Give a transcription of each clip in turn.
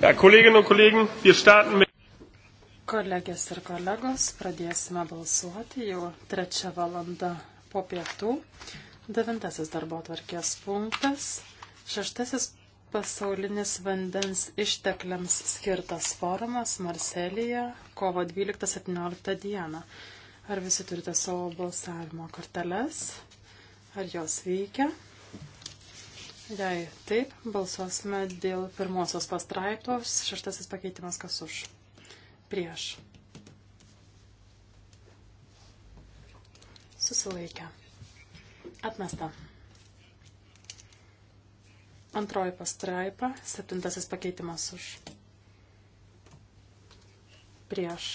Ja, Kolleginnen und Kollegen, wir starten mit. Kolegės ir kolegos, pradėsime balsuoti jau trečią valandą po pietų. Devintasis darbo atvarkės punktas. Šeštasis pasaulinis vandens ištekliams skirtas forumas Marselija kovo 12-17 dieną. Ar visi turite savo balsavimo korteles? Ar jos veikia? Jei taip, balsuosime dėl pirmosios pastraipos, šeštasis pakeitimas kas už. Prieš. Susilaikę. Atmesta. Antroji pastraipa, septintasis pakeitimas už. Prieš.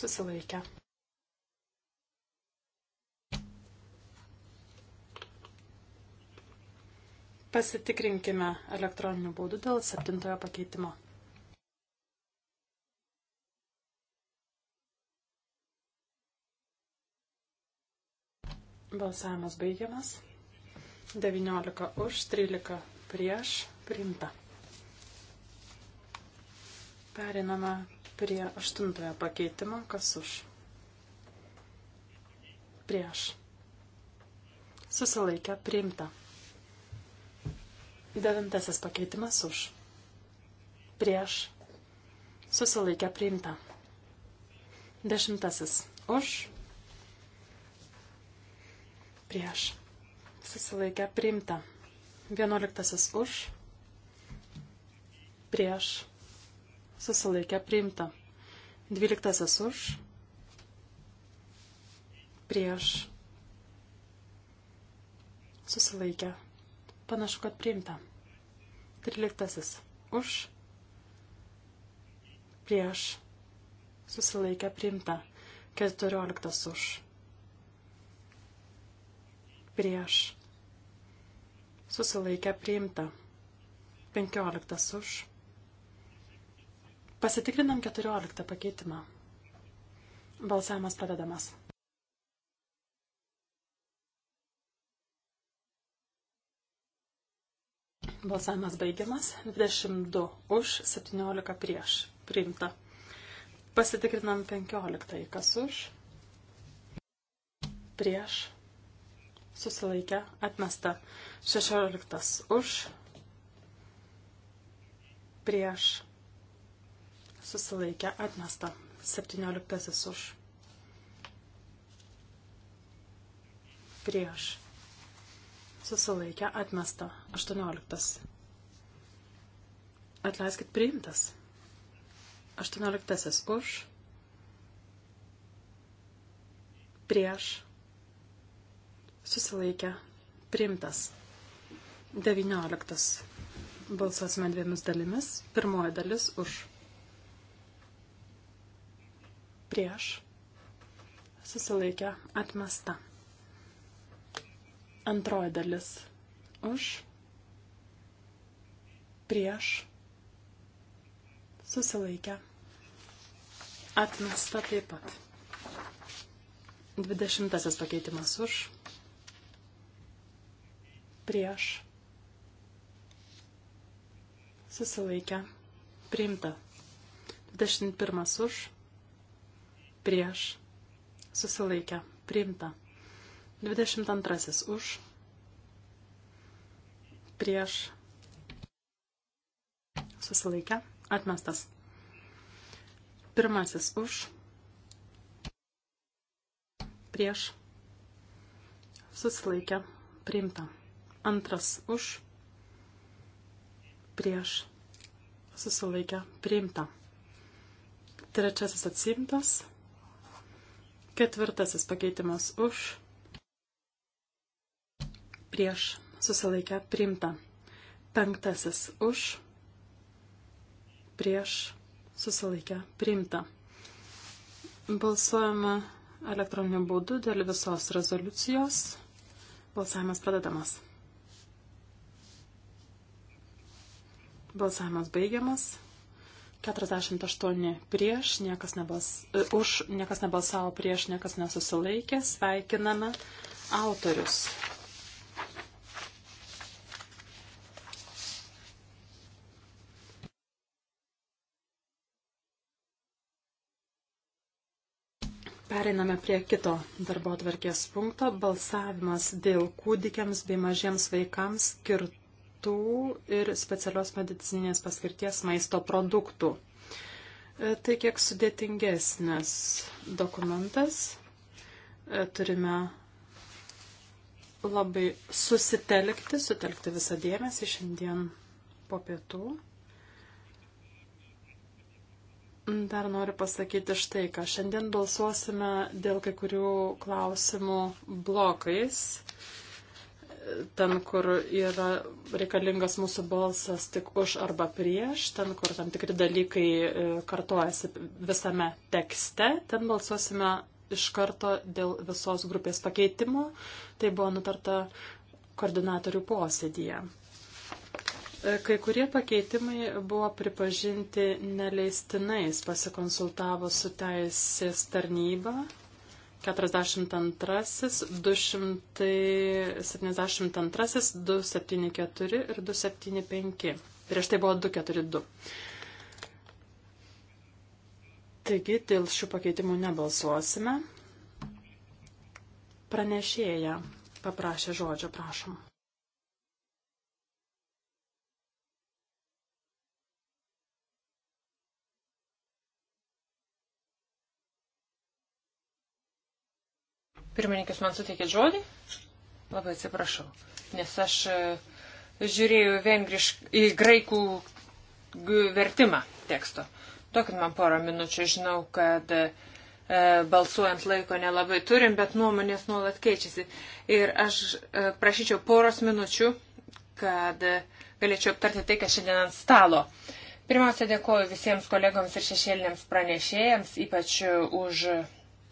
Susilaikę. Pasitikrinkime elektroniniu būdu dėl septintojo pakeitimo. Balsavimas baigiamas. 19 už, 13 prieš, priimta. Periname prie aštuntojo pakeitimo, kas už. Prieš. Susilaikę, priimta. Devintasis pakeitimas už. Prieš. Susilaikę priimta. Dešimtasis už. Prieš. Susilaikę priimta. Vienuoliktasis už. Prieš. Susilaikę priimta. Dvyliktasis už. Prieš. Susilaikę Panašu, kad priimta. 13. Už. Prieš. Susilaikę priimta. 14. Už. Prieš. Susilaikę priimta. 15. Už. Pasitikrinam 14 pakeitimą. Balsavimas pradedamas. Balsavimas baigiamas. 22 už, 17 prieš. Priimta. Pasitikrinam 15. Kas už? Prieš. Susilaikę. Atmesta. 16 už. Prieš. Susilaikę. Atmesta. 17 už. Prieš susilaikė atmesta. 18. Atleiskit priimtas. 18. Už. Prieš. Susilaikė priimtas. 19. Balsuosime dviemis dalimis. Pirmoji dalis už. Prieš. Susilaikė atmesta. Antroji dalis už, prieš, susilaikę, atmesta taip pat. Dvidešimtasis pakeitimas už, prieš, susilaikę, priimta. 21 už, prieš, susilaikę, priimta. 22 už, prieš, susilaikę, atmestas. Pirmasis už, prieš, susilaikę, priimta. Antras už, prieš, susilaikę, priimta. Trečiasis atsimtas. Ketvirtasis pakeitimas už, prieš susilaikę priimta. Penktasis už, prieš susilaikę priimta. Balsuojame elektroniniu būdu dėl visos rezoliucijos. Balsavimas pradedamas. Balsavimas baigiamas. 48 prieš, niekas nebals, uh, už, niekas nebalsavo prieš, niekas nesusilaikė. Sveikiname autorius. Pereiname prie kito darbo atvarkės punkto - balsavimas dėl kūdikiams bei mažiems vaikams skirtų ir specialios medicininės paskirties maisto produktų. E, tai kiek sudėtingesnis dokumentas. E, turime labai susitelkti, sutelkti visą dėmesį šiandien po pietų. Dar noriu pasakyti štai, ką šiandien balsuosime dėl kai kurių klausimų blokais. Ten, kur yra reikalingas mūsų balsas tik už arba prieš, ten, kur tam tikri dalykai e, kartojasi visame tekste, ten balsuosime iš karto dėl visos grupės pakeitimo. Tai buvo nutarta koordinatorių posėdėje. Kai kurie pakeitimai buvo pripažinti neleistinais, pasikonsultavo su teisės tarnyba. 42, 272, 274 ir 275. Prieš tai buvo 242. Taigi dėl šių pakeitimų nebalsuosime. Pranešėja paprašė žodžio, prašom. Pirmininkas man suteikė žodį. Labai atsiprašau, nes aš e, žiūrėjau vengrišk... į graikų vertimą teksto. Duokit man porą minučių, žinau, kad e, balsuojant laiko nelabai turim, bet nuomonės nuolat keičiasi. Ir aš e, prašyčiau poros minučių, kad e, galėčiau aptarti tai, kas šiandien ant stalo. Pirmiausia, dėkoju visiems kolegoms ir šešėliniams pranešėjams, ypač už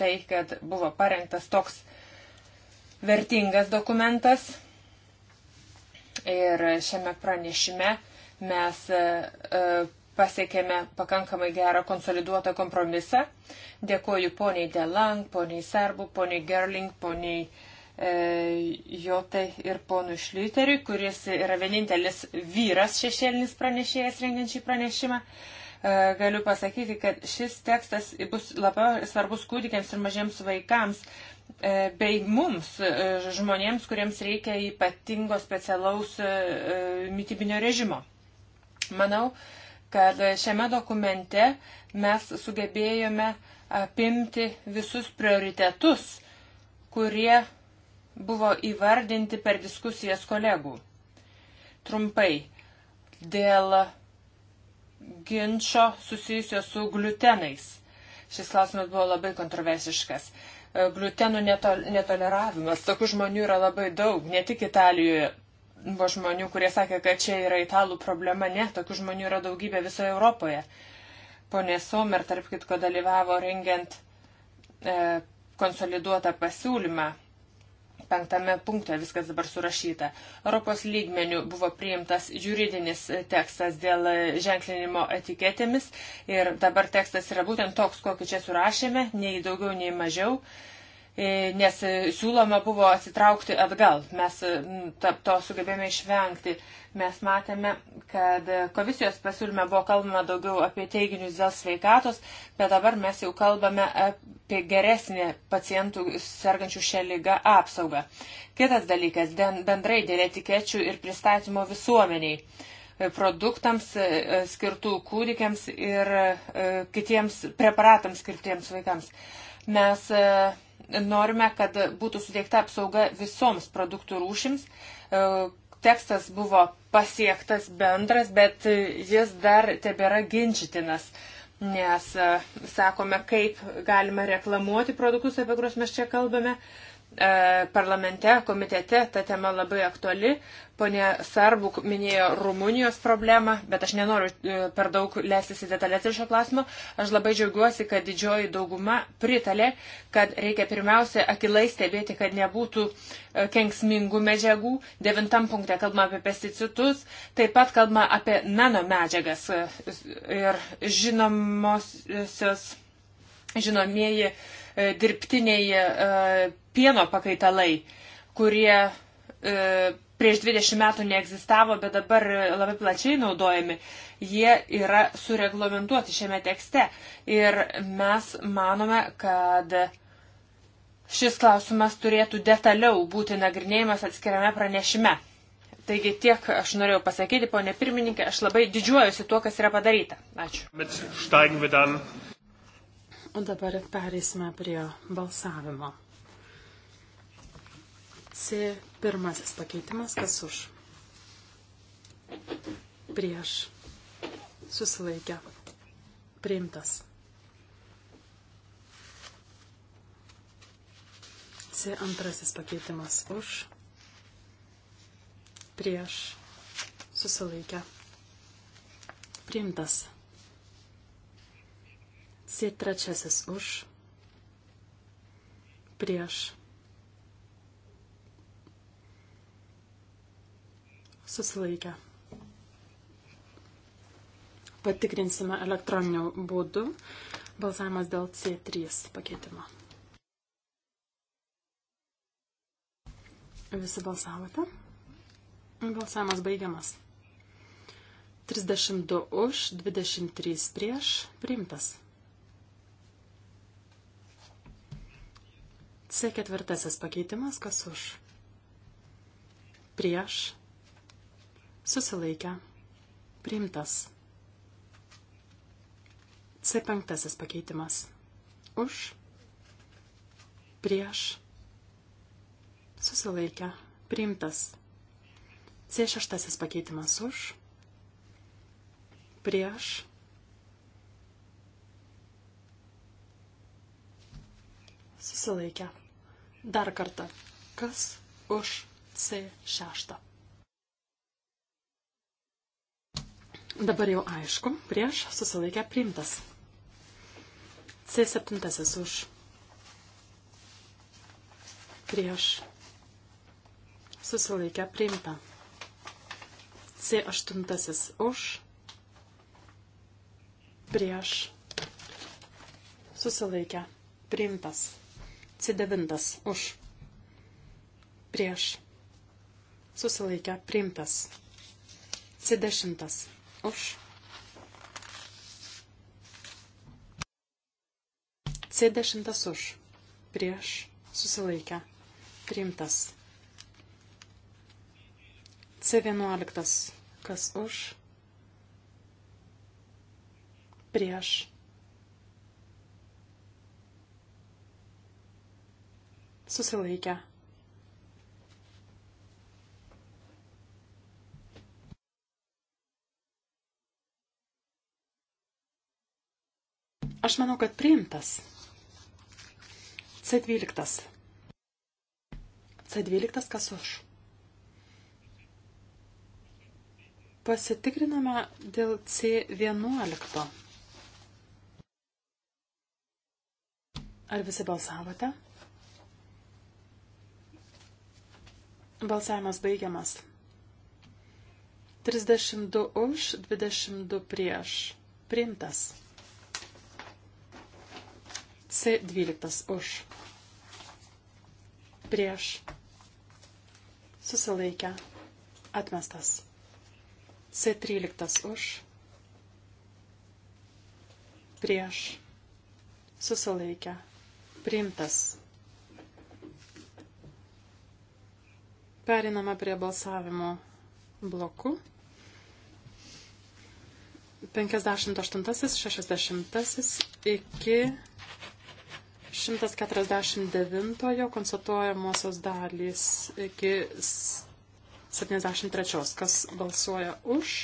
tai, kad buvo parengtas toks vertingas dokumentas. Ir šiame pranešime mes e, e, pasiekėme pakankamai gerą konsoliduotą kompromisą. Dėkoju poniai Delang, poniai Serbu, poniai Gerling, poniai e, Jotai ir ponui Šliuteriui, kuris yra vienintelis vyras šešėlinis pranešėjas rengiant šį pranešimą. E, E, galiu pasakyti, kad šis tekstas bus labai svarbus kūdikiams ir mažiems vaikams e, bei mums, e, žmonėms, kuriems reikia ypatingo specialaus mytybinio režimo. Manau, kad šiame dokumente mes sugebėjome apimti visus prioritetus, kurie buvo įvardinti per diskusijas kolegų. Trumpai, dėl ginčio susijusio su gliutenais. Šis klausimas buvo labai kontroversiškas. E, gliutenų netol netoleravimas. Tokių žmonių yra labai daug, ne tik Italijoje. Buvo žmonių, kurie sakė, kad čia yra italų problema. Ne, tokių žmonių yra daugybė visoje Europoje. Pone Somer, tarp kitko, dalyvavo rengiant e, konsoliduotą pasiūlymą penktame punkte viskas dabar surašyta. Europos lygmenių buvo priimtas juridinis tekstas dėl ženklinimo etiketėmis ir dabar tekstas yra būtent toks, kokį čia surašėme, nei daugiau, nei mažiau. Uh, E, nes siūloma buvo atsitraukti atgal. Mes e, to sugebėjome išvengti. Mes matėme, kad komisijos pasiūlyme buvo kalbama daugiau apie teiginius dėl sveikatos, bet dabar mes jau kalbame apie geresnį pacientų sergančių šią lygą apsaugą. Kitas dalykas - bendrai dėl etikečių ir pristatymo visuomeniai e, produktams skirtų kūdikiams ir kitiems preparatams skirtiems vaikams. Mes norime, kad būtų suteikta apsauga visoms produktų rūšims. E, tekstas buvo pasiektas bendras, bet jis dar tebėra ginčytinas, nes e, sakome, kaip galima reklamuoti produktus, apie kuriuos mes čia kalbame. Uh, E, parlamente, komitete ta tema labai aktuali. Pone Sarbuk minėjo Rumunijos problemą, bet aš nenoriu e, per daug leistis į detalės iš šio klausimo. Aš labai džiaugiuosi, kad didžioji dauguma pritalė, kad reikia pirmiausia akilai stebėti, kad nebūtų e, kenksmingų medžiagų. Devintam punkte kalbama apie pesticidus, taip pat kalbama apie nanomedžiagas ir žinomosios, žinomieji E, dirbtiniai e, pieno pakaitalai, kurie e, prieš 20 metų neegzistavo, bet dabar labai plačiai naudojami, jie yra sureglamentuoti šiame tekste. Ir mes manome, kad šis klausimas turėtų detaliau būti nagrinėjimas atskiriame pranešime. Taigi tiek aš norėjau pasakyti, ponė pirmininkė, aš labai didžiuojuosi tuo, kas yra padaryta. Ačiū. O dabar pereisime prie balsavimo. C pirmasis pakeitimas, kas už. Prieš. Susilaikę. Priimtas. C antrasis pakeitimas už. Prieš. Susilaikę. Priimtas. C3 už, prieš, susilaikę. Patikrinsime elektroniniu būdu balsavimas dėl C3 pakeitimo. Visi balsavote? Balsavimas baigiamas. 32 už, 23 prieš, priimtas. C4 pakeitimas, kas už. Prieš. Susilaikę. Priimtas. C5 pakeitimas. Už. Prieš. Susilaikę. Priimtas. C6 pakeitimas už. Prieš. Susilaikę. Dar kartą. Kas už C6? Dabar jau aišku, prieš susilaikę priimtas. C7 už. Prieš susilaikę priimta. C8 už. Prieš susilaikę priimtas. C9 už. Prieš. Susilaikę priimtas. C10 už. C10 už. Prieš. Susilaikę priimtas. C11 kas už. Prieš susilaikę. Aš manau, kad priimtas. C12. C12 kas už. Pasitikriname dėl C11. Ar visi balsavote? Balsavimas baigiamas. 32 už, 22 prieš. Priimtas. C12 už. Prieš. Susilaikę. Atmestas. C13 už. Prieš. Susilaikę. Priimtas. Periname prie balsavimo blokų. 58, 60 iki 149 konstatuojamosios dalys iki 73. Kas balsuoja už?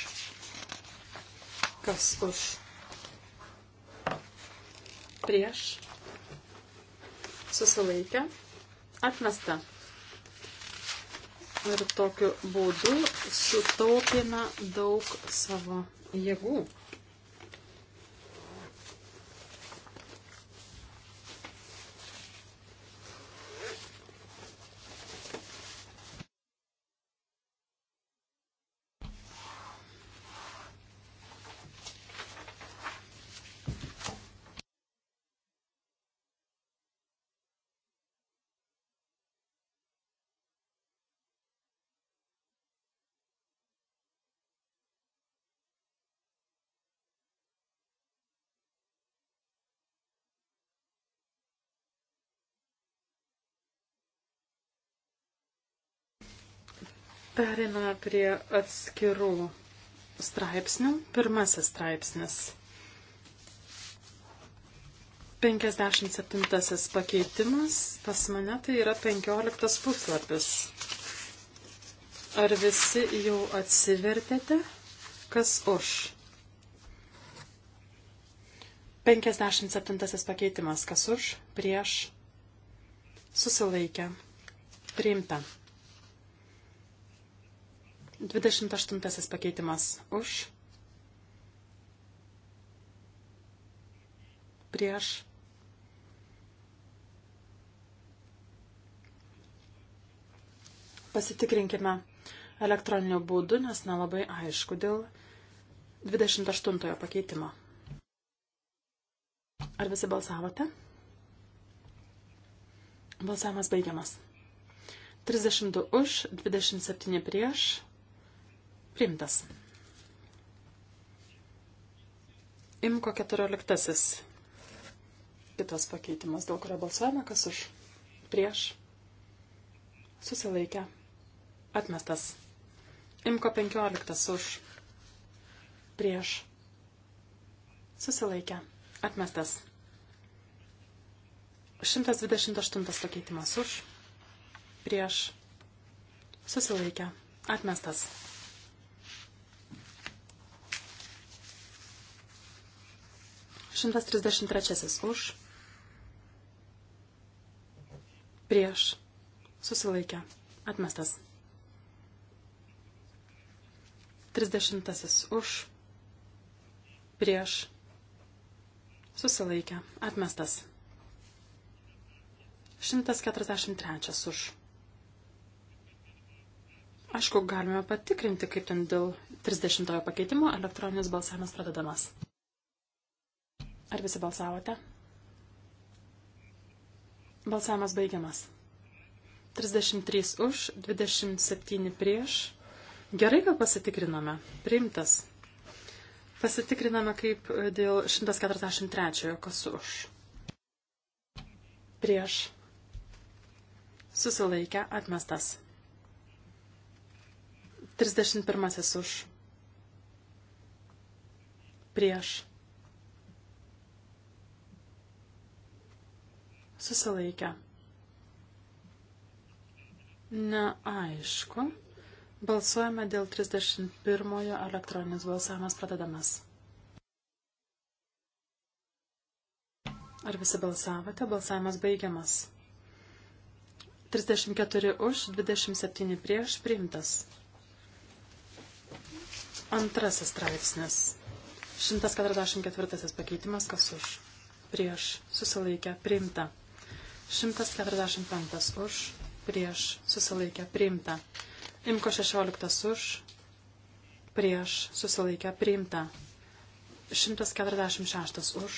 Kas už? Prieš? Susilaikę? Atmesta. Ir tokiu būdu sutaupėme daug savo jėgų. Periname prie atskirų straipsnių. Pirmasis straipsnis. 57 pakeitimas. Pas mane tai yra 15 puslapis. Ar visi jau atsivertėte? Kas už? 57 pakeitimas. Kas už? Prieš? Susilaikę. Priimta. 28 pakeitimas už, prieš, pasitikrinkime elektroniniu būdu, nes nelabai aišku dėl 28 pakeitimo. Ar visi balsavote? Balsavimas baigiamas. 32 už, 27 prieš, Primtas. Imko 14. Kitas pakeitimas, dėl kurio balsuojame, kas už, prieš, susilaikę, atmestas. Imko 15 už, prieš, susilaikę, atmestas. 128 pakeitimas už, prieš, susilaikę, atmestas. 133 už. Prieš. Susilaikė. Atmestas. 30 už. Prieš. Susilaikė. Atmestas. 143 už. Aišku, galime patikrinti, kaip ten dėl 30 pakeitimo elektroninis balsavimas pradedamas. Ar visi balsavote? Balsavimas baigiamas. 33 už, 27 prieš. Gerai, kad pasitikrinome. Priimtas. Pasitikriname kaip e, dėl 143, kas už. Prieš. Susilaikę, atmestas. 31 už. Prieš susilaikę. Neaišku. Balsuojame dėl 31 elektroninis balsavimas pradedamas. Ar visi balsavote? Balsavimas baigiamas. 34 už, 27 prieš, priimtas. Antrasis straipsnis. 144 pakeitimas, kas už. Prieš, susilaikę, priimta. 145 už, prieš, susilaikę, priimta. Imko 16 už, prieš, susilaikę, priimta. 146 už,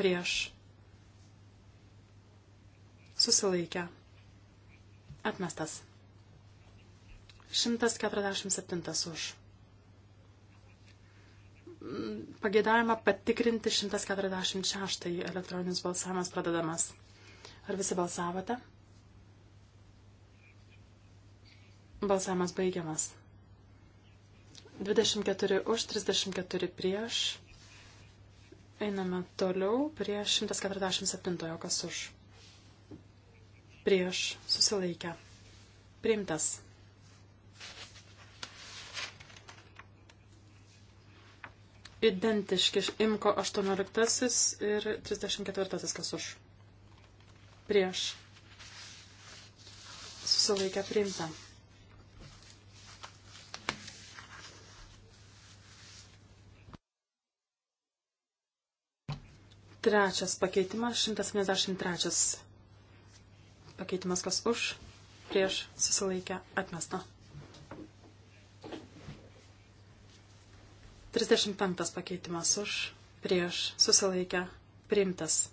prieš, susilaikę, atmestas. 147 už. Pagėdavimą patikrinti 146 elektroninis balsavimas pradedamas. Ar visi balsavote? Balsavimas baigiamas. 24 už, 34 prieš. Einame toliau prie 147, kas už. Prieš susilaikę. Priimtas. Identiški imko 18 ir 34, kas už prieš susilaikę priimta. Trečias pakeitimas, 173. Pakeitimas kas už, prieš susilaikę atmesta. 35 pakeitimas už, prieš susilaikę priimtas.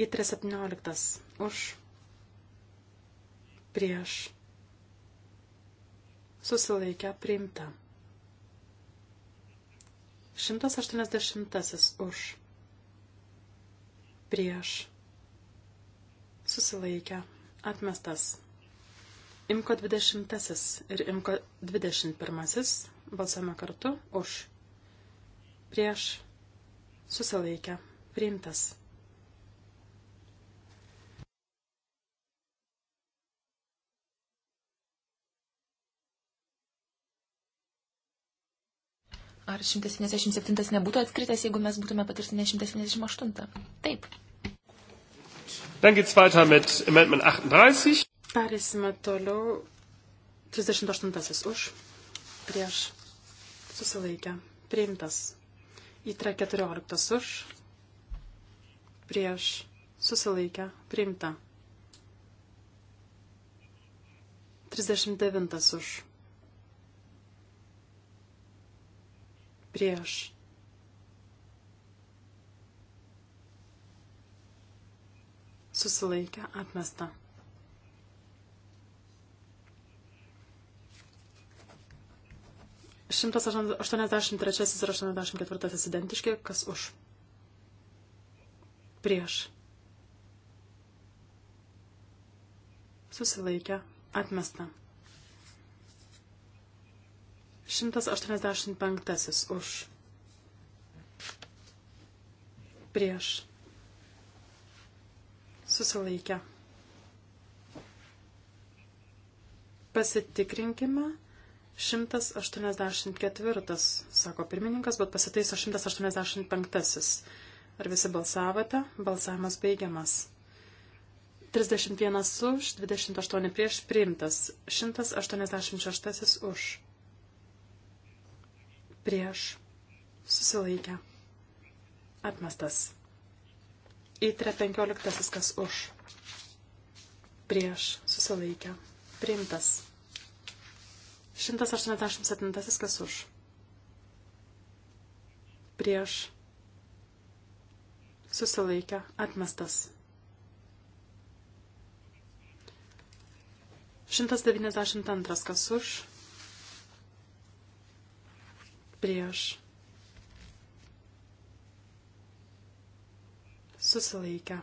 į 317 už prieš susilaikę priimta. 180 už prieš susilaikę atmestas. Imko 20 ir Imko 21 balsuojame kartu už prieš susilaikę priimtas. Ar 177 nebūtų atskritęs, jeigu mes būtume patirtinę 178? Taip. Dann geht's weiter mit Amendment 38. Perėsime toliau. 38 už. Prieš. Susilaikę. Priimtas. Įtra 14 už. Prieš. Susilaikę. Priimta. 39 už prieš. Susilaikę atmesta. Šimtas aštuoniasdešimt trečiasis ir aštuoniasdešimt ketvirtasis identiški, kas už. Prieš. Susilaikę atmesta. 185 už. Prieš. Susilaikę. Pasitikrinkime. 184, sako pirmininkas, bet pasitaiso 185. Ar visi balsavote? Balsavimas baigiamas. 31 už, 28 prieš priimtas, 186 už prieš susilaikę atmestas. Įtre 15 kas už prieš susilaikę priimtas. 187 kas už prieš susilaikę atmestas. 192 kas už prieš susilaikę.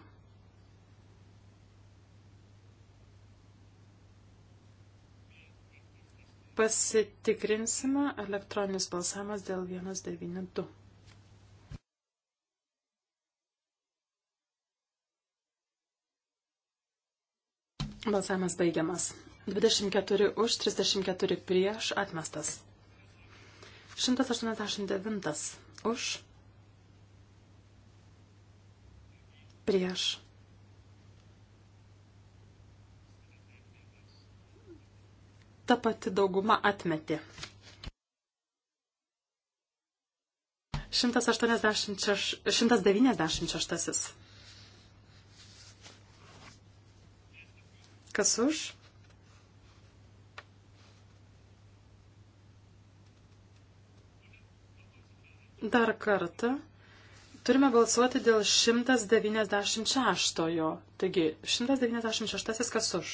Pasitikrinsime elektroninis balsavimas dėl 192. Balsavimas baigiamas. 24 už, 34 prieš, atmestas. 189 už, prieš. Ta pati dauguma atmetė. 186, 196. Kas už? Dar kartą. Turime balsuoti dėl 196. Taigi, 196 kas už?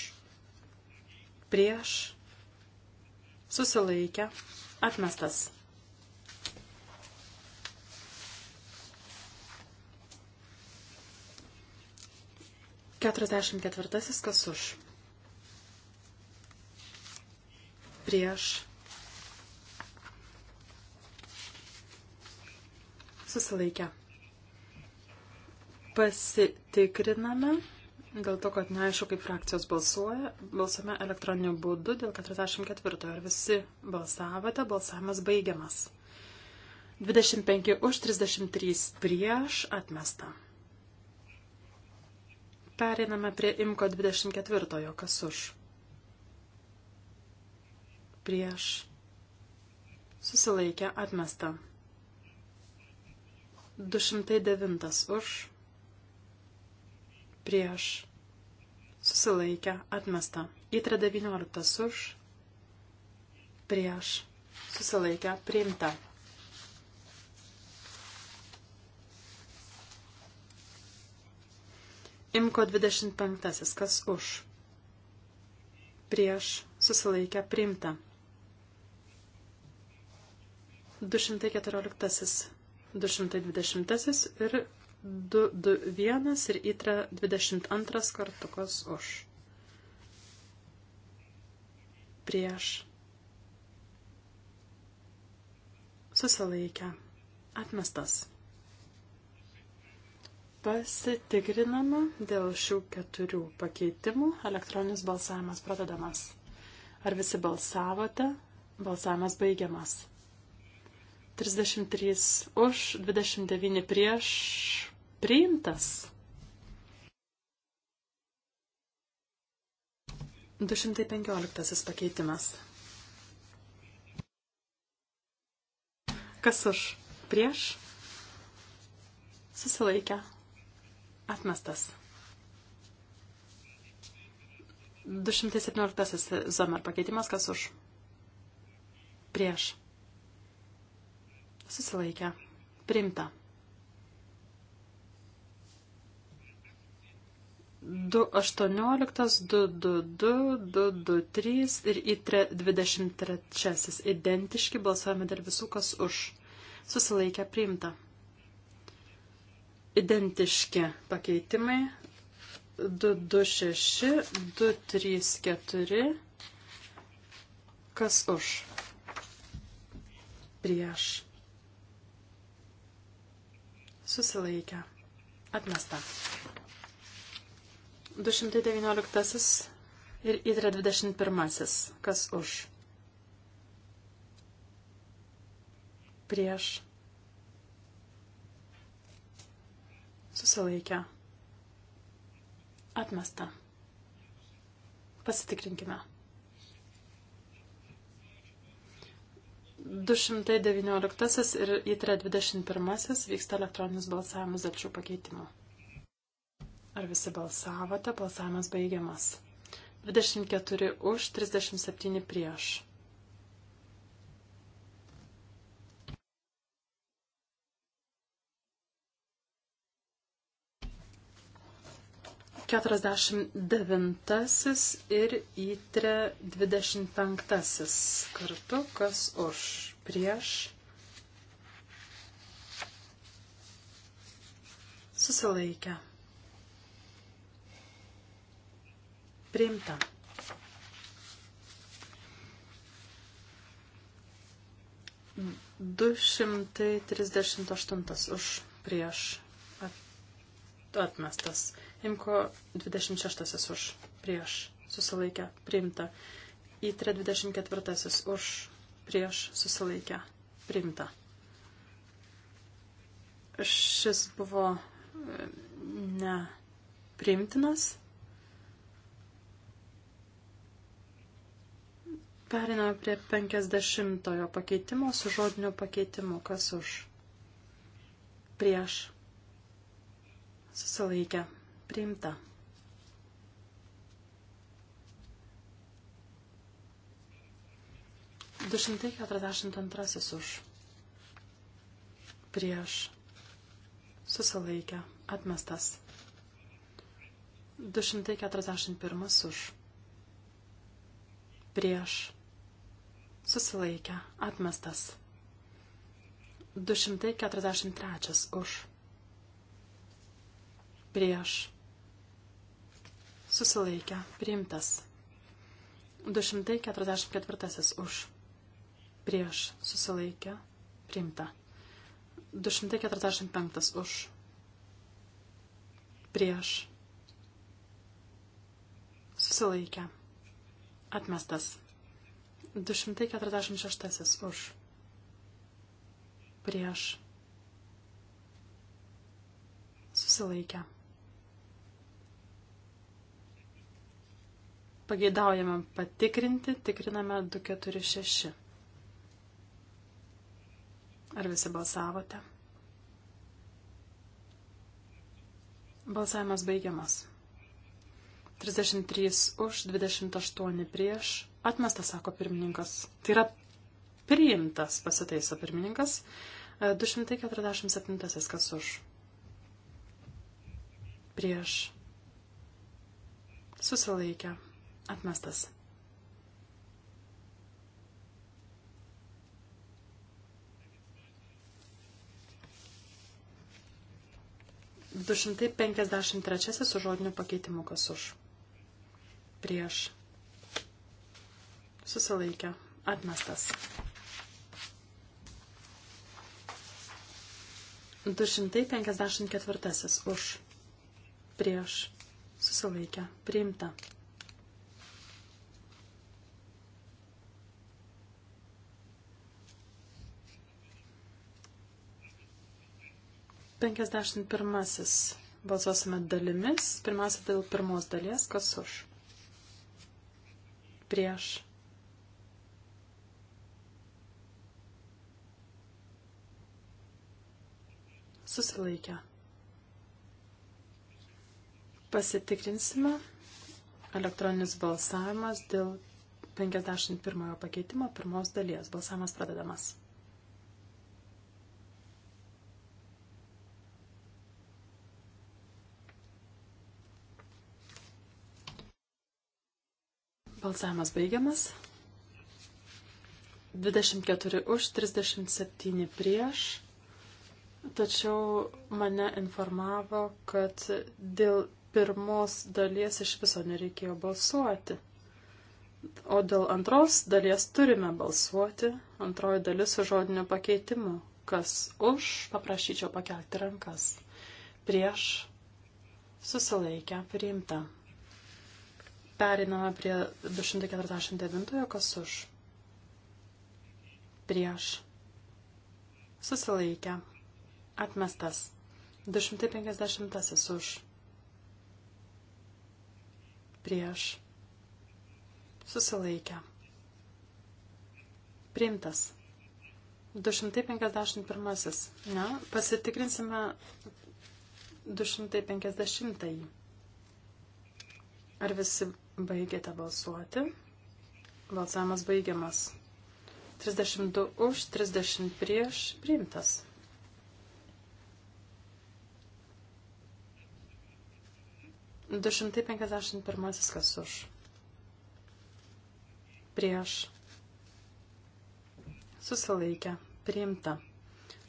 Prieš. Susilaikę. Atmestas. Keturiasdešimt ketvirtasis kas už? Prieš susilaikę. Pasitikriname, dėl to, kad neaišku, kaip frakcijos balsuoja, balsuome elektroniniu būdu dėl 44. Ar visi balsavote, balsavimas baigiamas. 25 už 33 prieš atmestą. Pereiname prie imko 24. Kas už? Prieš. Susilaikę atmestą. 209 už, prieš, susilaikę, atmesta. Įtre 19 už, prieš, susilaikę, priimta. Imko 25. Kas už? Prieš susilaikę priimta. 214. 220 ir 221 ir įtra 22 kartukas už. Prieš. Susilaikę. Atmestas. Pasitikrinama dėl šių keturių pakeitimų. Elektroninis balsavimas pradedamas. Ar visi balsavote? Balsavimas baigiamas. 33 už, 29 prieš priimtas. 215 pakeitimas. Kas už? Prieš? Susilaikę. Atmestas. 217 zomer pakeitimas. Kas už? Prieš Susilaikę. Primta. 218, 222, 223 ir į 23. Identiški balsuojame dar visų, kas už. Susilaikę priimta. Identiški pakeitimai. 226, 234. Kas už? Prieš susilaikę, atmesta. 219 ir įtrė 21. Kas už? Prieš. Susilaikę. Atmesta. Pasitikrinkime. 219 ir įtrė 21 vyksta elektroninis balsavimas dėl šių pakeitimų. Ar visi balsavote? Balsavimas baigiamas. 24 už, 37 prieš. 49 ir įtre 25 kartu, kas už prieš. Susilaikę. Priimta. Du šimtai trisdešimt aštuntas už prieš atmestas. Imko 26 už, prieš, susilaikę, priimta. Įtre 24 už, prieš, susilaikę, priimta. Šis buvo e, nepriimtinas. Periname prie 50 pakeitimo su žodiniu pakeitimu. Kas už? Prieš. Susilaikę. Priimta. Du šimtai keturiasdešimt antrasis už. Prieš. Susilaikę. Atmestas. 241 už. Prieš. Susilaikę. Atmestas. 243 už. Prieš susilaikė, priimtas. 244 už, prieš, susilaikė, priimta. 245 už, prieš, susilaikė, atmestas. 246 už, prieš, susilaikė. Pageidaujame patikrinti, tikriname 246. Ar visi balsavote? Balsavimas baigiamas. 33 už, 28 prieš. Atmestas, sako pirmininkas. Tai yra priimtas, pasitaiso pirmininkas. 247 e, kas už. Prieš. Susilaikę Atmestas. Du šimtai penkiasdešimt trečiasis su žodiniu pakeitimu kas už. Prieš. Susilaikę. Atmestas. 254 už prieš susilaikę priimta. 151. Balsuosime dalimis. Pirmiausia, dėl pirmos dalies, kas už. Prieš. Susilaikę. Pasitikrinsime elektroninis balsavimas dėl 51 pakeitimo pirmos dalies. Balsavimas pradedamas. Balsavimas baigiamas. 24 už, 37 prieš. Tačiau mane informavo, kad dėl pirmos dalies iš viso nereikėjo balsuoti. O dėl antros dalies turime balsuoti, antroji dalis su žodiniu pakeitimu. Kas už, paprašyčiau pakelti rankas. Prieš susilaikę priimta. Periname prie 249, kas už. Prieš. Susilaikę. Atmestas. 250 už. Prieš. Susilaikę. Priimtas. 251. Ne? Pasitikrinsime 250. Ar visi Baigėte balsuoti. Balsavimas baigiamas. 32 už, 30 prieš, priimtas. Du šimtai penkiasdešimt pirmasis kas už. Prieš. Susilaikę. Priimta.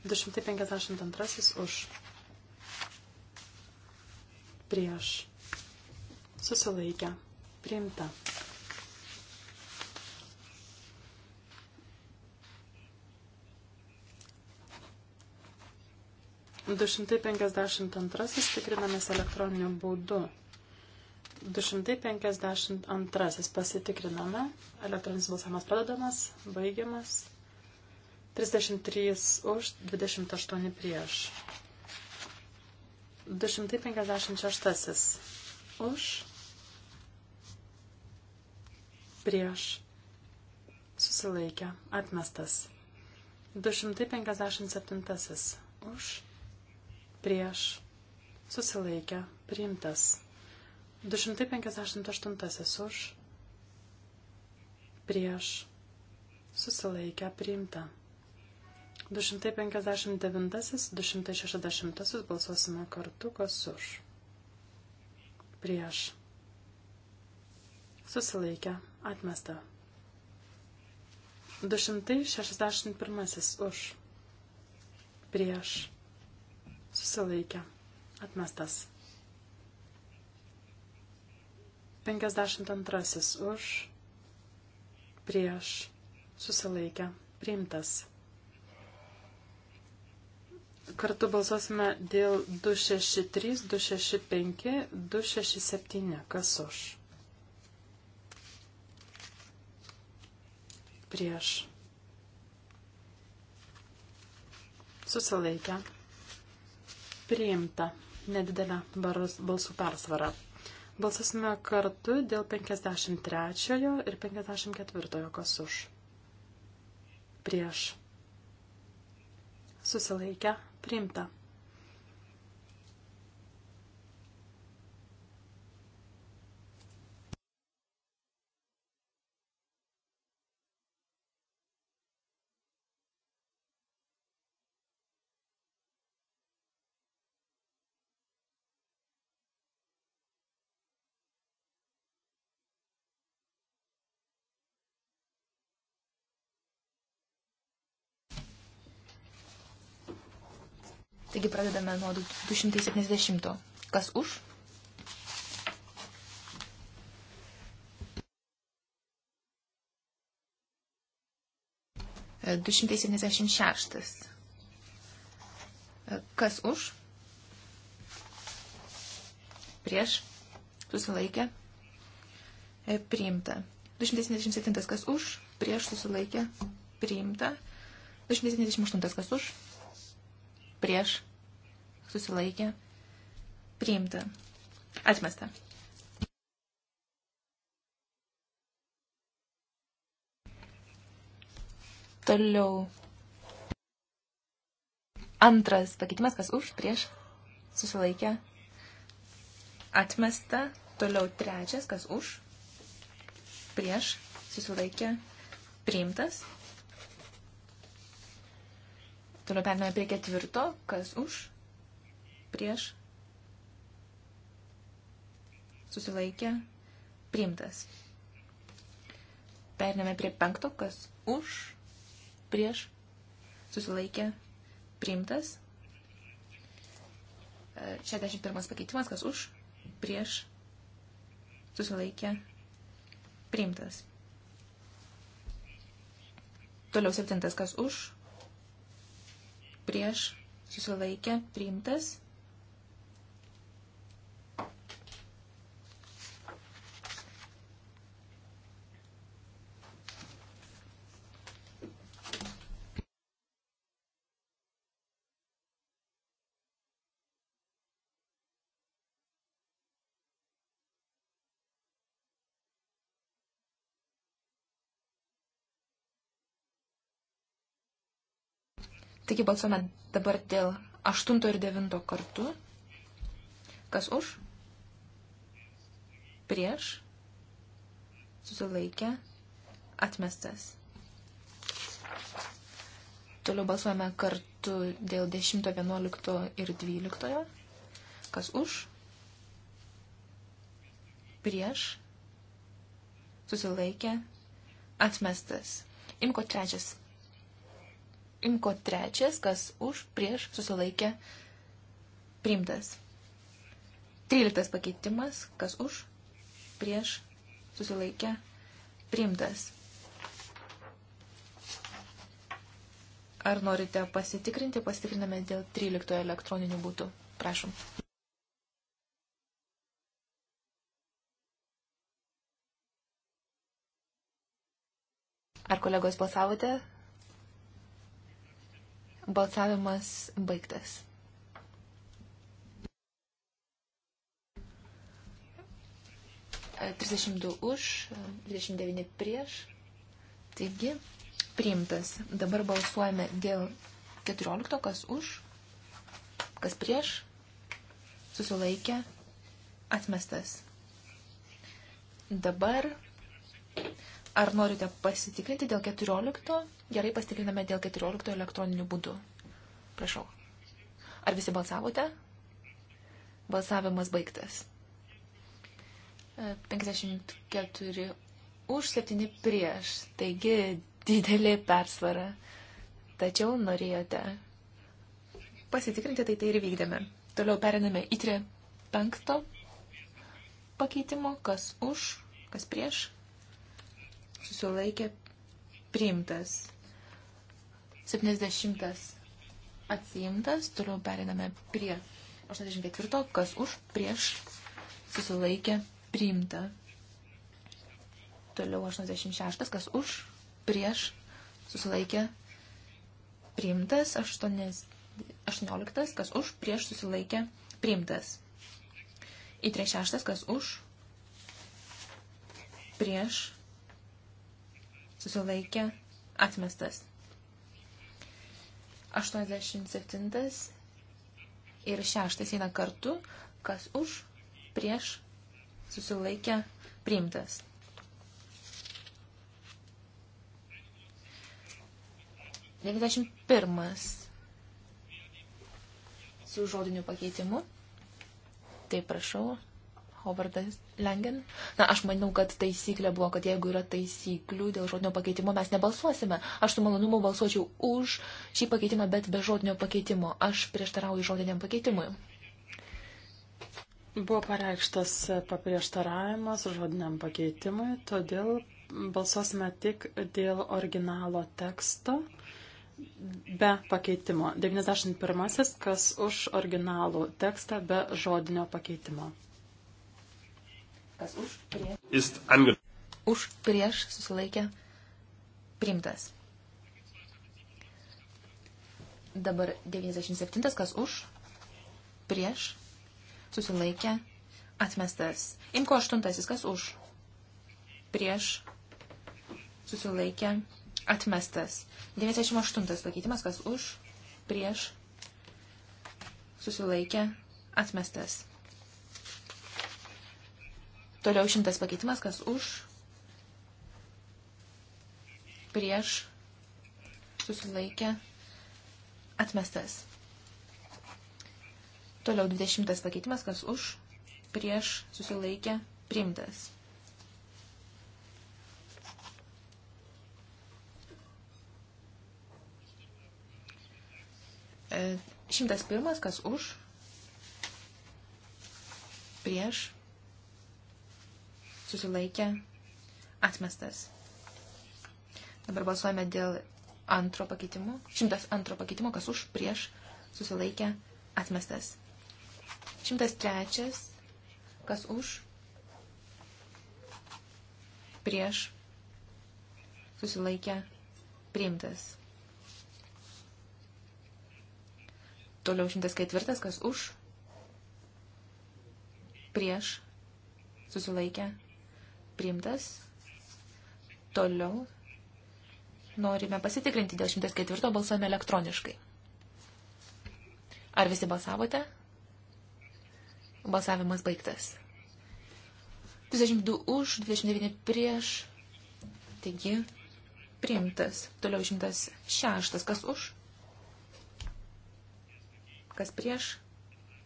Du šimtai penkiasdešimt antrasis už. Prieš. Susilaikę Priimta. Du šimtai penkiasdešimt antrasis tikrinamės elektroniniu būdu. 252 pasitikriname. Elektroninis balsavimas pradedamas, baigiamas. 33 už, 28 prieš. 256 už, prieš susilaikę atmestas. 257 už prieš susilaikę priimtas. 258 už prieš susilaikę priimta. 259, 260 balsuosime kartu, kas už prieš susilaikę priimta Atmesta. 261 už. Prieš. Susilaikė. Atmestas. 52 už. Prieš. Susilaikė. Priimtas. Kartu balsuosime dėl 263, 265, 267. Kas už? prieš susilaikę priimta nedidelę balsų persvarą. Balsasime kartu dėl 53 ir 54 kas už. Prieš. Susilaikę priimta. Taigi pradedame nuo 270. Kas už? E, du šimtai septyniasdešimt šeštas. E, e, kas už? Prieš? Susilaikė? Priimta. 277 kas už? Prieš susilaikė? Priimta. 278 kas už? prieš, susilaikė, priimta, atmesta. Toliau. Antras pakeitimas, kas už, prieš, susilaikė, atmesta. Toliau trečias, kas už, prieš, susilaikė, priimtas. Toliau perėmėme prie ketvirto, kas už, prieš, susilaikė, priimtas. Perėmėme prie penkto, kas už, prieš, susilaikė, priimtas. 61 pakeitimas, kas už, prieš, susilaikė, priimtas. Toliau septintas, kas už, prieš susilaikė priimtas. Taigi balsuome dabar dėl 8 ir 9 kartu. Kas už? Prieš. Susilaikę. Atmestas. Toliau balsuojame kartu dėl 10, 11 ir 12. Kas už? Prieš. Susilaikę. Atmestas. Imko trečias Imko trečias, kas už, prieš, susilaikė, priimtas. Tryliktas pakeitimas, kas už, prieš, susilaikė, priimtas. Ar norite pasitikrinti? Pasitikriname dėl 13 elektroninių būtų. Prašom. Ar kolegos balsavote? Balsavimas baigtas. E, 32 už, 29 prieš. Taigi, priimtas. Dabar balsuojame dėl 14, kas už, kas prieš, susilaikė, atmestas. Dabar Ar norite pasitikrinti dėl 14? Gerai, pasitikriname dėl 14 elektroniniu būdu. Prašau. Ar visi balsavote? Balsavimas baigtas. 54 e, už 7 prieš. Taigi didelė persvara. Tačiau norėjote pasitikrinti, tai tai ir vykdėme. Toliau periname į 3 penkto pakeitimo, kas už, kas prieš, susilaikė priimtas. 70 atsiimtas, toliau periname prie 84, kas už, prieš, susilaikė, priimta. Toliau 86, kas už, prieš, susilaikė, priimtas. 18, kas už, prieš, susilaikė, priimtas. Į 36, kas už, prieš, susilaikė, atmestas. 87 ir 6 eina kartu, kas už, prieš, susilaikė, priimtas. Devyniasdešimt pirmas su žodiniu pakeitimu. Tai prašau, Hovardas Lengen. Na, aš maniau, kad taisyklė buvo, kad jeigu yra taisyklių dėl žodinio pakeitimo, mes nebalsuosime. Aš su malonumu balsuočiau už šį pakeitimą, bet be žodinio pakeitimo. Aš prieštarauju žodiniam pakeitimui. Buvo pareikštas paprieštaravimas žodiniam pakeitimui, todėl balsuosime tik dėl originalo teksto be pakeitimo. 91. Kas už originalų tekstą be žodinio pakeitimo. Kas už, prieš. Už, prieš, susilaikė, priimtas. Dabar 97, kas už, prieš, susilaikė, atmestas. Imko 8, kas už, prieš, susilaikė, atmestas. 98 pakeitimas, kas už, prieš, susilaikė, atmestas. Toliau šimtas pakeitimas, kas už, prieš, susilaikė, atmestas. Toliau dvidešimtas pakeitimas, kas už, prieš, susilaikė, priimtas. E, šimtas pirmas, kas už, prieš, susilaikė, atmestas. Dabar balsuojame dėl antro pakeitimo. 102 pakeitimo, kas už, prieš, susilaikė, atmestas. 103, kas už, prieš, susilaikė, priimtas. Toliau 104, kas už, prieš, susilaikė, priimtas. Toliau norime pasitikrinti dėl 104 balsuojame elektroniškai. Ar visi balsavote? Balsavimas baigtas. 32 už, 29 prieš. Taigi, priimtas. Toliau 106. Kas už? Kas prieš?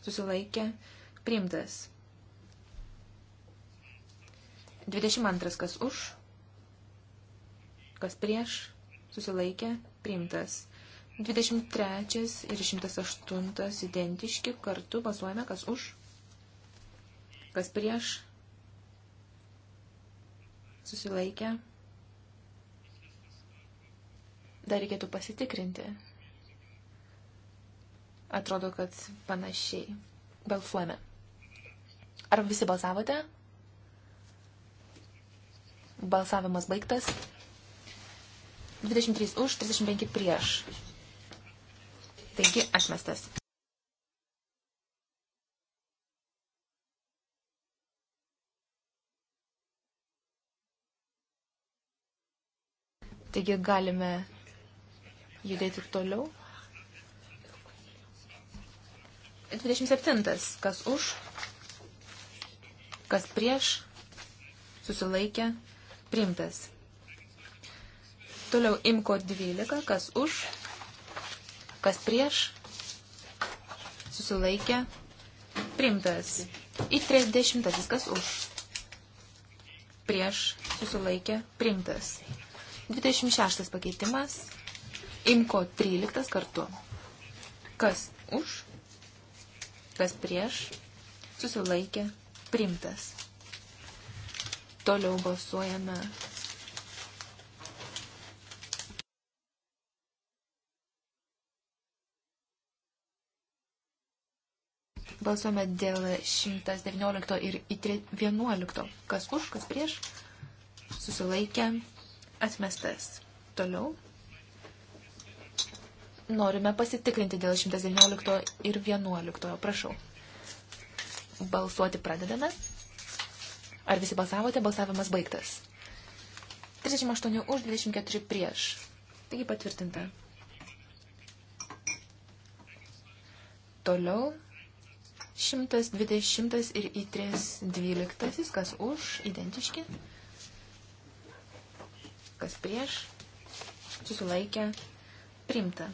Susilaikė. Priimtas. 22. Kas už, kas prieš, susilaikė, priimtas. 23 ir 108 identiški, kartu balsuojame, kas už, kas prieš, susilaikė. Dar reikėtų pasitikrinti. Atrodo, kad panašiai balsuojame. Ar visi balsavote? Balsavimas baigtas. 23 už, 35 prieš. Taigi atmestas. Taigi galime judėti toliau. 27. Kas už, kas prieš, susilaikė, Primtas. Toliau imko 12, kas už, kas prieš, susilaikė, primtas. Į 30, kas už, prieš, susilaikė, primtas. 26 pakeitimas, imko 13 kartu. Kas už, kas prieš, susilaikė, primtas. Toliau balsuojame. Balsuojame dėl 119 ir 11. Kas už, kas prieš. Susilaikė. Atmestas. Toliau. Norime pasitikrinti dėl 119 ir 11. Prašau. Balsuoti pradedame. Ar visi balsavote? Balsavimas baigtas. 38 už, 24 prieš. Taigi patvirtinta. Toliau 120 ir į 312, kas už, identiški, kas prieš, susilaikė, primta.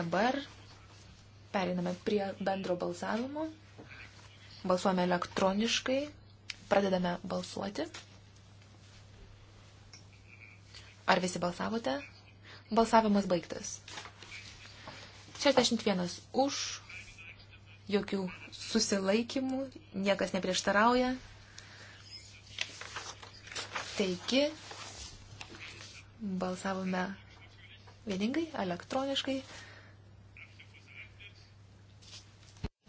Dabar periname prie bendro balsavimo Balsuojame elektroniškai. Pradedame balsuoti. Ar visi balsavote? Balsavimas baigtas. 61 už, jokių susilaikymų, niekas neprieštarauja. Taigi, balsavome vieningai, elektroniškai.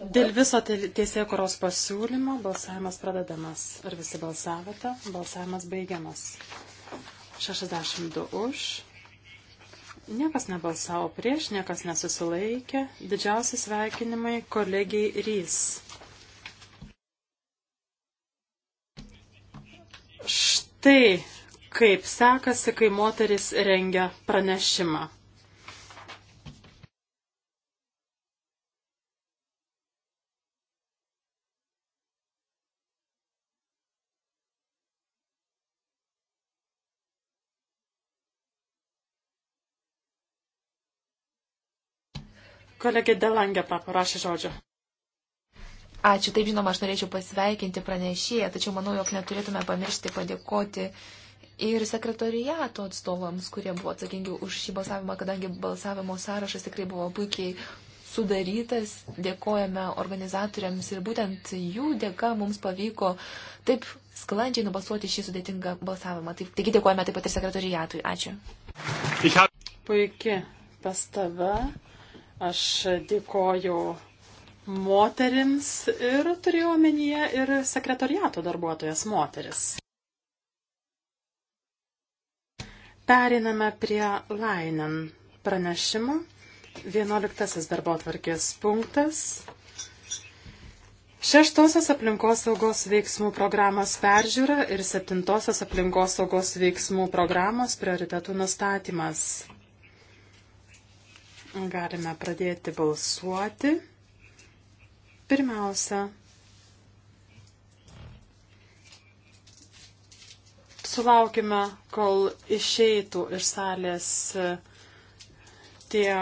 Dėl viso teisėkuros pasiūlymo balsavimas pradedamas. Ar visi balsavote? Balsavimas baigiamas. 62 už. Niekas nebalsavo prieš, niekas nesusilaikė. Didžiausi sveikinimai kolegijai Rys. Štai kaip sekasi, kai moteris rengia pranešimą. Kolegė Delangė paprašė žodžio. Ačiū, taip žinoma, aš norėčiau pasveikinti pranešėją, tačiau manau, jog neturėtume pamiršti padėkoti ir sekretoriato atstovams, kurie buvo atsakingi už šį balsavimą, kadangi balsavimo sąrašas tikrai buvo puikiai sudarytas. Dėkojame organizatoriams ir būtent jų dėka mums pavyko taip sklandžiai nubalsuoti šį sudėtingą balsavimą. Taip, taigi dėkojame taip pat ir sekretoriatui. Ačiū. Puikiai pastaba. Aš dėkoju moterims ir turėjau omenyje ir sekretoriato darbuotojas moteris. Periname prie Lainen pranešimo. 11 darbo atvarkės punktas. Šeštosios aplinkosaugos veiksmų programos peržiūra ir septintosios aplinkosaugos veiksmų programos prioritetų nustatymas. Galime pradėti balsuoti. Pirmiausia, sulaukime, kol išeitų iš salės e, tie,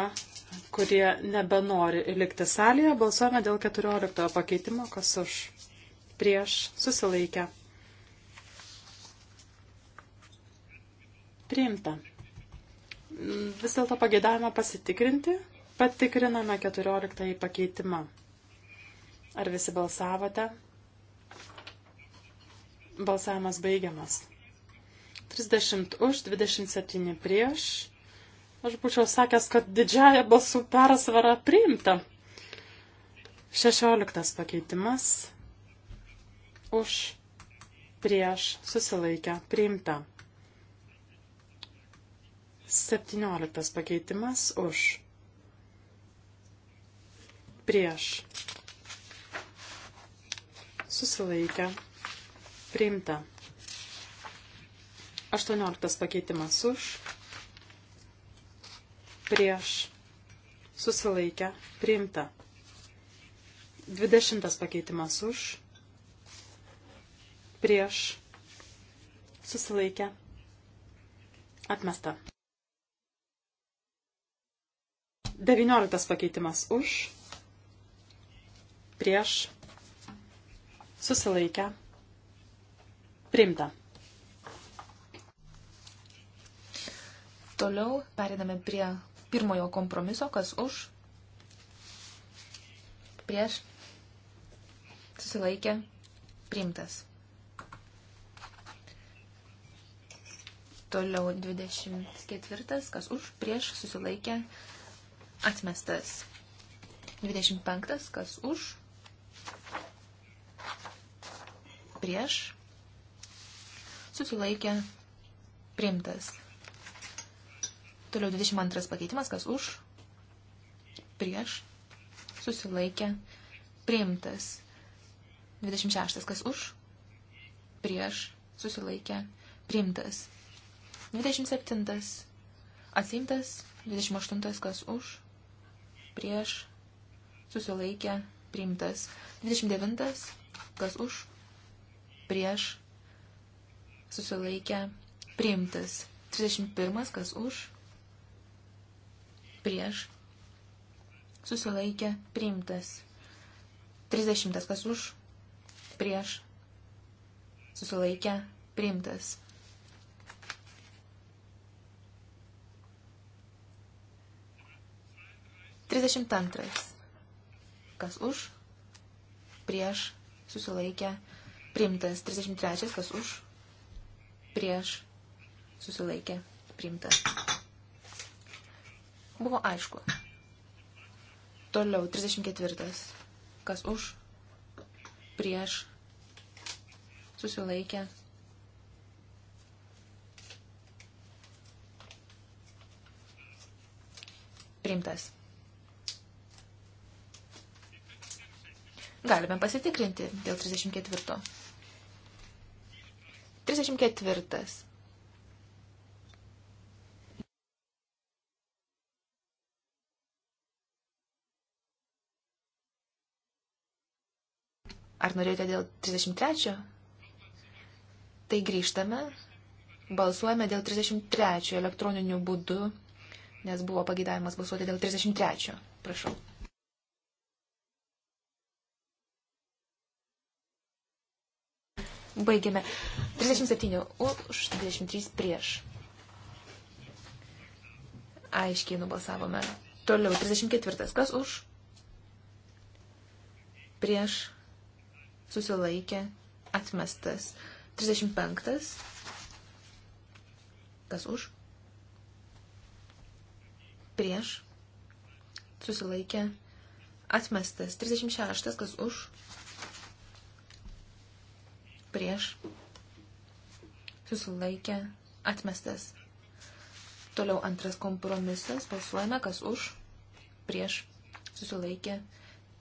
kurie nebenori likti salėje. Balsuojame dėl 14 pakeitimo, kas už prieš susilaikę. Priimta vis dėlto pagėdavimą pasitikrinti. Patikriname 14 pakeitimą. Ar visi balsavote? Balsavimas baigiamas. 30 už, 27 prieš. Aš būčiau sakęs, kad didžiaja balsų persvara priimta. 16 pakeitimas. Už, prieš, susilaikę, priimta. 17 pakeitimas už. Prieš. Susilaikę. Priimta. 18 pakeitimas už. Prieš. Susilaikę. Priimta. 20 pakeitimas už. Prieš. Susilaikę. Atmesta. 19 pakeitimas už, prieš, susilaikę, primta. Toliau periname prie pirmojo kompromiso, kas už, prieš, susilaikė, primtas. Toliau 24, kas už, prieš, susilaikė, primtas Atmestas. 25. Kas už? Prieš. Susilaikė. Primtas. Toliau 22 pakeitimas. Kas už? Prieš. Susilaikė. Primtas. 26. Kas už? Prieš. Susilaikė. Primtas. 27. Atsimtas. 28. Kas už? prieš, susilaikė, priimtas. 29, kas už, prieš, susilaikė, priimtas. 31, kas už, prieš, susilaikė, priimtas. 30, kas už, prieš, susilaikė, priimtas. 32. Kas už, prieš, susilaikė, priimtas. 33. Kas už, prieš, susilaikė, priimtas. Buvo aišku. Toliau, 34. Kas už, prieš, susilaikė, priimtas. Galime pasitikrinti dėl 34. 34. Ar norėjote dėl 33? Tai grįžtame. Balsuojame dėl 33 elektroniniu būdu, nes buvo pageidavimas balsuoti dėl 33. Prašau. Baigėme. 37 už, 23 prieš. Aiškiai nubalsavome. Toliau, 34. Kas už? Prieš. Susilaikė. Atmestas. 35. Kas už? Prieš. Susilaikė. Atmestas. 36. Kas už? prieš, susilaikę, atmestas. Toliau antras kompromisas, balsuojame, kas už, prieš, susilaikė,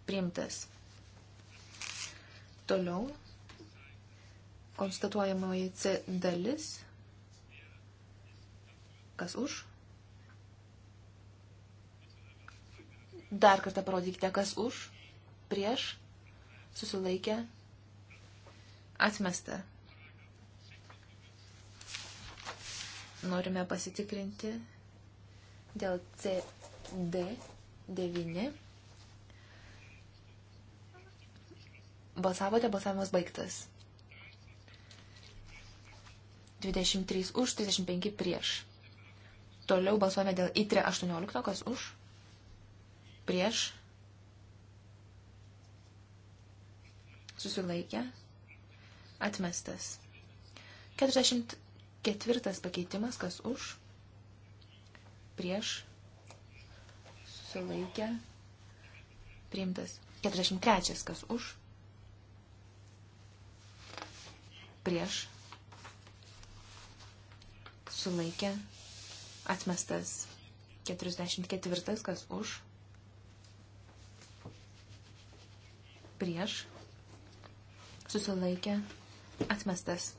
priimtas. Toliau konstatuojamoji C dalis, kas už. Dar kartą parodykite, kas už, prieš, susilaikė, priimtas Atmesta. Norime pasitikrinti dėl CD9. Balsavote, balsavimas baigtas. 23 už, 35 prieš. Toliau balsuojame dėl ITRE 18, kas už, prieš, susilaikę, Atmestas. 44 pakeitimas, kas už, prieš, susilaikę, priimtas. 43 kas už, prieš, sulaikė, atmestas. 44 kas už, prieš, susilaikė, Atmestas.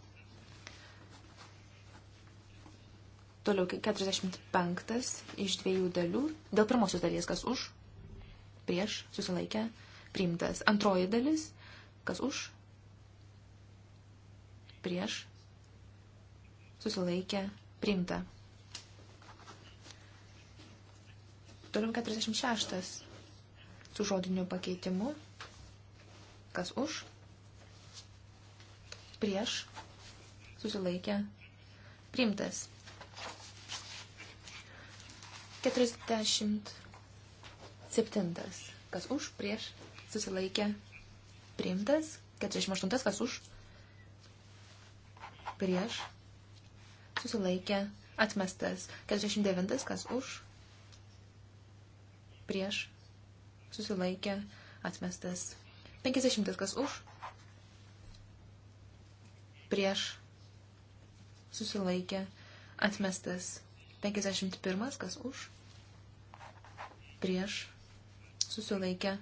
Toliau 45 iš dviejų dalių. Dėl pirmosios dalies, kas už, prieš, susilaikę, priimtas. Antroji dalis, kas už, prieš, susilaikę, priimta. Toliau 46 su žodiniu pakeitimu, kas už, prieš, susilaikė, priimtas. 47. Kas už, prieš, susilaikė, priimtas. 48. Kas už, prieš, susilaikė, atmestas. 49. Kas už, prieš, susilaikė, atmestas. 50. Kas už, prieš susilaikė atmestas 51, kas už, prieš susilaikė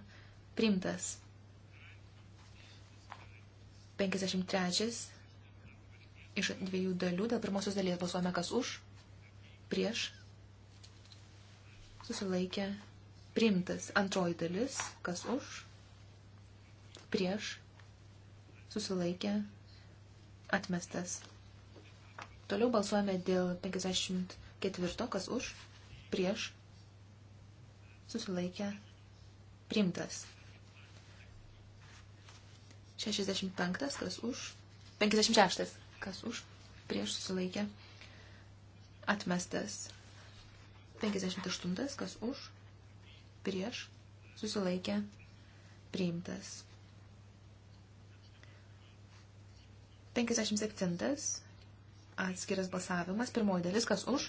primtas 53 iš dviejų dalių, dėl pirmosios dalies balsuojame kas už, prieš susilaikė primtas antroji dalis, kas už, prieš susilaikė primtas Atmestas. Toliau balsuojame dėl 54, kas už, prieš, susilaikę, priimtas. 65, kas už, 56, kas už, prieš, susilaikę, atmestas. 58, kas už, prieš, susilaikę, priimtas. 57. Atskiras balsavimas. Pirmoji dalis, kas už,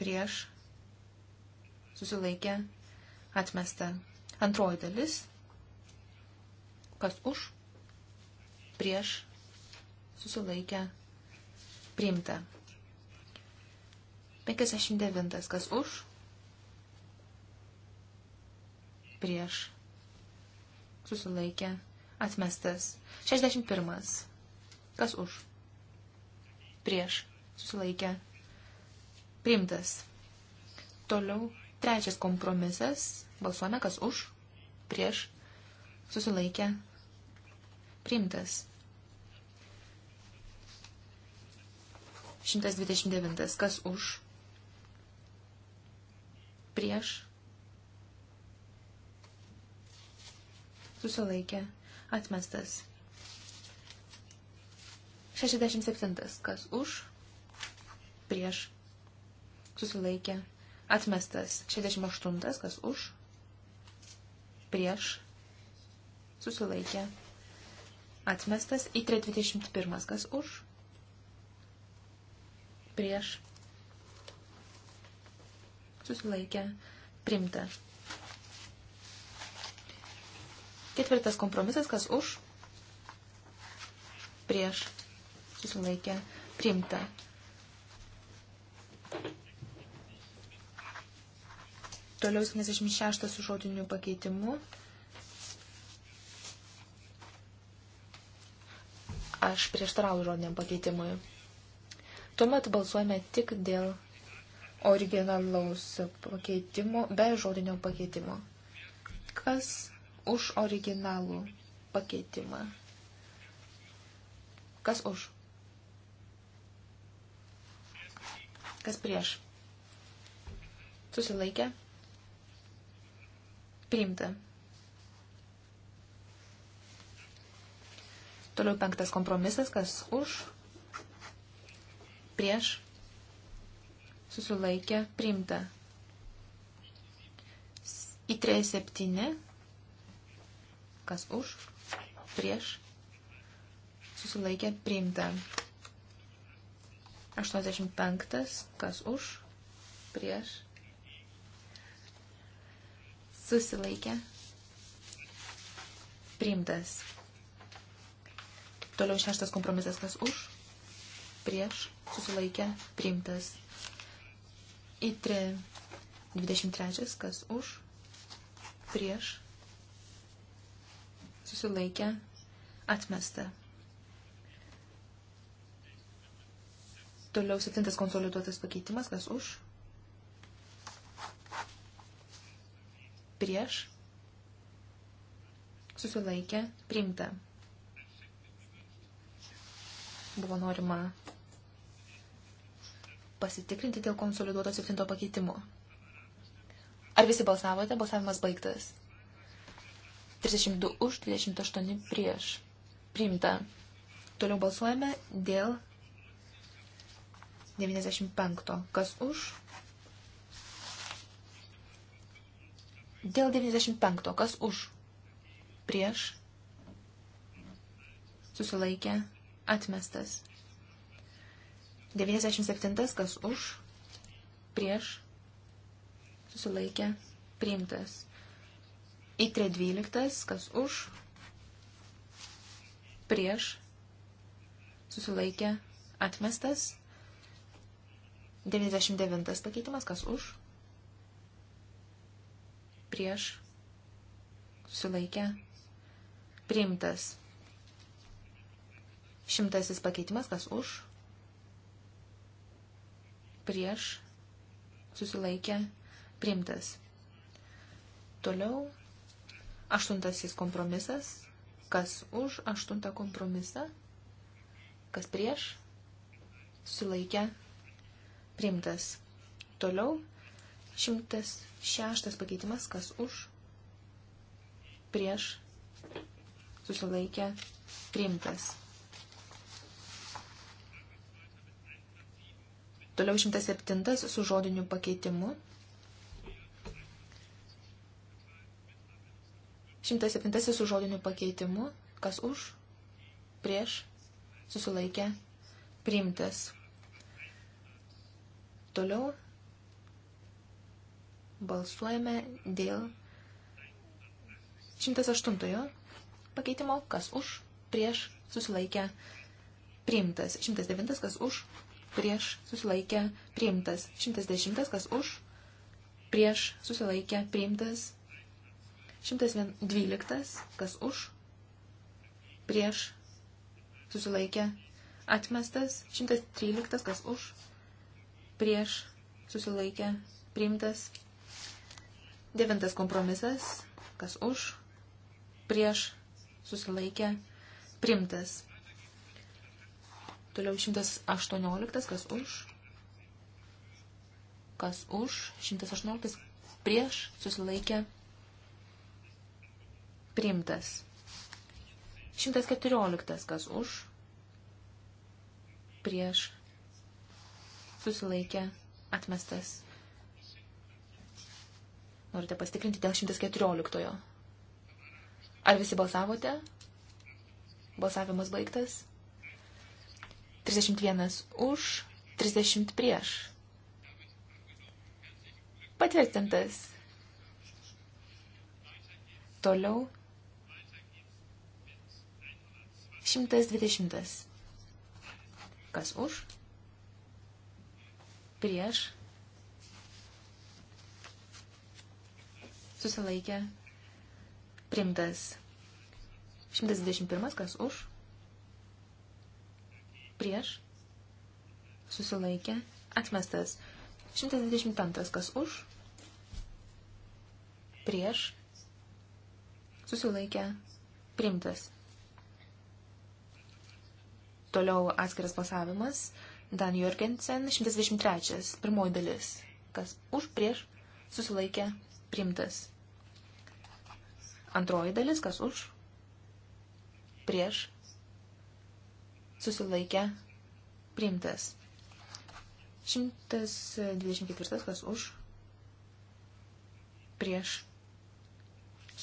prieš, susilaikė, atmesta. Antroji dalis, kas už, prieš, susilaikė, priimta. 59. Kas už, prieš, susilaikė, atmesta Atmestas. 61. Kas už? Prieš. Susilaikė. Priimtas. Toliau. Trečias kompromisas. Balsuojame, kas už. Prieš. Susilaikė. Priimtas. 129. Kas už? Prieš. Susilaikė. Atmestas. 67. Kas už? Prieš. Susilaikė. Atmestas. 68. Kas už? Prieš. Susilaikė. Atmestas. Į 21. Kas už? Prieš. Susilaikė. Primta. Ketvirtas kompromisas, kas už, prieš, susilaikė, priimta. Toliau 76 su žodiniu pakeitimu. Aš prieštarauju žodiniam pakeitimui. Tuomet balsuojame tik dėl originalaus pakeitimo, be žodinio pakeitimo. Kas už originalų pakeitimą. Kas už? Kas prieš? Susilaikė? Priimta. Toliau penktas kompromisas, kas už, prieš, susilaikė, priimta. Į 3-7 Kas už? Prieš? Susilaikė priimta. 85. Kas už? Prieš? Susilaikė. Priimtas. Toliau šeštas kompromisas. Kas už? Prieš? Susilaikė. Priimtas. Į 3. 23. Kas už? Prieš? susilaikė, atmesta. Toliau septintas konsoliduotas pakeitimas, kas už, prieš, susilaikė, priimta. Buvo norima pasitikrinti dėl konsoliduoto septinto pakeitimo. Ar visi balsavote? Balsavimas baigtas. 32 už, 28 prieš. Priimta. Toliau balsuojame dėl 95. Kas už? Dėl 95. Kas už? Prieš. Susilaikė. Atmestas. 97. Kas už? Prieš. Susilaikė. Priimtas. Įtrė 12, kas už, prieš, susilaikė, atmestas. 99 pakeitimas, kas už, prieš, susilaikė, priimtas. Šimtasis pakeitimas, kas už, prieš, susilaikė, priimtas. Toliau Aštuntasis kompromisas. Kas už aštuntą kompromisą? Kas prieš? Sulaikę. Primtas. Toliau. Šimtas šeštas pakeitimas. Kas už? Prieš. Susilaikę. Primtas. Toliau 107 su žodiniu pakeitimu. 107 su žodiniu pakeitimu, kas už, prieš, susilaikę, priimtas. Toliau balsuojame dėl 108 pakeitimo, kas už, prieš, susilaikę, priimtas. 109 kas už, prieš, susilaikę, priimtas. 110 kas už, prieš, susilaikę, priimtas. 112, kas už, prieš, susilaikė, atmestas. 113, kas už, prieš, susilaikė, priimtas. 9 kompromisas, kas už, prieš, susilaikė, priimtas. Toliau 118, kas už, kas už, 118, prieš, susilaikė, priimtas Priimtas. 114. Kas už? Prieš. Susilaikė. Atmestas. Norite pastikrinti dėl 114. Ar visi balsavote? Balsavimas baigtas. 31 už, 30 prieš. Patvirtintas. Toliau 120. Kas už? Prieš. Susilaikė. Primtas. 121. Kas už? Prieš. Susilaikė. Atmestas. 125. Kas už? Prieš. Susilaikė. Primtas. Toliau atskiras balsavimas. Dan Jorgensen, 123, pirmoji dalis. Kas už, prieš, susilaikė, primtas. Antroji dalis, kas už, prieš, susilaikė, primtas. 124, kas už, prieš,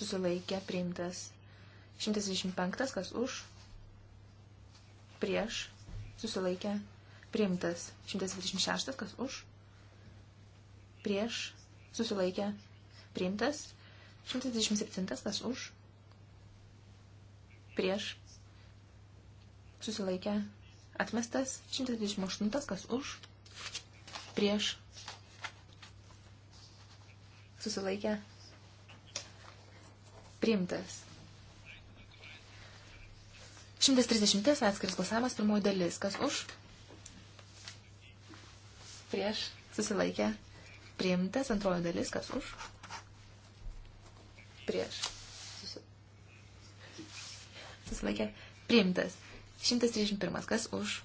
susilaikė, primtas. 125, kas už, prieš, susilaikė, priimtas. 126, kas už, prieš, susilaikė, priimtas. 127, kas už, prieš, susilaikė, atmestas. 128, kas už, prieš, susilaikė, priimtas. 130 atskiris balsavimas, pirmoji dalis. Kas už? Prieš susilaikę. Priimtas antroji dalis. Kas už? Prieš. Susilaikė. Priimtas. 131. Kas už?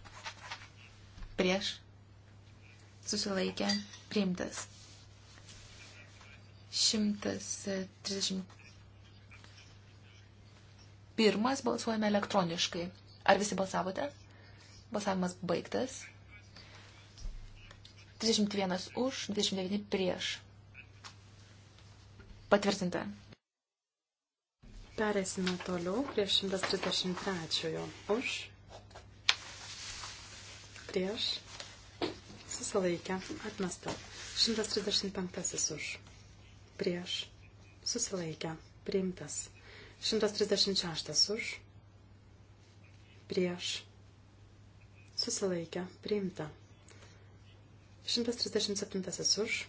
Prieš. Susilaikė. Priimtas. 132 Pirmas balsuojame elektroniškai. Ar visi balsavote? Balsavimas baigtas. 31 už, 29 prieš. Patvirtinta. Perėsime toliau prie 133 už, prieš, susilaikę, atmesta. 135 už, prieš, susilaikę, priimtas. 136 už, prieš, susilaikę, priimta. 137 už,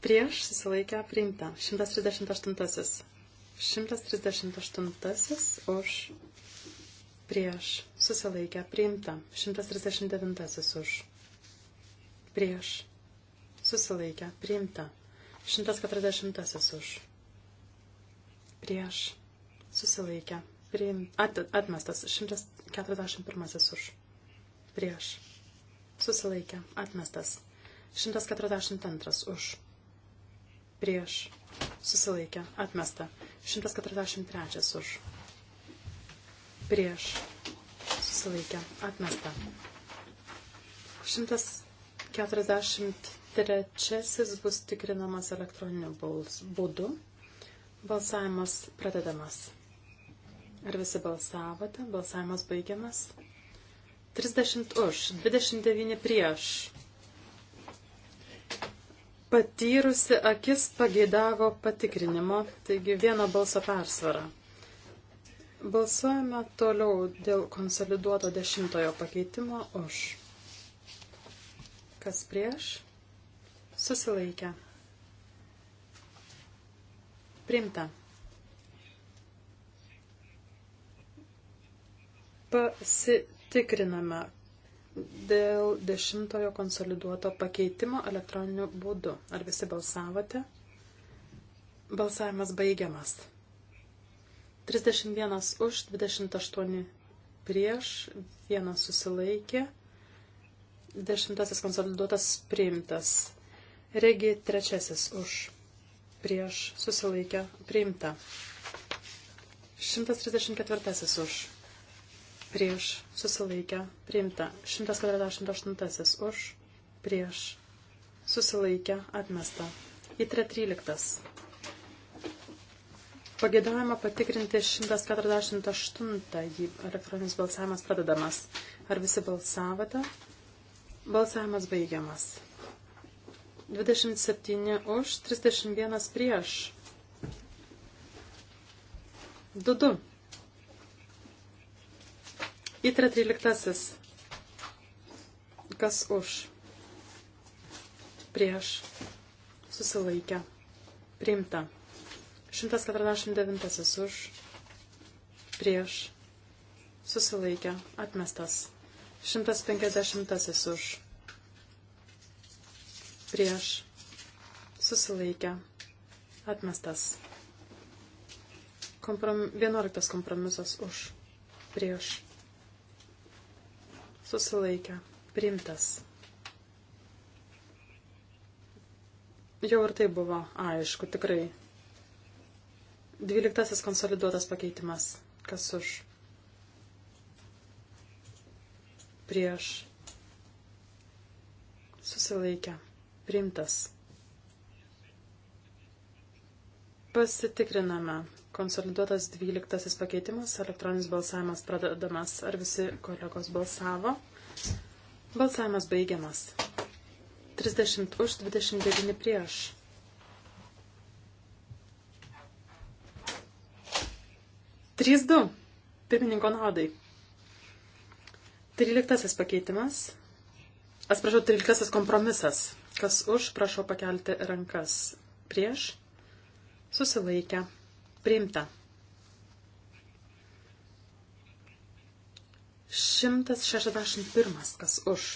prieš, susilaikę, priimta. 138. 138 už, prieš, susilaikę, priimta. 139 už, prieš, susilaikę, priimta. 140 už. Prieš. Susilaikę. Priim, at, atmestas. 141 už. Prieš. Susilaikę. Atmestas. 142 už. Prieš. Susilaikę. Atmesta. 143 už. Prieš. Susilaikę. Atmesta. 144 Trečiasis bus tikrinamas elektroniniu būdu. Balsavimas pradedamas. Ar visi balsavote? Balsavimas baigiamas. 30 už, 29 prieš. Patyrusi akis pageidavo patikrinimo, taigi vieno balso persvara. Balsuojame toliau dėl konsoliduoto dešimtojo pakeitimo už. Kas prieš? susilaikę. Primta. Pasitikriname dėl dešimtojo konsoliduoto pakeitimo elektroniniu būdu. Ar visi balsavote? Balsavimas baigiamas. 31 už, 28 prieš, vienas susilaikė, dešimtasis konsoliduotas priimtas. Regi trečiasis už prieš susilaikę priimta. 134 už prieš susilaikę priimta. 148 už prieš susilaikę atmesta. Į 13. Pagėdavimą patikrinti 148 elektroninis balsavimas pradedamas. Ar visi balsavote? Balsavimas baigiamas. 27 už, 31 prieš. 2-2. Įtra 13. Kas už? Prieš. Susilaikę. Priimta. 149 už. Prieš. Susilaikę. Atmestas. 150 už prieš susilaikę atmestas. Komprom, 11 kompromisas už prieš susilaikę priimtas. Jau ir tai buvo aišku, tikrai. Dvyliktasis konsoliduotas pakeitimas. Kas už? Prieš. Susilaikę. Primtas. Pasitikriname. Konsoliduotas 12 pakeitimas, elektroninis balsavimas pradedamas. Ar visi kolegos balsavo? Balsavimas baigiamas. 30 už, 29 prieš. Trys du. Pirmininko naudai. Tryliktasis pakeitimas. Atsiprašau, tryliktasis kompromisas. Kas už, prašau pakelti rankas. Prieš. Susilaikę. Priimta. 161. Kas už.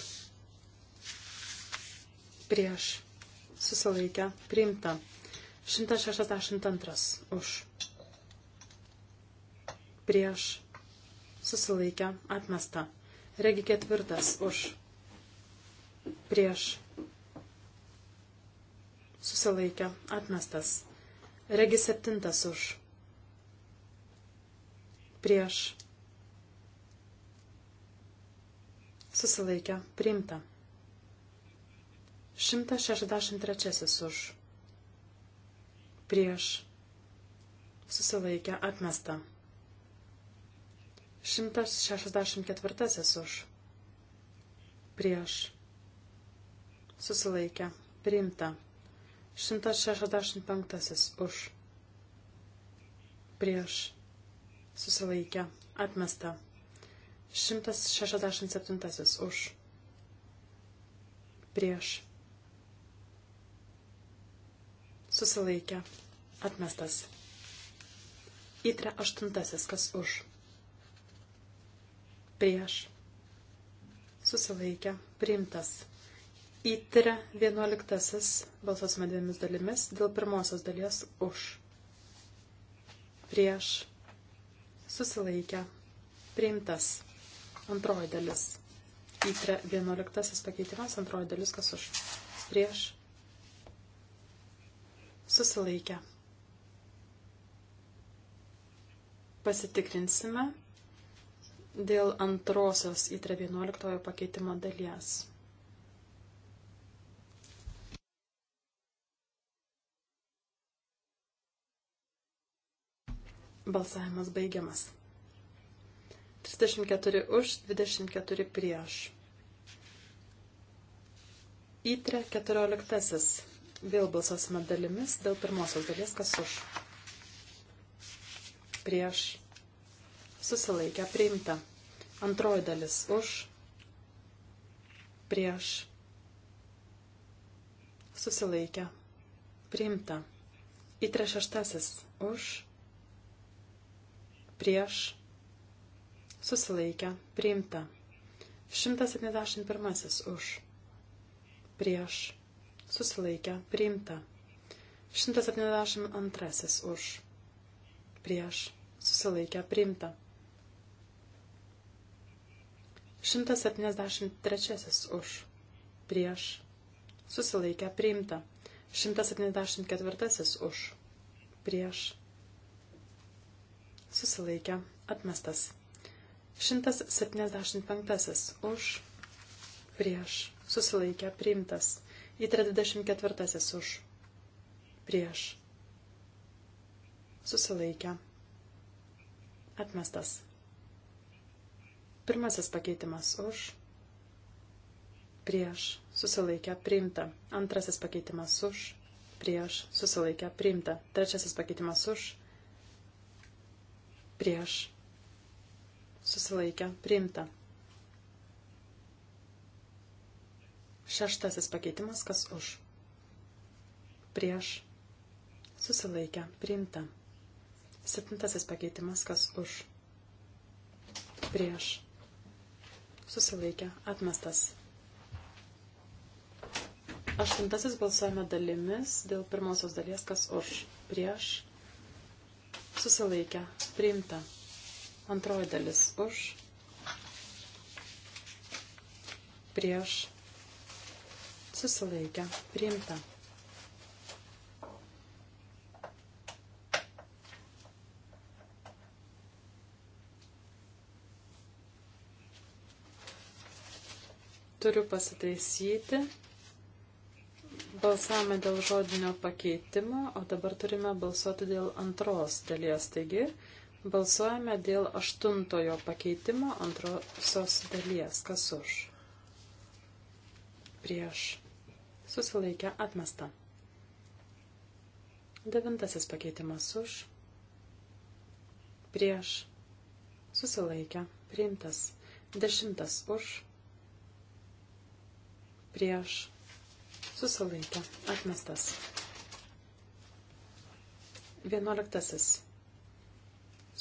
Prieš. Susilaikę. Priimta. 162. Už. Prieš. Susilaikę. Atmesta. Regi ketvirtas. Už. Prieš susilaikė, atmestas. Regi septintas už, prieš, susilaikė, priimta. 163 už, prieš, susilaikė, atmesta. 164 už, prieš, susilaikė, priimta. 165 už prieš susilaikę atmesta. 167 už prieš susilaikę atmestas. Įtre aštuntasis, kas už. Prieš. Susilaikę. Priimtas. Įtrė vienuoliktasis balsuosime dviemis dalimis dėl pirmosios dalies už. Prieš. Susilaikę. Priimtas. Antroji dalis. Įtrė vienuoliktasis pakeitimas. Antroji dalis kas už. Prieš. Susilaikę. Pasitikrinsime dėl antrosios įtrė vienuoliktojo pakeitimo dalies. Balsavimas baigiamas. 34 už, 24 prieš. Įtre 14. Vėl balsuosime dalimis dėl pirmosios dalies, kas už. Prieš. Susilaikę priimta. Antroji dalis už. Prieš. Susilaikę priimta. Įtre šeštasis už prieš, susilaikę, priimta. 171 už, prieš, susilaikę, priimta. 172 už, prieš, susilaikę, priimta. 173 už, prieš, susilaikę, priimta. 174 už, prieš, susilaikė, atmestas. 175 už, prieš, susilaikė, priimtas. Į 34 už, prieš, susilaikė, atmestas. Pirmasis pakeitimas už, prieš, susilaikę, priimta. Antrasis pakeitimas už, prieš, susilaikę, priimta. Trečiasis pakeitimas už, prieš susilaikę priimta. Šeštasis pakeitimas, kas už. Prieš susilaikę priimta. Septintasis pakeitimas, kas už. Prieš susilaikę atmestas. Aštuntasis balsuojame dalimis dėl pirmosios dalies, kas už. Prieš susilaikę, priimta. Antroji dalis už, prieš, susilaikę, priimta. Turiu pasitaisyti. Balsavome dėl žodinio pakeitimo, o dabar turime balsuoti dėl antros dalies. Taigi, balsuojame dėl aštuntojo pakeitimo antrosios dalies. Kas už? Prieš. Susilaikę atmestą. Devintasis pakeitimas už. Prieš. Susilaikę. Priimtas. Dešimtas už. Prieš susilaikė, atmestas. Vienuoliktasis.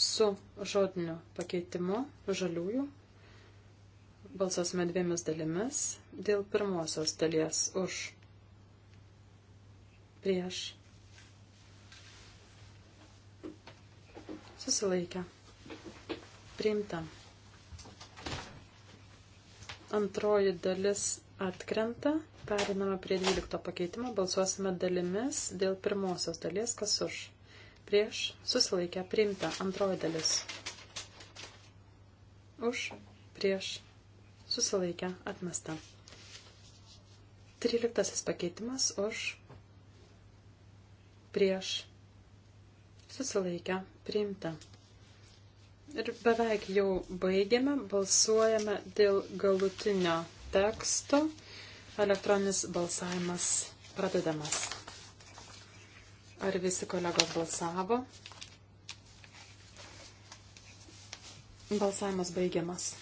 Su žodiniu pakeitimu žaliųjų balsasime dviemis dalimis dėl pirmosios dalies už prieš susilaikę priimta. Antroji dalis atkrenta. Periname prie 12 pakeitimo, balsuosime dalimis dėl pirmosios dalies, kas už. Prieš susilaikę priimta antroji dalis. Už, prieš, susilaikę atmesta. 13 pakeitimas už, prieš, susilaikę priimta. Ir beveik jau baigiame, balsuojame dėl galutinio teksto. Elektroninis balsavimas pradedamas. Ar visi kolegos balsavo? Balsavimas baigiamas.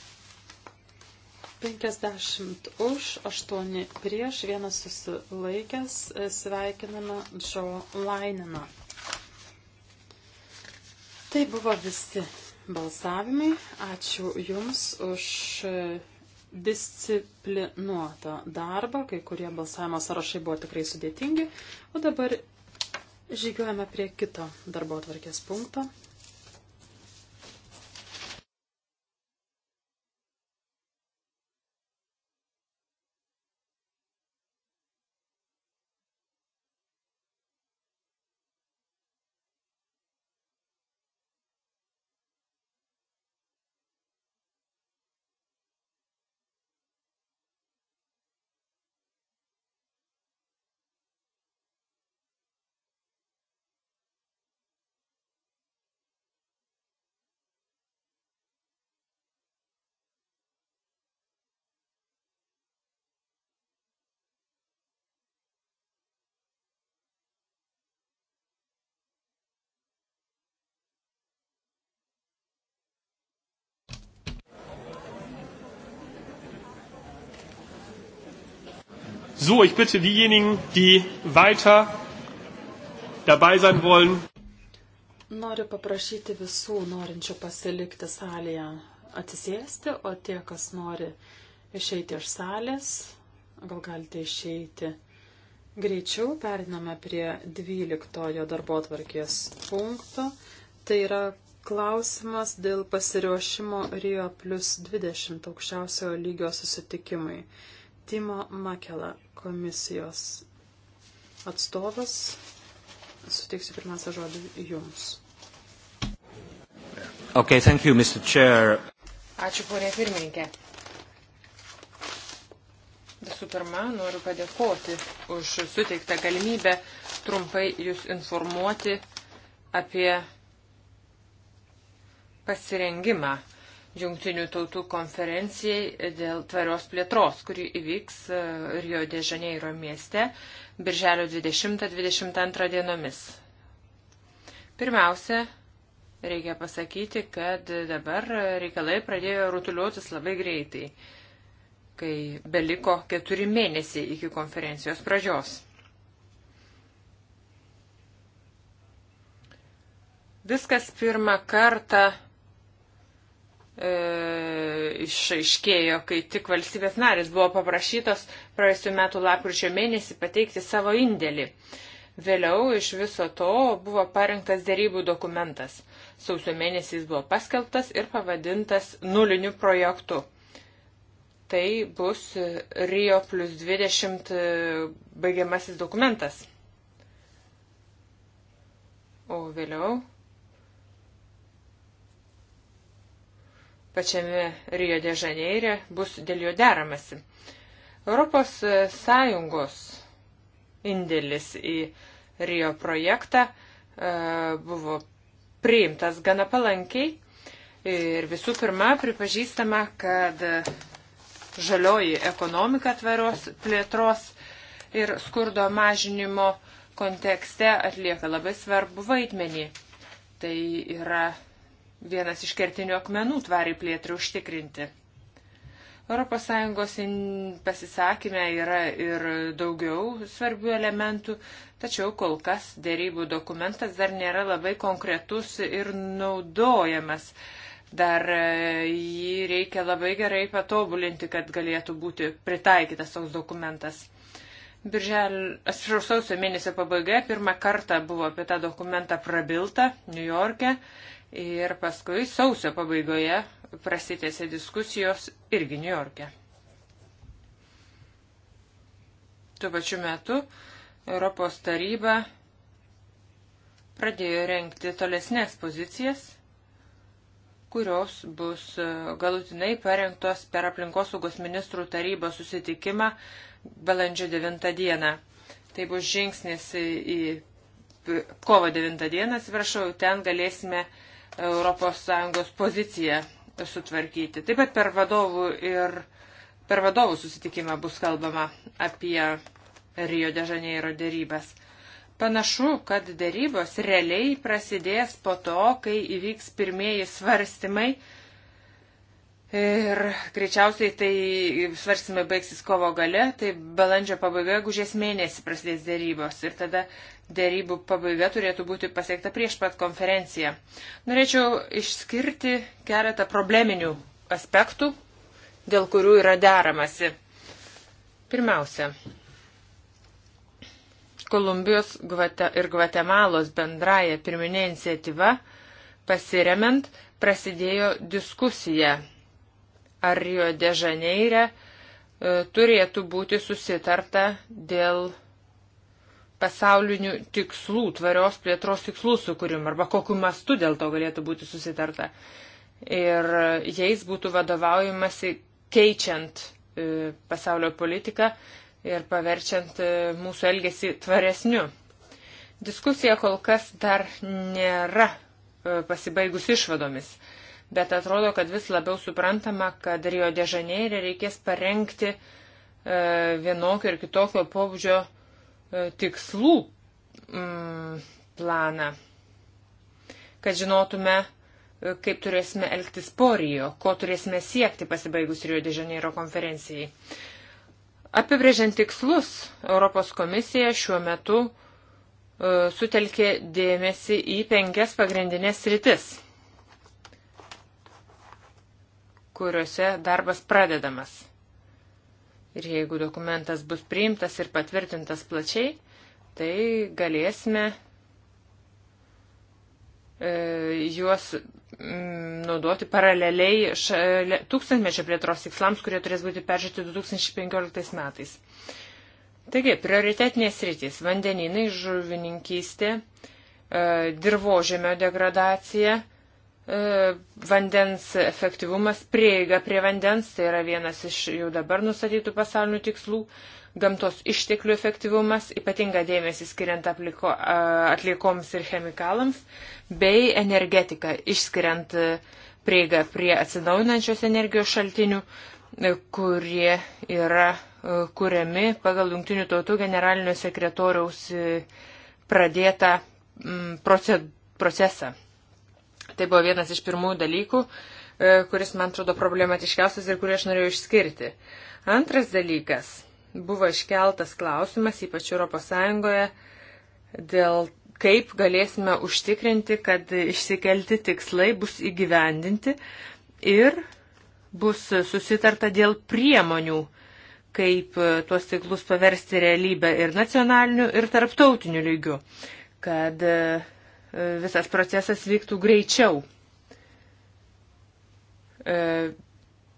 50 už, 8 prieš, vienas susilaikęs, sveikiname Džo Laininą. Tai buvo visi balsavimai. Ačiū Jums už disciplinuotą darbą, kai kurie balsavimo sąrašai buvo tikrai sudėtingi, o dabar žygiuojame prie kito darbo atvarkės punkto. So, ich bitte diejenigen, die weiter dabei sein wollen. Noriu paprašyti visų norinčių pasilikti salėje atsisėsti, o tie, kas nori išeiti iš salės, gal galite išeiti greičiau. Periname prie 12 darbo atvarkės punkto. Tai yra klausimas dėl pasiruošimo Rio plus 20 aukščiausiojo lygio susitikimui. Timo Makela komisijos atstovas. Suteiksiu pirmiausia žodį jums. Okay, thank you, Mr. Chair. Ačiū, ponė pirmininkė. Visų pirma, noriu padėkoti už suteiktą galimybę trumpai jūs informuoti apie pasirengimą Junktinių tautų konferencijai dėl tvarios plėtros, kuri įvyks e, Rio de Žaneiro mieste birželio 20-22 dienomis. Pirmiausia, reikia pasakyti, kad dabar reikalai pradėjo rutuliuotis labai greitai, kai beliko keturi mėnesiai iki konferencijos pradžios. Viskas pirmą kartą E, išaiškėjo, kai tik valstybės narės buvo paprašytos praėjusiu metu lapkričio mėnesį pateikti savo indėlį. Vėliau iš viso to buvo parengtas dėrybų dokumentas. Sausio mėnesį jis buvo paskelbtas ir pavadintas nuliniu projektu. Tai bus Rio plus 20 e, baigiamasis dokumentas. O vėliau pačiame Rio de Žaneire bus dėl jo deramasi. Europos Sąjungos indėlis į Rio projektą e, buvo priimtas gana palankiai ir visų pirma pripažįstama, kad žalioji ekonomika tvaros plėtros ir skurdo mažinimo kontekste atlieka labai svarbu vaidmenį. Tai yra vienas iš kertinių akmenų tvariai plėtrai užtikrinti. ES pasisakymė yra ir daugiau svarbių elementų, tačiau kol kas dėrybų dokumentas dar nėra labai konkretus ir naudojamas. Dar e, jį reikia labai gerai patobulinti, kad galėtų būti pritaikytas toks dokumentas. Birželio, atsiprašau, sausio mėnesio pabaigoje pirmą kartą buvo apie tą dokumentą prabilta Niujorke Ir paskui sausio pabaigoje prasitėsi diskusijos irgi New York'e. Tuo pačiu metu Europos taryba pradėjo renkti tolesnės pozicijas, kurios bus e, galutinai parengtos per aplinkosaugos ministrų tarybos susitikimą balandžio 9 dieną. Tai bus žingsnis į kovo 9 dieną, atsiprašau, ten galėsime uh, ES poziciją sutvarkyti. Taip pat per vadovų ir per vadovų susitikimą bus kalbama apie Rio de Žaneiro dėrybas. Panašu, kad dėrybos realiai prasidės po to, kai įvyks pirmieji svarstymai Ir greičiausiai tai svarstymai baigsis kovo gale, tai balandžio pabaigoje, gužės mėnesį prasidės dėrybos ir tada dėrybų pabaiga turėtų būti pasiekta prieš pat konferenciją. Norėčiau išskirti keletą probleminių aspektų, dėl kurių yra deramasi. Pirmiausia, Kolumbijos ir Gvatemalos bendraja pirminė iniciatyva pasiremiant prasidėjo diskusija, ar jo dežaneire e, turėtų būti susitarta dėl pasaulinių tikslų, tvarios plėtros tikslų sukūrim arba kokiu mastu dėl to galėtų būti susitarta. Ir jais būtų vadovaujamasi keičiant e, pasaulio politiką ir paverčiant e, mūsų elgesį tvaresniu. Diskusija kol kas dar nėra e, pasibaigus išvadomis, bet atrodo, kad vis labiau suprantama, kad Rio de Žaneirė reikės parengti vienokio ir kitokio pobūdžio uh, E, tikslų mm, planą, kad žinotume, e, kaip turėsime elgtis po Rijo, ko turėsime siekti pasibaigus Rio de Janeiro konferencijai. Apibrėžiant tikslus, Europos komisija šiuo metu uh, sutelkė dėmesį į penkias pagrindinės rytis, kuriuose darbas pradedamas. Ir jeigu dokumentas bus priimtas ir patvirtintas plačiai, tai galėsime e, juos mm, naudoti paraleliai šalia, tūkstantmečio plėtros tikslams, kurie turės būti peržiūrėti 2015 metais. Taigi, prioritetinės rytis - vandeninai, žuvininkystė, e, dirbožėmio degradacija, E, vandens efektyvumas, prieiga prie vandens, tai yra vienas iš jau dabar nustatytų pasaulinių tikslų, gamtos išteklių efektyvumas, ypatinga dėmesį skiriant apliko, atliekoms ir chemikalams, bei energetika, išskiriant e, prieigą prie atsinaujinančios energijos šaltinių, e, kurie yra kuriami pagal Junktinių tautų generalinio sekretoriaus pradėtą procesą. Tai buvo vienas iš pirmųjų dalykų, e, kuris man atrodo problematiškiausias ir kurį aš norėjau išskirti. Antras dalykas buvo iškeltas klausimas, ypač ES, dėl kaip galėsime užtikrinti, kad išsikelti tikslai bus įgyvendinti ir bus susitarta dėl priemonių, kaip tuos tiklus paversti realybę ir nacionaliniu, ir tarptautiniu lygiu, kad visas procesas vyktų greičiau. E,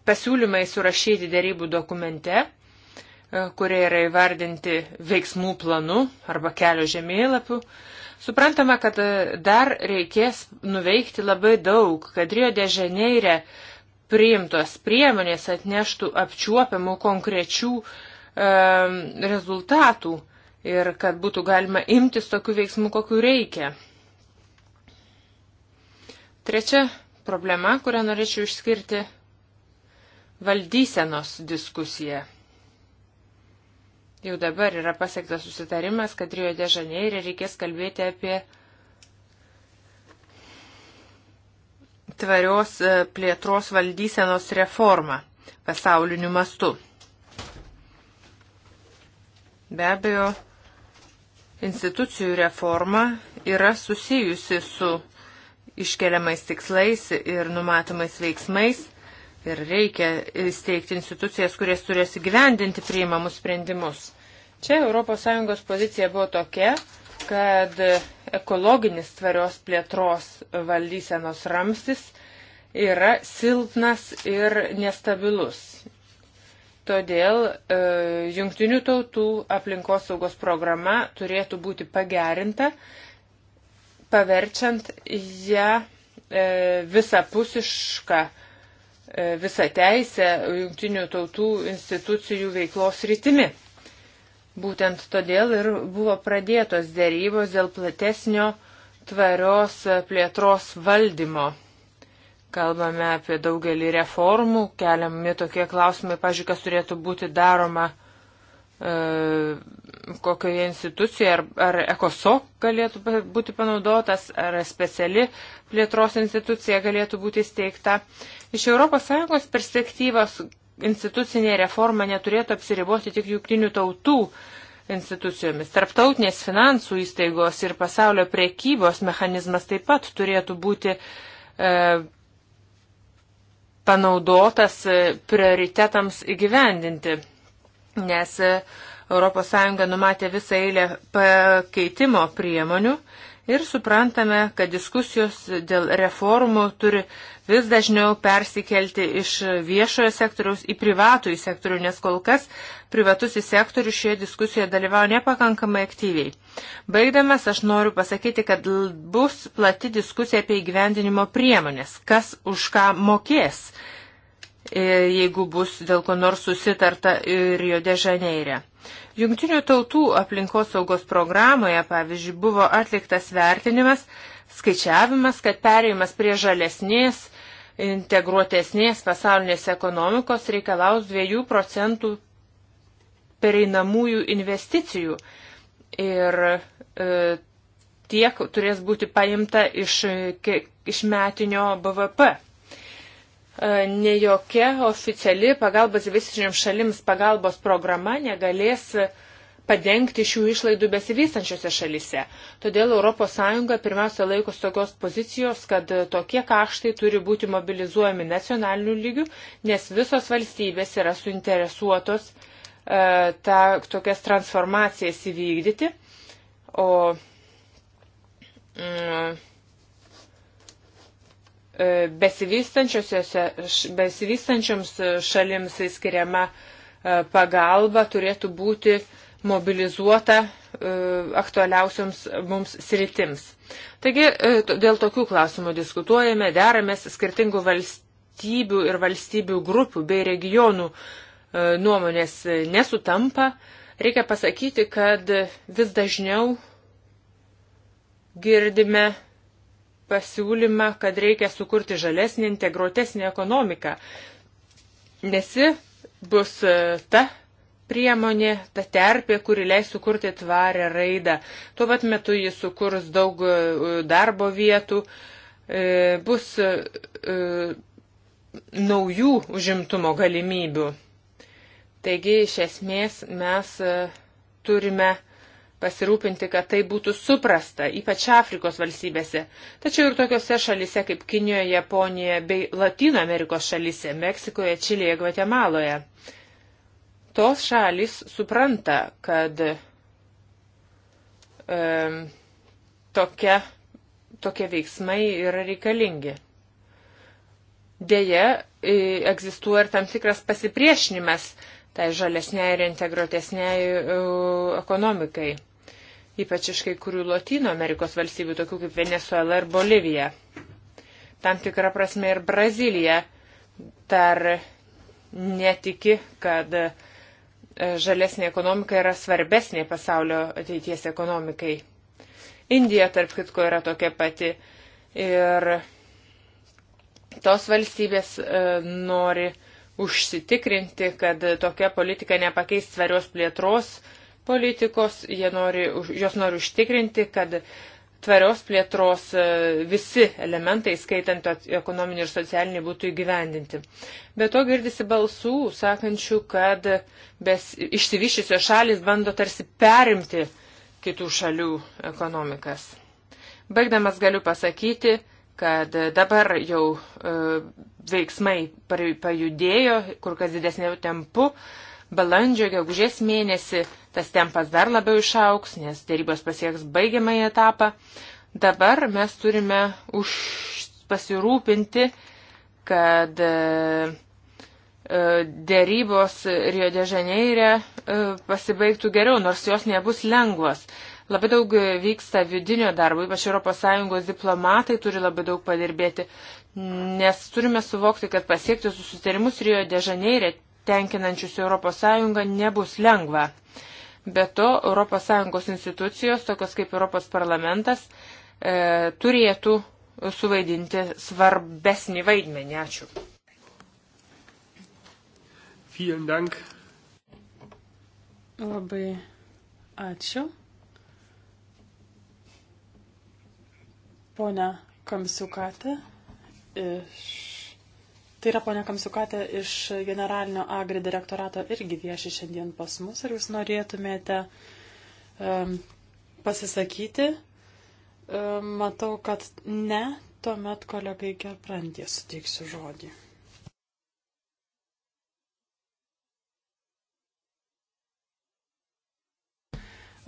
pasiūlymai surašyti dėrybų dokumente, e, kurie yra įvardinti veiksmų planu arba kelio žemėlapiu. Suprantama, kad e, dar reikės nuveikti labai daug, kad Rio de Žaneire priimtos priemonės atneštų apčiuopiamų konkrečių e, rezultatų ir kad būtų galima imtis tokių veiksmų, kokiu reikia. Trečia problema, kurią norėčiau išskirti - valdysenos diskusija. Jau dabar yra pasiektas susitarimas, kad Rio de Žaneirė reikės kalbėti apie tvarios e, plėtros valdysenos reformą pasauliniu mastu. Be abejo, institucijų reforma yra susijusi su iškeliamais tikslais ir numatomais veiksmais. Ir reikia įsteigti institucijas, kurias turės įgyvendinti priimamus sprendimus. Čia ES pozicija buvo tokia, kad ekologinis tvarios plėtros valdysenos ramstis yra silpnas ir nestabilus. Todėl e, jungtinių tautų aplinkosaugos programa turėtų būti pagerinta paverčiant ją e, visapusišką, e, visą teisę jungtinių tautų institucijų veiklos rytimi. Būtent todėl ir buvo pradėtos dėrybos dėl platesnio tvarios plėtros valdymo. Kalbame apie daugelį reformų, keliami tokie klausimai, pažiūrėk, kas turėtų būti daroma e, kokioje institucijoje, ar, ar ECOSOC galėtų būti panaudotas, ar speciali plėtros institucija galėtų būti įsteigta. Iš ES perspektyvos institucinė reforma neturėtų apsiriboti tik jungtinių tautų institucijomis. Tarptautinės finansų įstaigos ir pasaulio priekybos mechanizmas taip pat turėtų būti e, panaudotas e, prioritetams įgyvendinti, nes e, ES numatė visą eilę pakeitimo priemonių ir suprantame, kad diskusijos dėl reformų turi vis dažniau persikelti iš viešojo sektoriaus į privatų į sektorių, nes kol kas privatus į sektorių šioje diskusijoje dalyvauja nepakankamai aktyviai. Baigdamas aš noriu pasakyti, kad bus plati diskusija apie įgyvendinimo priemonės, kas už ką mokės, e, jeigu bus dėl ko nors susitarta ir jo dežaneirė. Jungtinių tautų aplinkosaugos programoje, pavyzdžiui, buvo atliktas vertinimas, skaičiavimas, kad perėjimas prie žalesnės, integruotesnės pasaulinės ekonomikos reikalaus 2 procentų pereinamųjų investicijų. Ir e, tiek turės būti paimta iš, iš metinio BVP. E, ne jokia oficiali pagalbos visiškiams šalims pagalbos programa negalės padengti šių išlaidų besivystančiose šalise. Todėl ES pirmiausia laikos tokios pozicijos, kad tokie kaštai turi būti mobilizuojami nacionaliniu lygiu, nes visos valstybės yra suinteresuotos e, ta, tokias transformacijas įvykdyti. O mm, E, besivystančioms šalims skiriama e, pagalba turėtų būti mobilizuota e, aktualiausioms mums sritims. Taigi dėl tokių klausimų diskutuojame, deramės skirtingų valstybių ir valstybių grupių bei regionų nuomonės nesutampa. Reikia pasakyti, kad vis dažniau girdime pasiūlymą, kad reikia sukurti žalesnį, integruotesnį ekonomiką. Nesi bus e, ta priemonė, ta terpė, kuri leis sukurti tvarę raidą. Tuo pat metu jis sukurs daug e, darbo vietų, e, bus naujų užimtumo galimybių. Taigi, iš esmės, mes turime uh, pasirūpinti, kad tai būtų suprasta, ypač Afrikos valstybėse, tačiau ir tokiuose šalise kaip Kinijoje, Japonijoje bei Latino Amerikos šalise, Meksikoje, Čilėje, Gvatemaloje. Tos šalis supranta, kad e, tokia, tokie veiksmai yra reikalingi. Deja, e, egzistuoja ir tam tikras pasipriešinimas tai žalesniai ir integruotesniai e, ekonomikai ypač iš kai kurių Latino Amerikos valstybių, tokių kaip Venezuela ir Bolivija. Tam tikra prasme ir Brazilija dar netiki, kad e, žalesnė ekonomika yra svarbesnė pasaulio ateities ekonomikai. Indija, tarp kitko, yra tokia pati. Ir tos valstybės e, nori užsitikrinti, kad tokia politika nepakeis tvarios plėtros politikos, nori, jos nori užtikrinti, kad tvarios plėtros e, visi elementai, skaitant ekonominį ir socialinį, būtų įgyvendinti. Be to girdisi balsų, sakančių, kad išsivyščiusios šalis bando tarsi perimti kitų šalių ekonomikas. Baigdamas galiu pasakyti, kad dabar jau e, veiksmai pajudėjo kur kas didesnė tempu. E, balandžio, gegužės mėnesį tas tempas dar labiau išauks, nes dėrybos pasieks baigiamąjį etapą. Dabar mes turime už pasirūpinti, kad e, e, dėrybos Rio de Žaneire e, pasibaigtų geriau, nors jos nebus lengvos. Labai daug vyksta vidinio darbo, ypač ES diplomatai turi labai daug padirbėti, nes turime suvokti, kad pasiekti susitarimus Rio de Žaneire tenkinančius ES nebus lengva. Be to, ES institucijos, tokios kaip ES parlamentas, e, turėtų suvaidinti svarbesnį vaidmenį. Ačiū. Labai ačiū. Pone Kamsiukate iš Tai yra ponia Kamsiukatė iš generalinio agri direktorato irgi vieši šiandien pas mus. Ar jūs norėtumėte um, pasisakyti? Um, matau, kad ne. Tuomet kolegai Gerprantė suteiksiu žodį.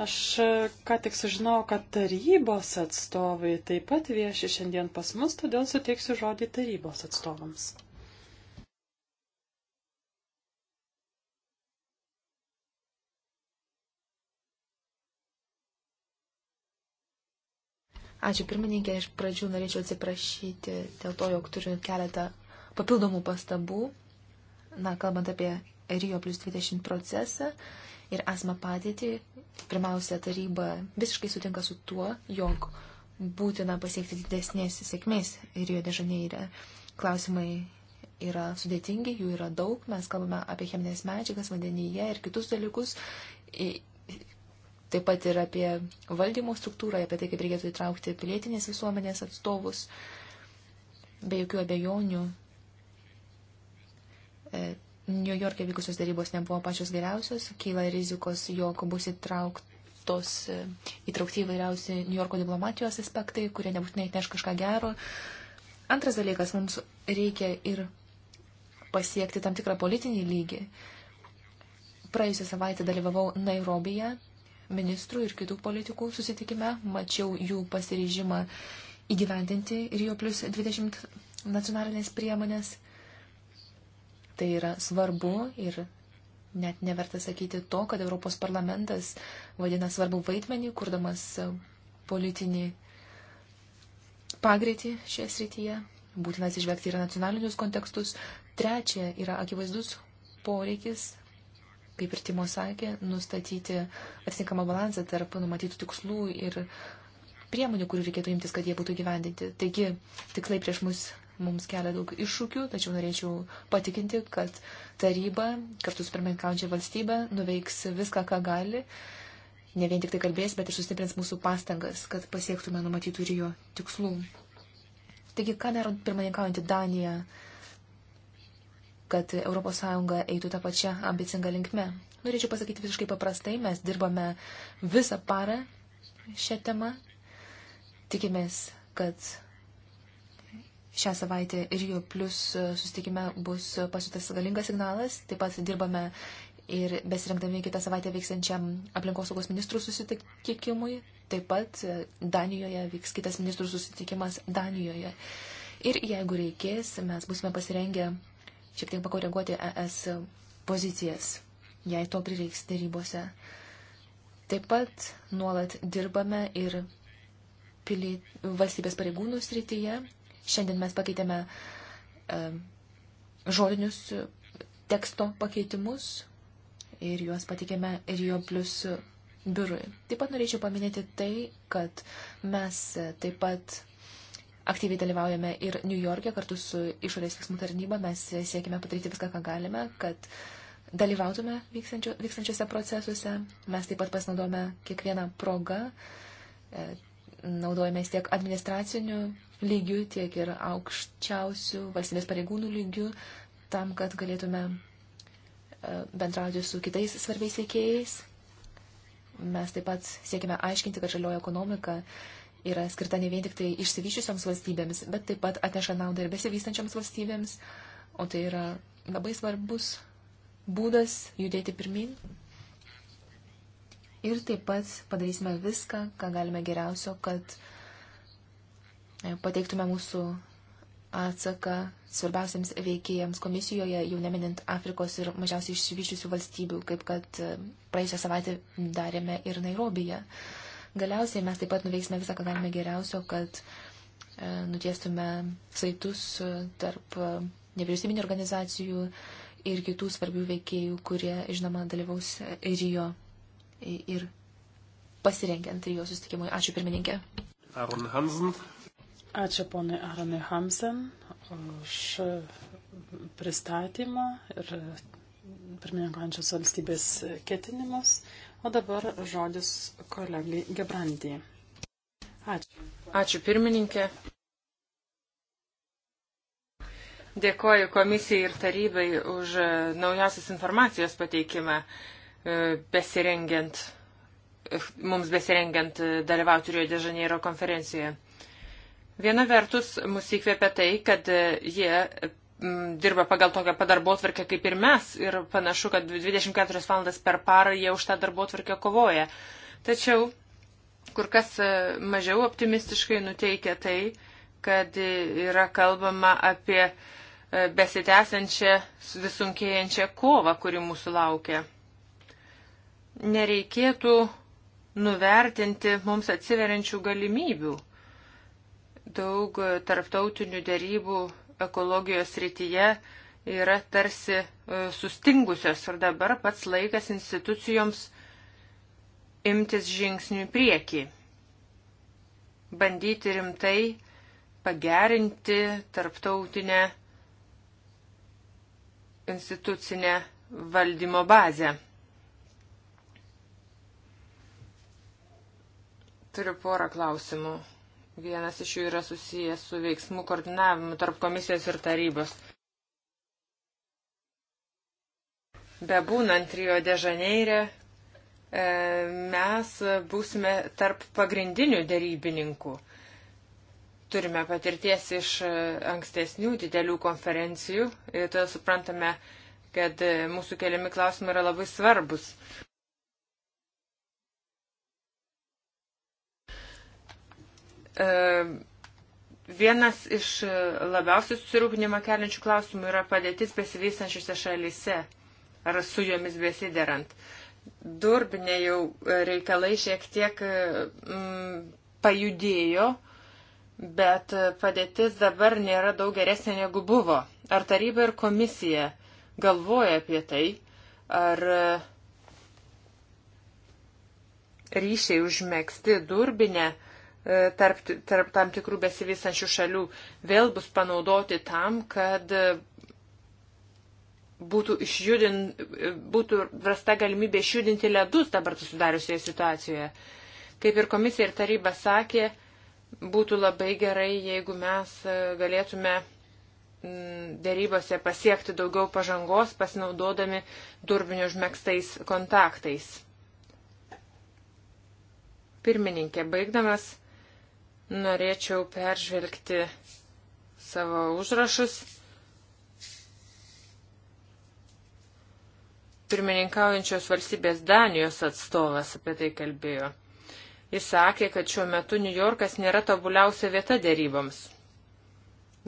Aš e, ką tik sužinojau, kad tarybos atstovai taip pat vieši šiandien pas mus, todėl suteiksiu žodį tarybos atstovams. Ačiū pirmininkė, iš pradžių norėčiau atsiprašyti dėl to, jog turiu keletą papildomų pastabų, na, kalbant apie Rio plus 20 procesą ir esmą padėtį. Pirmiausia, taryba visiškai sutinka su tuo, jog būtina pasiekti didesnės sėkmės Rio de Žaneire. Klausimai yra sudėtingi, jų yra daug, mes kalbame apie cheminės medžiagas vandenyje ir kitus dalykus taip pat ir apie valdymo struktūrą, apie tai, kaip reikėtų įtraukti pilietinės visuomenės atstovus. Be jokių abejonių, e, New York'e vykusios darybos nebuvo pačios geriausios, kyla rizikos, jog bus įtrauktos, e, įtraukti įvairiausi New Yorko diplomatijos aspektai, kurie nebūtinai atneš kažką gero. Antras dalykas, mums reikia ir pasiekti tam tikrą politinį lygį. Praėjusią savaitę dalyvavau Nairobije ministrų ir kitų politikų susitikime, mačiau jų pasiryžimą įgyvendinti ir jo plus 20 nacionalinės priemonės. Tai yra svarbu ir net neverta sakyti to, kad Europos parlamentas vadina svarbu vaidmenį, kurdamas politinį pagreitį šioje srityje. Būtinas išvegti ir nacionalinius kontekstus. Trečia yra akivaizdus poreikis kaip ir Timo sakė, nustatyti atitinkamą balansą tarp numatytų tikslų ir priemonių, kurių reikėtų imtis, kad jie būtų gyvendinti. Taigi, tikslai prieš mus mums kelia daug iššūkių, tačiau norėčiau patikinti, kad taryba kartu su pirmininkaujančia valstybė nuveiks viską, ką gali. Ne vien tik tai kalbės, bet ir sustiprins mūsų pastangas, kad pasiektume numatytų ir jo tikslų. Taigi, ką daro pirmininkaujantį Daniją? kad ES eitų tą pačią ambicingą linkmę. Norėčiau pasakyti visiškai paprastai, mes dirbame visą parą šią temą. Tikimės, kad šią savaitę ir jų plus susitikime bus pasiūtas galingas signalas. Taip pat dirbame ir besirengdami kitą savaitę vyksiančiam aplinkosaugos ministrų susitikimui. Taip pat Danijoje vyks kitas ministrų susitikimas Danijoje. Ir jeigu reikės, mes busime pasirengę šiek tiek pakoreguoti ES pozicijas, jei to prireiks darybose. Taip pat nuolat dirbame ir pili, valstybės pareigūnų srityje. Šiandien mes pakeitėme e, žodinius teksto pakeitimus ir juos patikėme Rio plus biurui. Taip pat norėčiau paminėti tai, kad mes e, taip pat aktyviai dalyvaujame ir New York'e kartu su išorės veiksmų tarnyba. Mes siekime padaryti viską, ką galime, kad dalyvautume vykstančiuose procesuose. Mes taip pat pasinaudojame kiekvieną progą, e, naudojame tiek administracinių lygių, tiek ir aukščiausių valstybės pareigūnų lygių, tam, kad galėtume e, bendrauti su kitais svarbiais veikėjais. Mes taip pat siekime aiškinti, kad žalioja ekonomika yra skirta ne vien tik tai išsivyščiusioms valstybėms, bet taip pat atneša naudą ir besivystančioms valstybėms, o tai yra labai svarbus būdas judėti pirmin. Ir taip pat padarysime viską, ką galime geriausio, kad e, pateiktume mūsų atsaką svarbiausiams veikėjams komisijoje, jau neminint Afrikos ir mažiausiai išsivyščiusių valstybių, kaip kad e, praėjusią savaitę darėme ir Nairobije. Uh, Galiausiai mes taip pat nuveiksime visą, ką galime geriausio, kad e, nutiestume saitus e, tarp e, nevyriausybinio organizacijų ir kitų svarbių veikėjų, kurie, žinoma, dalyvaus Rijo ir pasirengiant Rijo sustikimui. Ačiū pirmininkė. Aron Hansen. Ačiū ponui Aronui Hansen už pristatymą ir pirmininkančios valstybės ketinimus. O dabar žodis kolegai Gebrandijai. Ačiū. Ačiū pirmininkė. Dėkoju komisijai ir tarybai už e, naujausias informacijos pateikimą e, besirengiant, e, mums besirengiant dalyvauti Rio de Janeiro konferencijoje. Viena vertus, mus įkvėpia tai, kad jie dirba pagal tokią padarbotvarkę kaip ir mes ir panašu, kad 24 valandas per parą jie už tą darbotvarkę kovoja. Tačiau kur kas e, mažiau optimistiškai nuteikia tai, kad e, yra kalbama apie e, besitęsiančią, visunkėjančią kovą, kuri mūsų laukia. Nereikėtų nuvertinti mums atsiveriančių galimybių. Daug tarptautinių dėrybų ekologijos rytyje yra tarsi e, sustingusios ir dabar pats laikas institucijoms imtis žingsnių į priekį. Bandyti rimtai pagerinti tarptautinę institucinę valdymo bazę. Turiu porą klausimų. Vienas iš jų yra susijęs su veiksmų koordinavimu tarp komisijos ir tarybos. Bebūnant Rio de Žaneire, e, mes būsime tarp pagrindinių dėrybininkų. Turime patirties iš ankstesnių didelių konferencijų ir tada suprantame, kad mūsų keliami klausimai yra labai svarbus. E, vienas iš labiausiai susirūpinimą keliančių klausimų yra padėtis besivystančiose šalyse ar su jomis besiderant. Durbinė jau reikalai šiek tiek mm, pajudėjo, bet padėtis dabar nėra daug geresnė negu buvo. Ar taryba ir komisija galvoja apie tai, ar e, ryšiai užmėgsti durbinę? E, tarp, tarp tam tikrų besivystančių šalių vėl bus panaudoti tam, kad e, būtų, išjudin, e, būtų rasta galimybė išjudinti ledus dabar susidariusioje situacijoje. Kaip ir komisija ir taryba sakė, būtų labai gerai, jeigu mes galėtume dėrybose pasiekti daugiau pažangos, pasinaudodami durbinių užmėgstais kontaktais. Pirmininkė, baigdamas Norėčiau peržvelgti savo užrašus. Pirmininkaujančios valstybės Danijos atstovas apie tai kalbėjo. Jis sakė, kad šiuo metu New Yorkas nėra tobuliausia vieta dėryboms,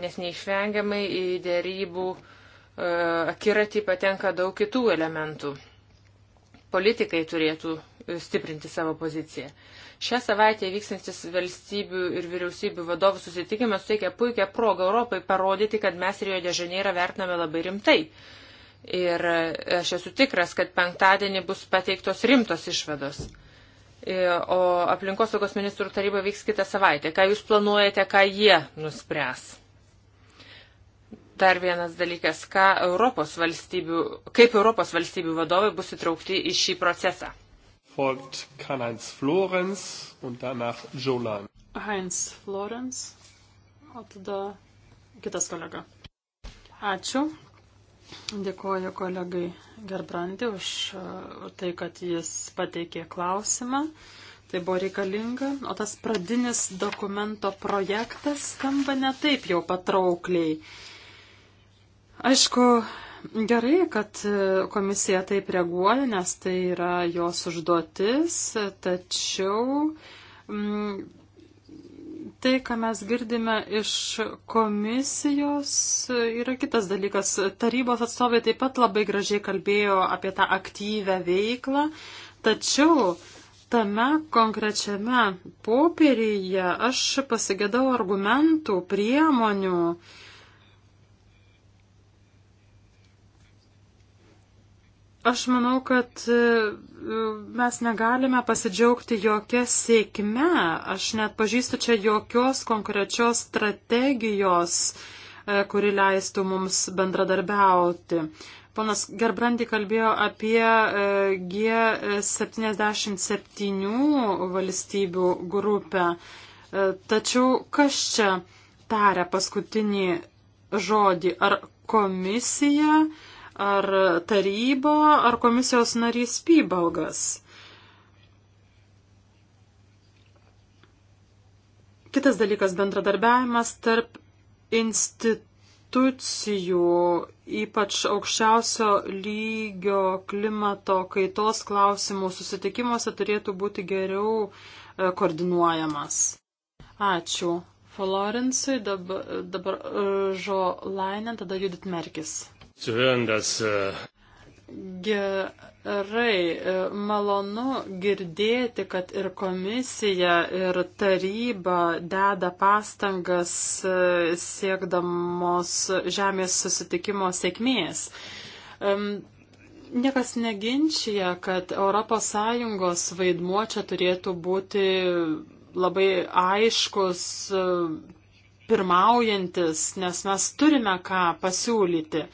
nes neišvengiamai į dėrybų uh, e, akiratį patenka daug kitų elementų. Politikai turėtų stiprinti savo poziciją. Šią savaitę vyksantis valstybių ir vyriausybių vadovų susitikimas suteikia puikią progą Europai parodyti, kad mes Rio de Žaneirą vertiname labai rimtai. Ir aš esu tikras, kad penktadienį bus pateiktos rimtos išvados. E, o aplinkosaugos ministrų taryba vyks kitą savaitę. Ką jūs planuojate, ką jie nuspręs? Dar vienas dalykas, Europos kaip Europos valstybių vadovai bus įtraukti į šį procesą folgt Karl-Heinz Florenz und danach Jolan. Heinz Florenz, o tada kitas kolega. Ačiū. Dėkuoju kolegai Gerbrandi už uh, tai, kad jis pateikė klausimą. Tai buvo reikalinga. O tas pradinis dokumento projektas skamba netaip jau patraukliai. Aišku, Gerai, kad e, komisija taip reaguoja, nes tai yra jos užduotis, tačiau m, mm, tai, ką mes girdime iš komisijos, yra kitas dalykas. Tarybos atstovai taip pat labai gražiai kalbėjo apie tą aktyvę veiklą, tačiau tame konkrečiame popieryje aš pasigėdau argumentų, priemonių, uh, Aš manau, kad e, mes negalime pasidžiaugti jokia sėkme. Aš net pažįstu čia jokios konkrečios strategijos, e, kuri leistų mums bendradarbiauti. Ponas Gerbrandi kalbėjo apie e, G77 valstybių grupę. Tačiau kas čia taria paskutinį žodį? Ar komisija? ar tarybo, ar komisijos narys Pybalgas. Kitas dalykas - bendradarbiavimas tarp institucijų institucijų, ypač aukščiausio lygio klimato kaitos klausimų susitikimuose turėtų būti geriau e, koordinuojamas. Ačiū. Florencijai dabar, dabar e, Žo Lainen, tada Judit Merkis. Äh, Gerai, e, malonu girdėti, kad ir komisija, ir taryba deda pastangas e, siekdamos žemės susitikimo sėkmės. Niekas neginčia, kad ES vaidmuo čia turėtų būti labai aiškus, e, pirmaujantis, nes mes turime ką pasiūlyti.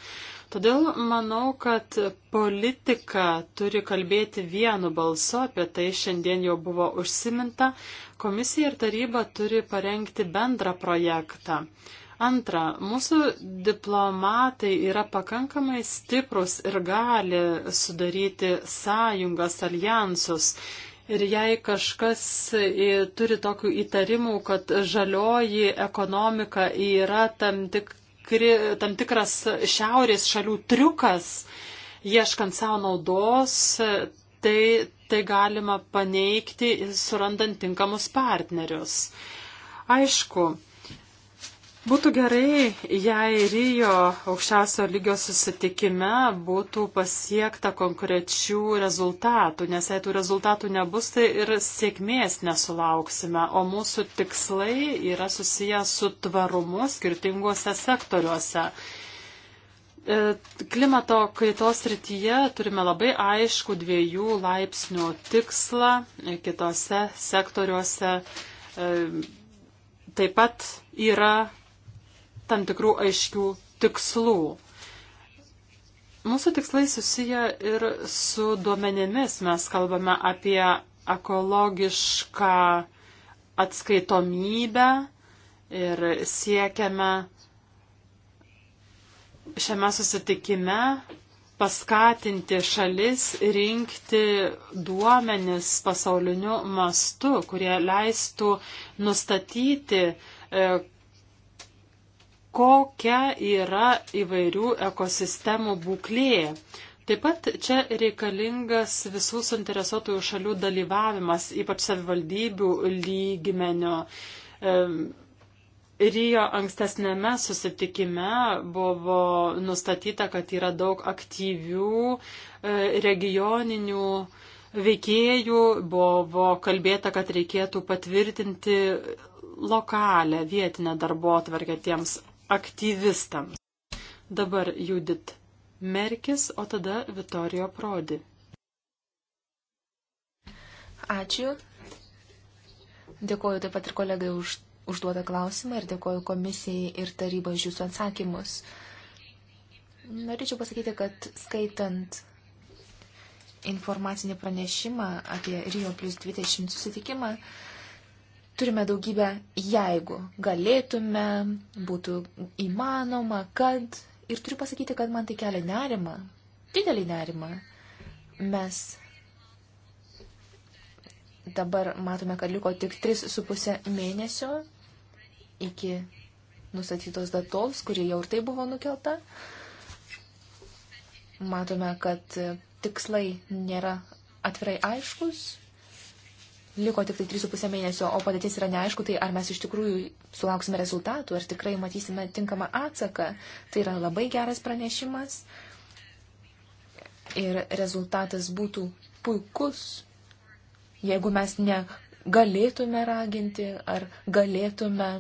Todėl manau, kad politika turi kalbėti vienu balsu, apie tai šiandien jau buvo užsiminta. Komisija ir taryba turi parengti bendrą projektą. Antra, mūsų diplomatai yra pakankamai stiprus ir gali sudaryti sąjungas, alijansus. Ir jei kažkas e, turi tokių įtarimų, kad žalioji ekonomika yra tam tik tikri, tam tikras šiaurės šalių triukas, ieškant savo naudos, tai, tai galima paneigti, surandant tinkamus partnerius. Aišku, Būtų gerai, jei Rijo aukščiausio lygio susitikime būtų pasiekta konkrečių rezultatų, nes jei tų rezultatų nebus, tai ir sėkmės nesulauksime, o mūsų tikslai yra susiję su tvarumu skirtinguose sektoriuose. E, klimato kaitos rytyje turime labai aišku dviejų laipsnių tikslą, e, kitose sektoriuose e, taip pat yra tam tikrų aiškių tikslų. Mūsų tikslai susiję ir su duomenimis. Mes kalbame apie ekologišką atskaitomybę ir siekiame šiame susitikime paskatinti šalis rinkti duomenis pasauliniu mastu, kurie leistų nustatyti, e, kokia yra įvairių ekosistemų būklė. Taip pat čia reikalingas visų suinteresuotųjų šalių dalyvavimas, ypač savivaldybių lygmenio. Rijo ankstesnėme susitikime buvo nustatyta, kad yra daug aktyvių e, regioninių veikėjų, buvo kalbėta, kad reikėtų patvirtinti lokalę vietinę darbo atvarkę tiems aktyvistams. Dabar Judit Merkis, o tada Vitorijo Prodi. Ačiū. Dėkoju taip pat ir kolegai už užduotą klausimą ir dėkoju komisijai ir tarybai už jūsų atsakymus. Norėčiau pasakyti, kad skaitant informacinį pranešimą apie Rio plus 20 susitikimą, turime daugybę jeigu. Galėtume, būtų įmanoma, kad. Ir turiu pasakyti, kad man tai kelia nerima. Didelį nerimą. Mes dabar matome, kad liko tik 3,5 mėnesio iki nustatytos datos, kurie jau ir tai buvo nukelta. Matome, kad tikslai nėra atvirai aiškus, liko tik tai 3,5 mėnesio, o padėtis yra neaišku, tai ar mes iš tikrųjų sulauksime rezultatų, ar tikrai matysime tinkamą atsaką. Tai yra labai geras pranešimas ir rezultatas būtų puikus, jeigu mes negalėtume raginti ar galėtume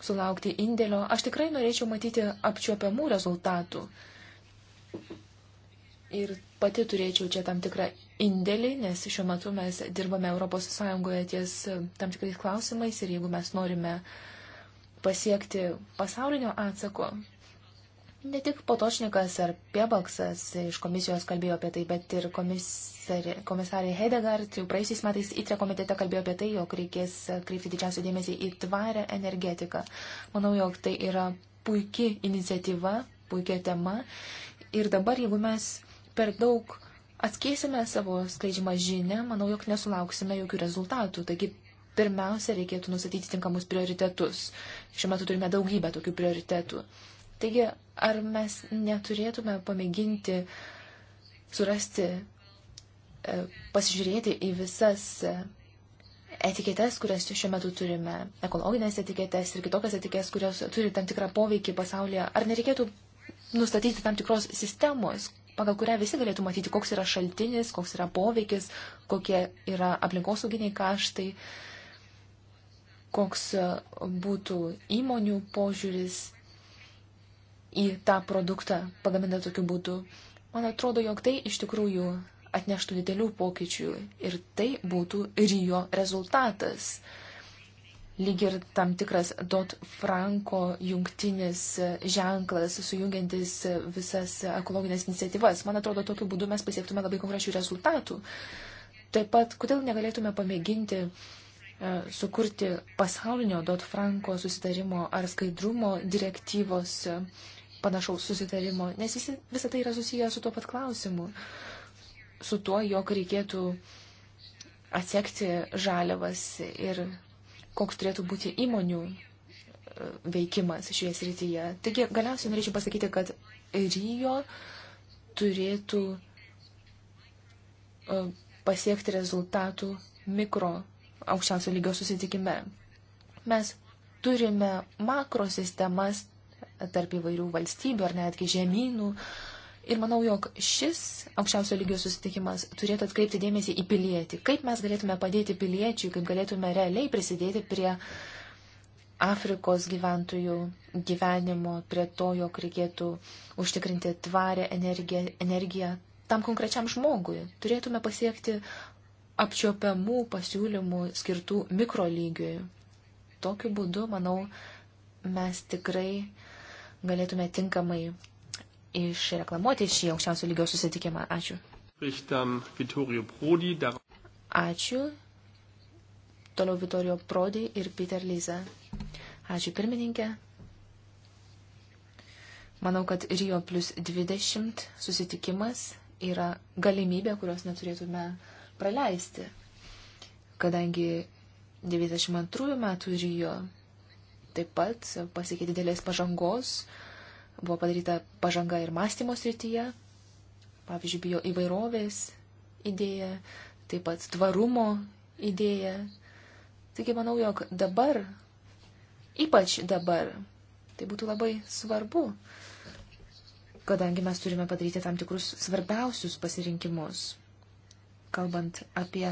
sulaukti indėlio. Aš tikrai norėčiau matyti apčiuopiamų rezultatų. Ir pati turėčiau čia tam tikrą indėlį, nes šiuo metu mes dirbame ES ties e, tam tikrais klausimais ir jeigu mes norime pasiekti pasaulinio atsako, ne tik Potočnikas ar Piebalksas iš komisijos kalbėjo apie tai, bet ir komisarė, komisarė Hedegard jau praėjusiais metais įtre komitete kalbėjo apie tai, jog reikės kreipti didžiausią dėmesį į tvarę energetiką. Manau, jog tai yra puikia iniciatyva, puikia tema. Ir dabar, jeigu mes per daug atskiesime savo skleidžiamą žinę, manau, jog nesulauksime jokių rezultatų. Taigi, pirmiausia, reikėtų nustatyti tinkamus prioritetus. Šiuo metu turime daugybę tokių prioritetų. Taigi, ar mes neturėtume pamėginti surasti, e, pasižiūrėti į visas e, etiketes, kurias šiuo metu turime, ekologinės etiketes ir kitokias etiketes, kurios turi tam tikrą poveikį pasaulyje, ar nereikėtų nustatyti tam tikros sistemos, pagal kurią visi galėtų matyti, koks yra šaltinis, koks yra poveikis, kokie yra aplinkosauginiai kaštai, koks e, būtų įmonių požiūris į tą produktą pagamintą tokiu būdu. Man atrodo, jog tai iš tikrųjų atneštų didelių pokyčių ir tai būtų Rijo rezultatas lyg ir tam tikras Dot Franko jungtinis ženklas, sujungiantis visas ekologinės iniciatyvas. Man atrodo, tokiu būdu mes pasiektume labai konkrečių rezultatų. Taip pat, kodėl negalėtume pamėginti e, sukurti pasaulinio Dot Franko susitarimo ar skaidrumo direktyvos e, panašaus susitarimo, nes visi, visa tai yra susiję su tuo pat klausimu, su tuo, jog reikėtų atsekti žaliavas ir koks turėtų būti įmonių e, veikimas šioje srityje. Taigi, galiausiai norėčiau pasakyti, kad Rijo turėtų e, pasiekti rezultatų mikro aukščiausio lygio susitikime. Mes turime makro sistemas tarp įvairių valstybių ar netgi žemynų, uh, Ir manau, jog šis aukščiausio lygio susitikimas turėtų atkreipti dėmesį į pilietį. Kaip mes galėtume padėti piliečiui, kaip galėtume realiai prisidėti prie Afrikos gyventojų gyvenimo, prie to, jog reikėtų užtikrinti tvarę energiją, energiją tam konkrečiam žmogui. Turėtume pasiekti apčiopiamų pasiūlymų skirtų mikrolygiui. Tokiu būdu, manau, mes tikrai galėtume tinkamai išreklamuoti šį aukščiausio lygio susitikimą. Ačiū. Ähm, Ačiū. Toliau Vitorio Prodi ir Peter Liza. Ačiū pirmininkė. Manau, kad Rio plus 20 susitikimas yra galimybė, kurios neturėtume praleisti, kadangi 92 metų Rio taip pat pasiekė didelės pažangos, Buvo padaryta pažanga ir mąstymo srityje, pavyzdžiui, bio įvairovės idėja, taip pat tvarumo idėja. Taigi manau, jog dabar, ypač dabar, tai būtų labai svarbu, kadangi mes turime padaryti tam tikrus svarbiausius pasirinkimus. Kalbant apie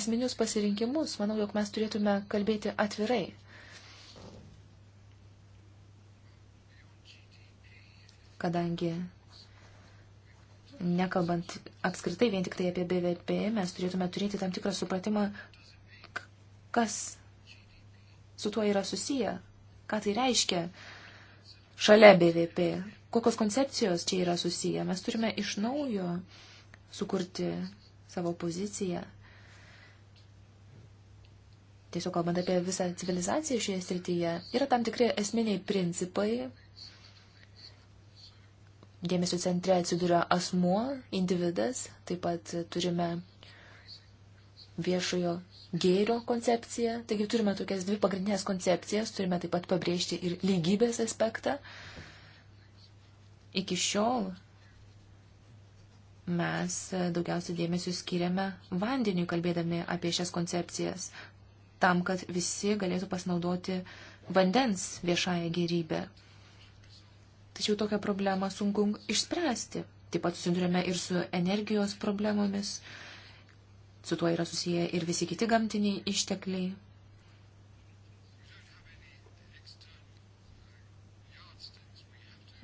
esminius pasirinkimus, manau, jog mes turėtume kalbėti atvirai. kadangi nekalbant apskritai vien tik tai apie BVP, mes turėtume turėti tam tikrą supratimą, kas su tuo yra susiję, ką tai reiškia šalia BVP, kokios koncepcijos čia yra susiję. Mes turime iš naujo sukurti savo poziciją. Tiesiog kalbant apie visą civilizaciją šioje srityje, yra tam tikri esminiai principai, dėmesio centre atsiduria asmuo, individas, taip pat turime viešojo gėrio koncepciją. Taigi turime tokias dvi pagrindinės koncepcijas, turime taip pat pabrėžti ir lygybės aspektą. Iki šiol mes daugiausiai dėmesio skiriame vandeniui, kalbėdami apie šias koncepcijas, tam, kad visi galėtų pasinaudoti vandens viešąją gerybę. Tačiau tokią problemą sunku išspręsti. Taip pat susidurime ir su energijos problemomis. Su tuo yra susiję ir visi kiti gamtiniai ištekliai.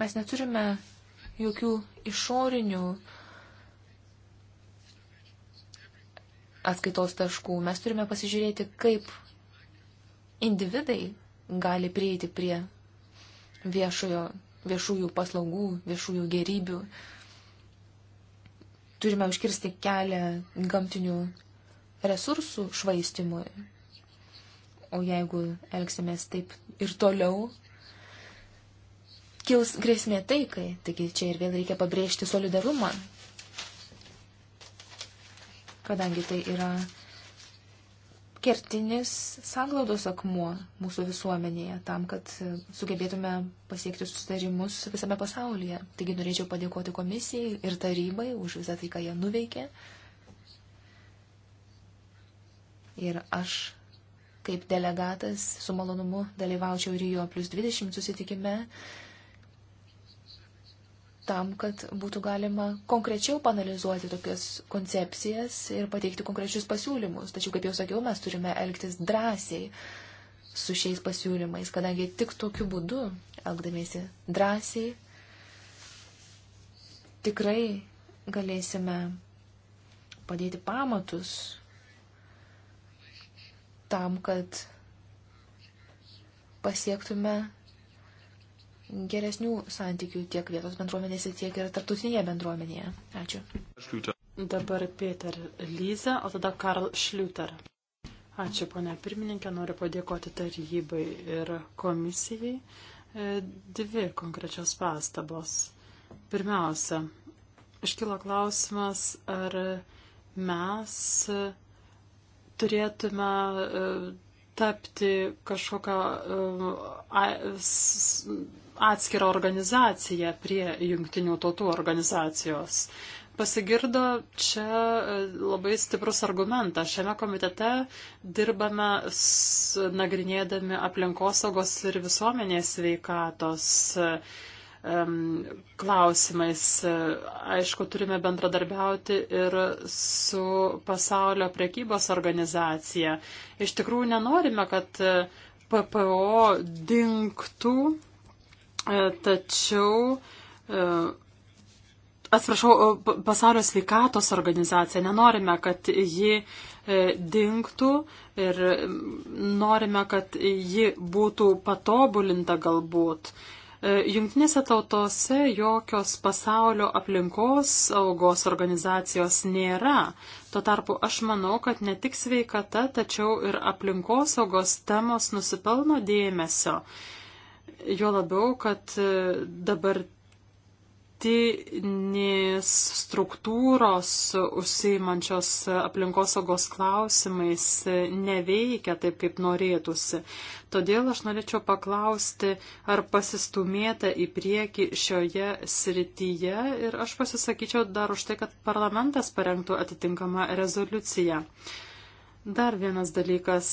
Mes neturime jokių išorinių atskaitos taškų. Mes turime pasižiūrėti, kaip individai gali prieiti prie viešojo viešųjų paslaugų, viešųjų gerybių. Turime užkirsti kelią gamtinių resursų švaistimui. O jeigu elgsimės taip ir toliau, kils grėsmė taikai. Taigi čia ir vėl reikia pabrėžti solidarumą. Kadangi tai yra kertinis sanglaudos akmuo mūsų visuomenėje, tam, kad sugebėtume pasiekti susitarimus visame pasaulyje. Taigi norėčiau padėkoti komisijai ir tarybai už visą tai, ką jie nuveikė. Ir aš kaip delegatas su malonumu dalyvaučiau Rio plus 20 susitikime tam, kad būtų galima konkrečiau panalizuoti tokias koncepcijas ir pateikti konkrečius pasiūlymus. Tačiau, kaip jau sakiau, mes turime elgtis drąsiai su šiais pasiūlymais, kadangi tik tokiu būdu, elgdamiesi drąsiai, tikrai galėsime padėti pamatus tam, kad pasiektume geresnių santykių tiek vietos bendruomenėse, tiek ir tarptautinėje bendruomenėje. Ačiū. Dabar Peter Lyza, o tada Karl Šliuter. Ačiū, ponia pirmininkė, noriu padėkoti tarybai ir komisijai. E, dvi konkrečios pastabos. Pirmiausia, iškilo klausimas, ar mes turėtume e, tapti kažkokią e, atskirą organizaciją prie jungtinių tautų organizacijos. Pasigirdo čia e, labai stiprus argumentas. Šiame komitete dirbame nagrinėdami aplinkosaugos ir visuomenės veikatos klausimais. Aišku, turime bendradarbiauti ir su pasaulio prekybos organizacija. Iš tikrųjų, nenorime, kad e, PPO dinktų, e, tačiau. E, atsiprašau, pasaulio sveikatos organizacija. Nenorime, kad ji dinktų ir norime, kad ji būtų patobulinta galbūt. Uh, E, jungtinėse tautose jokios pasaulio aplinkos saugos organizacijos nėra. Tuo tarpu aš manau, kad ne tik sveikata, tačiau ir aplinkos saugos temos nusipelno dėmesio. Jo labiau, kad e, dabar nuolatinės struktūros užsiimančios aplinkosaugos klausimais neveikia taip, kaip norėtųsi. Todėl aš norėčiau paklausti, ar pasistumėta į priekį šioje srityje ir aš pasisakyčiau dar už tai, kad parlamentas parengtų atitinkamą rezoliuciją. Dar vienas dalykas.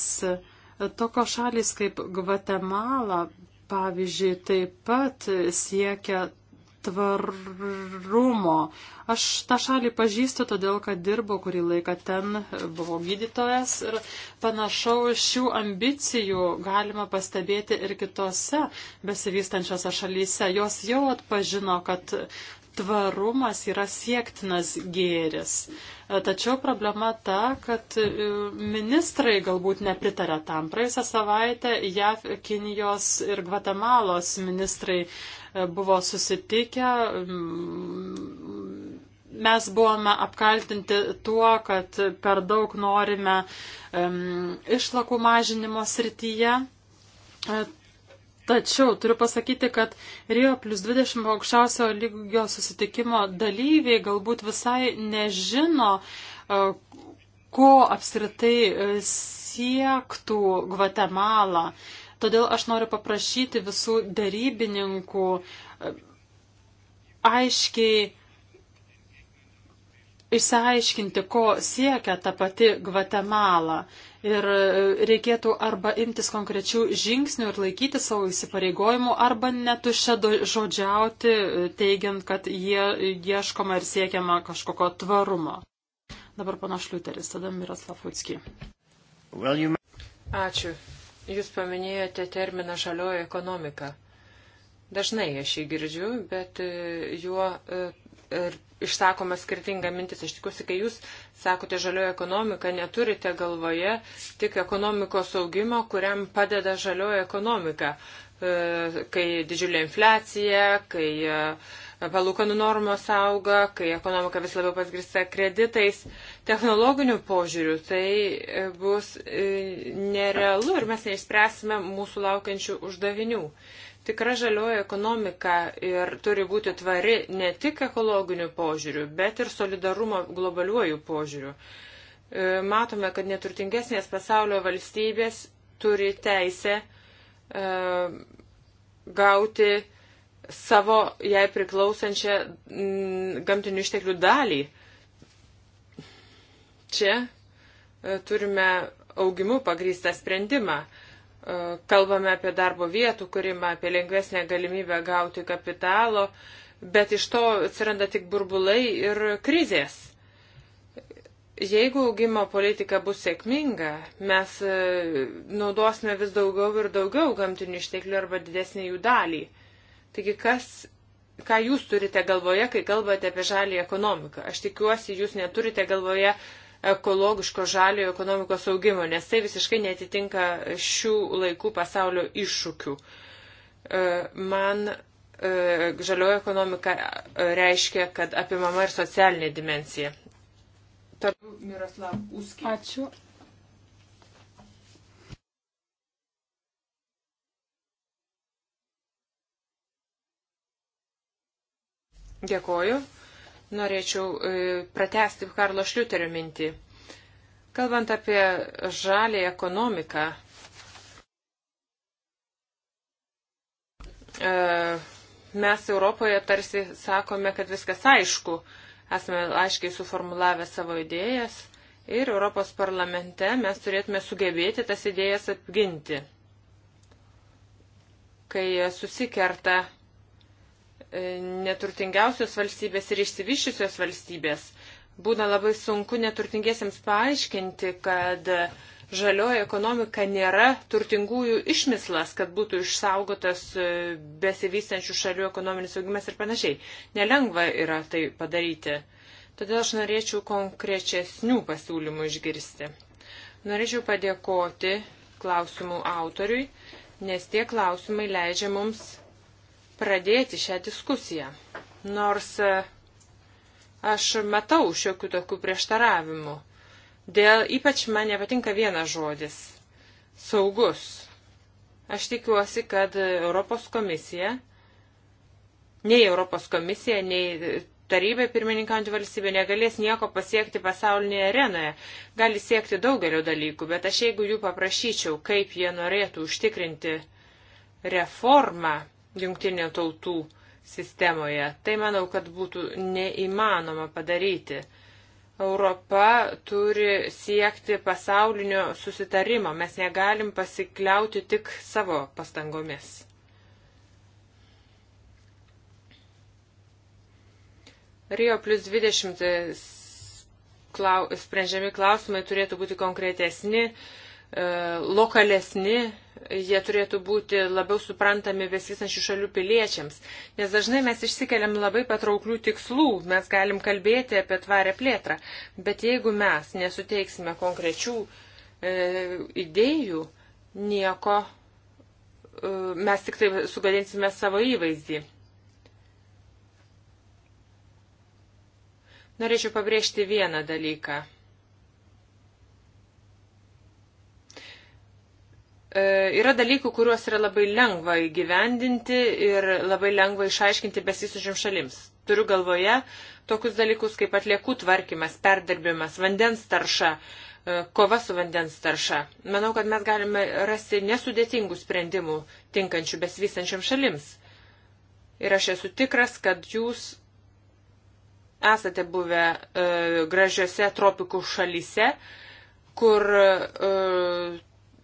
Tokios šalis kaip Gvatemala, pavyzdžiui, taip pat siekia tvarumo. Aš tą šalį pažįstu, todėl kad dirbau kurį laiką ten, buvau gydytojas ir panašau šių ambicijų galima pastebėti ir kitose besivystančiose šalyse. Jos jau atpažino, kad tvarumas yra siektinas gėris. E, tačiau problema ta, kad e, ministrai galbūt nepritarė tam. Praėjusią savaitę JAV, Kinijos ir Gvatemalos ministrai e, buvo susitikę. Mm, mes buvome apkaltinti tuo, kad per daug norime um, išlakų mažinimo srityje. Tačiau turiu pasakyti, kad Rio plus 20 aukščiausio lygio susitikimo dalyviai galbūt visai nežino, e, ko apskritai e, siektų Gvatemala. Todėl aš noriu paprašyti visų darybininkų e, aiškiai išsiaiškinti, ko siekia ta pati Gvatemala ir e, reikėtų arba imtis konkrečių žingsnių ir laikyti savo įsipareigojimų, arba netušia žodžiauti, e, teigiant, kad jie ieškoma ir siekiama kažkokio tvarumo. Dabar panaš Liuteris, tada Miroslav Utski. Well, you... Ačiū. Jūs paminėjote terminą žalioji ekonomika. Dažnai aš jį girdžiu, bet e, juo ir išsakoma skirtinga mintis. Aš tikiuosi, kai jūs sakote žalioji ekonomika, neturite galvoje tik ekonomikos augimo, kuriam padeda žalioji ekonomika. E, kai didžiulė infliacija, kai e, palūkanų normos auga, kai ekonomika vis labiau pasgrista kreditais, technologinių požiūrių, tai e, bus nerealu ir mes neišspręsime mūsų laukiančių uždavinių. Tikra žalioja ekonomika ir turi būti tvari ne tik ekologiniu požiūriu, bet ir solidarumo globaliuoju požiūriu. E, matome, kad neturtingesnės pasaulio valstybės turi teisę e, gauti savo jai priklausančią gamtinių išteklių dalį. Čia e, turime augimu pagrįstą sprendimą kalbame apie darbo vietų kūrimą, apie lengvesnę galimybę gauti kapitalo, bet iš to atsiranda tik burbulai ir krizės. Jeigu augimo politika bus sėkminga, mes e, naudosime vis daugiau ir daugiau gamtinių išteklių arba didesnį jų dalį. Taigi, kas, ką jūs turite galvoje, kai kalbate apie žalį ekonomiką? Aš tikiuosi, jūs neturite galvoje uh, ekologiško žaliojo ekonomikos augimo, nes tai visiškai netitinka šių laikų pasaulio iššūkių. E, man e, žaliojo ekonomika e, reiškia, kad apimama ir socialinė dimensija. Toliau Miroslav Uski. Ačiū. Dėkoju norėčiau e, pratesti Karlo Šliuterio mintį. Kalbant apie žalį ekonomiką, e, mes Europoje tarsi sakome, kad viskas aišku, esame aiškiai suformulavę savo idėjas ir Europos parlamente mes turėtume sugebėti tas idėjas apginti. Kai susikerta uh, E, neturtingiausios valstybės ir išsivyščiusios valstybės. Būna labai sunku neturtingiesiems paaiškinti, kad žalioji ekonomika nėra turtingųjų išmislas, kad būtų išsaugotas e, besivystančių šalių ekonominis augimas ir panašiai. Nelengva yra tai padaryti. Todėl aš norėčiau konkrečesnių pasiūlymų išgirsti. Norėčiau padėkoti klausimų autoriui, nes tie klausimai leidžia mums pradėti šią diskusiją. Nors e, aš matau šiokių tokių prieštaravimų. Dėl ypač man nepatinka vienas žodis - saugus. Aš tikiuosi, kad Europos komisija, nei Europos komisija, nei tarybai pirmininkant valstybė negalės nieko pasiekti pasaulinėje arenoje. Gali siekti daugelio dalykų, bet aš jeigu jų paprašyčiau, kaip jie norėtų užtikrinti reformą, jungtinio tautų sistemoje. Tai manau, kad būtų neįmanoma padaryti. Europa turi siekti pasaulinio susitarimo. Mes negalim pasikliauti tik savo pastangomis. Rio plus 20 klau, sprendžiami klausimai turėtų būti konkretesni, e, lokalesni jie turėtų būti labiau suprantami besivystančių šalių piliečiams, nes dažnai mes išsikeliam labai patrauklių tikslų, mes galim kalbėti apie tvarę plėtrą, bet jeigu mes nesuteiksime konkrečių e, idėjų, nieko, e, mes tik tai sugadinsime savo įvaizdį. Norėčiau pabrėžti vieną dalyką. E, yra dalykų, kuriuos yra labai lengva įgyvendinti ir labai lengva išaiškinti besisužim šalims. Turiu galvoje tokius dalykus kaip atliekų tvarkymas, perdirbimas, vandens tarša, e, kova su vandens tarša. Manau, kad mes galime rasti nesudėtingų sprendimų tinkančių besivystančiam šalims. Ir aš esu tikras, kad jūs esate buvę e, gražiose tropikų šalyse, kur e,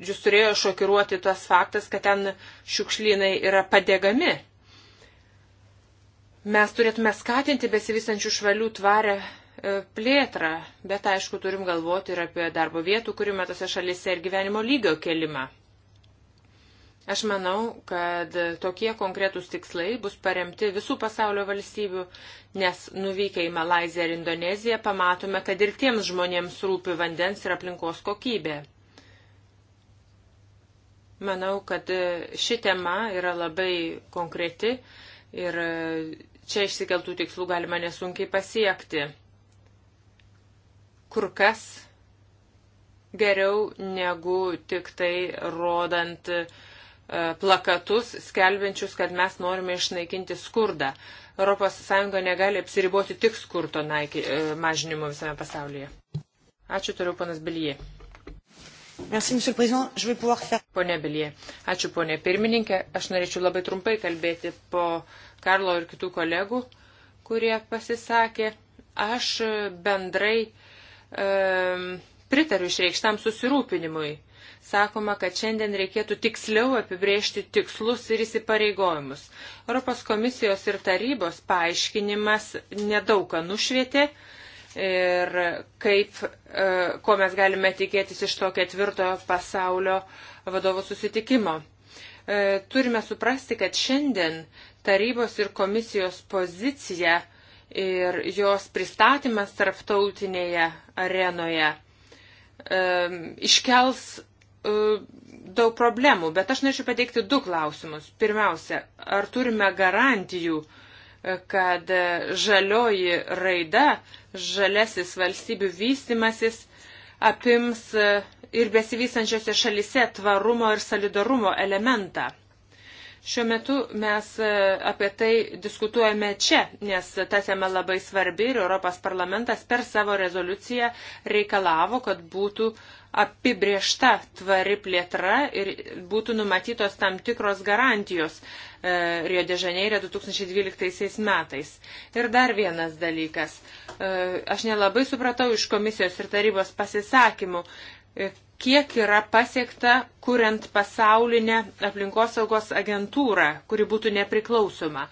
jūs turėjo šokiruoti tas faktas, kad ten šiukšlynai yra padegami. Mes turėtume skatinti besivysančių švalių tvarę e, plėtrą, bet aišku, turim galvoti ir apie darbo vietų kūrimą tose šalise ir gyvenimo lygio kelimą. Aš manau, kad tokie konkretūs tikslai bus paremti visų pasaulio valstybių, nes nuvykę į Malaziją ir Indoneziją pamatome, kad ir tiems žmonėms rūpi vandens ir aplinkos kokybė. Manau, kad e, ši tema yra labai konkreti ir e, čia išsikeltų tikslų galima nesunkiai pasiekti. Kur kas geriau negu tik tai rodant e, plakatus, skelbiančius, kad mes norime išnaikinti skurdą. ES negali apsiriboti tik skurto naiki, mažinimo visame pasaulyje. Ačiū toliau, panas Bilijai. Merci, monsieur le président. Je vais pouvoir faire. Pone Bilie, ačiū ponė pirmininkė. Aš norėčiau labai trumpai kalbėti po Karlo ir kitų kolegų, kurie pasisakė. Aš bendrai um, pritariu išreikštam susirūpinimui. Sakoma, kad šiandien reikėtų tiksliau apibrėžti tikslus ir įsipareigojimus. Europos komisijos ir tarybos paaiškinimas nedaug ką nušvietė. Uh, ir kaip, e, ko mes galime tikėtis iš to ketvirtojo pasaulio vadovų susitikimo. E, turime suprasti, kad šiandien tarybos ir komisijos pozicija ir jos pristatymas tarptautinėje arenoje e, iškels daug problemų, bet aš norėčiau pateikti du klausimus. Pirmiausia, ar turime garantijų, kad žalioji raida, žalesis valstybių vystimasis apims ir besivystančiose šalise tvarumo ir solidarumo elementą. Šiuo metu mes e, apie tai diskutuojame čia, nes ta tema labai svarbi ir Europos parlamentas per savo rezoliuciją reikalavo, kad būtų apibriešta tvari plėtra ir būtų numatytos tam tikros garantijos e, Rio de Žaneirė 2012 metais. Ir dar vienas dalykas. E, aš nelabai supratau iš komisijos ir tarybos pasisakymų, kiek yra pasiekta, kuriant pasaulinę aplinkosaugos agentūrą, kuri būtų nepriklausoma.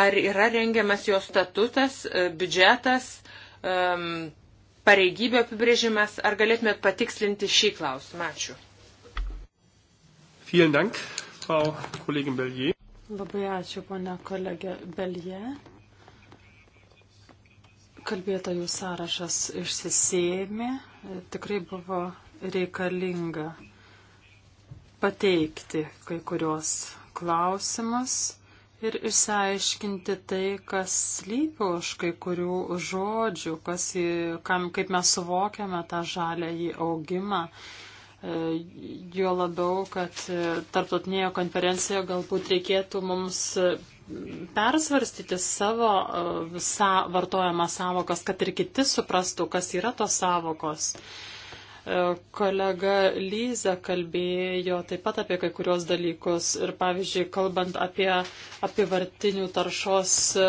Ar yra rengiamas jos statutas, e, biudžetas, pareigybė apibrėžimas, ar galėtumėt patikslinti šį klausimą? Ačiū. Vielen Dank, Frau Kollegin Bellier. Labai ačiū, ponia kolegė Belje. Kalbėtojų sąrašas išsisėmė, tikrai buvo reikalinga pateikti kai kurios klausimus ir išsiaiškinti tai, kas lypi už kai kurių žodžių, kas į, kam, kaip mes suvokiame tą žalę į augimą. E, jo labiau, kad e, tarptautinėje konferencijoje galbūt reikėtų mums e, persvarstyti savo sa, vartojamą savokas, kad ir kiti suprastų, kas yra tos savokos. Uh, E, kolega Lyza kalbėjo taip pat apie kai kurios dalykus ir pavyzdžiui, kalbant apie apivartinių taršos e,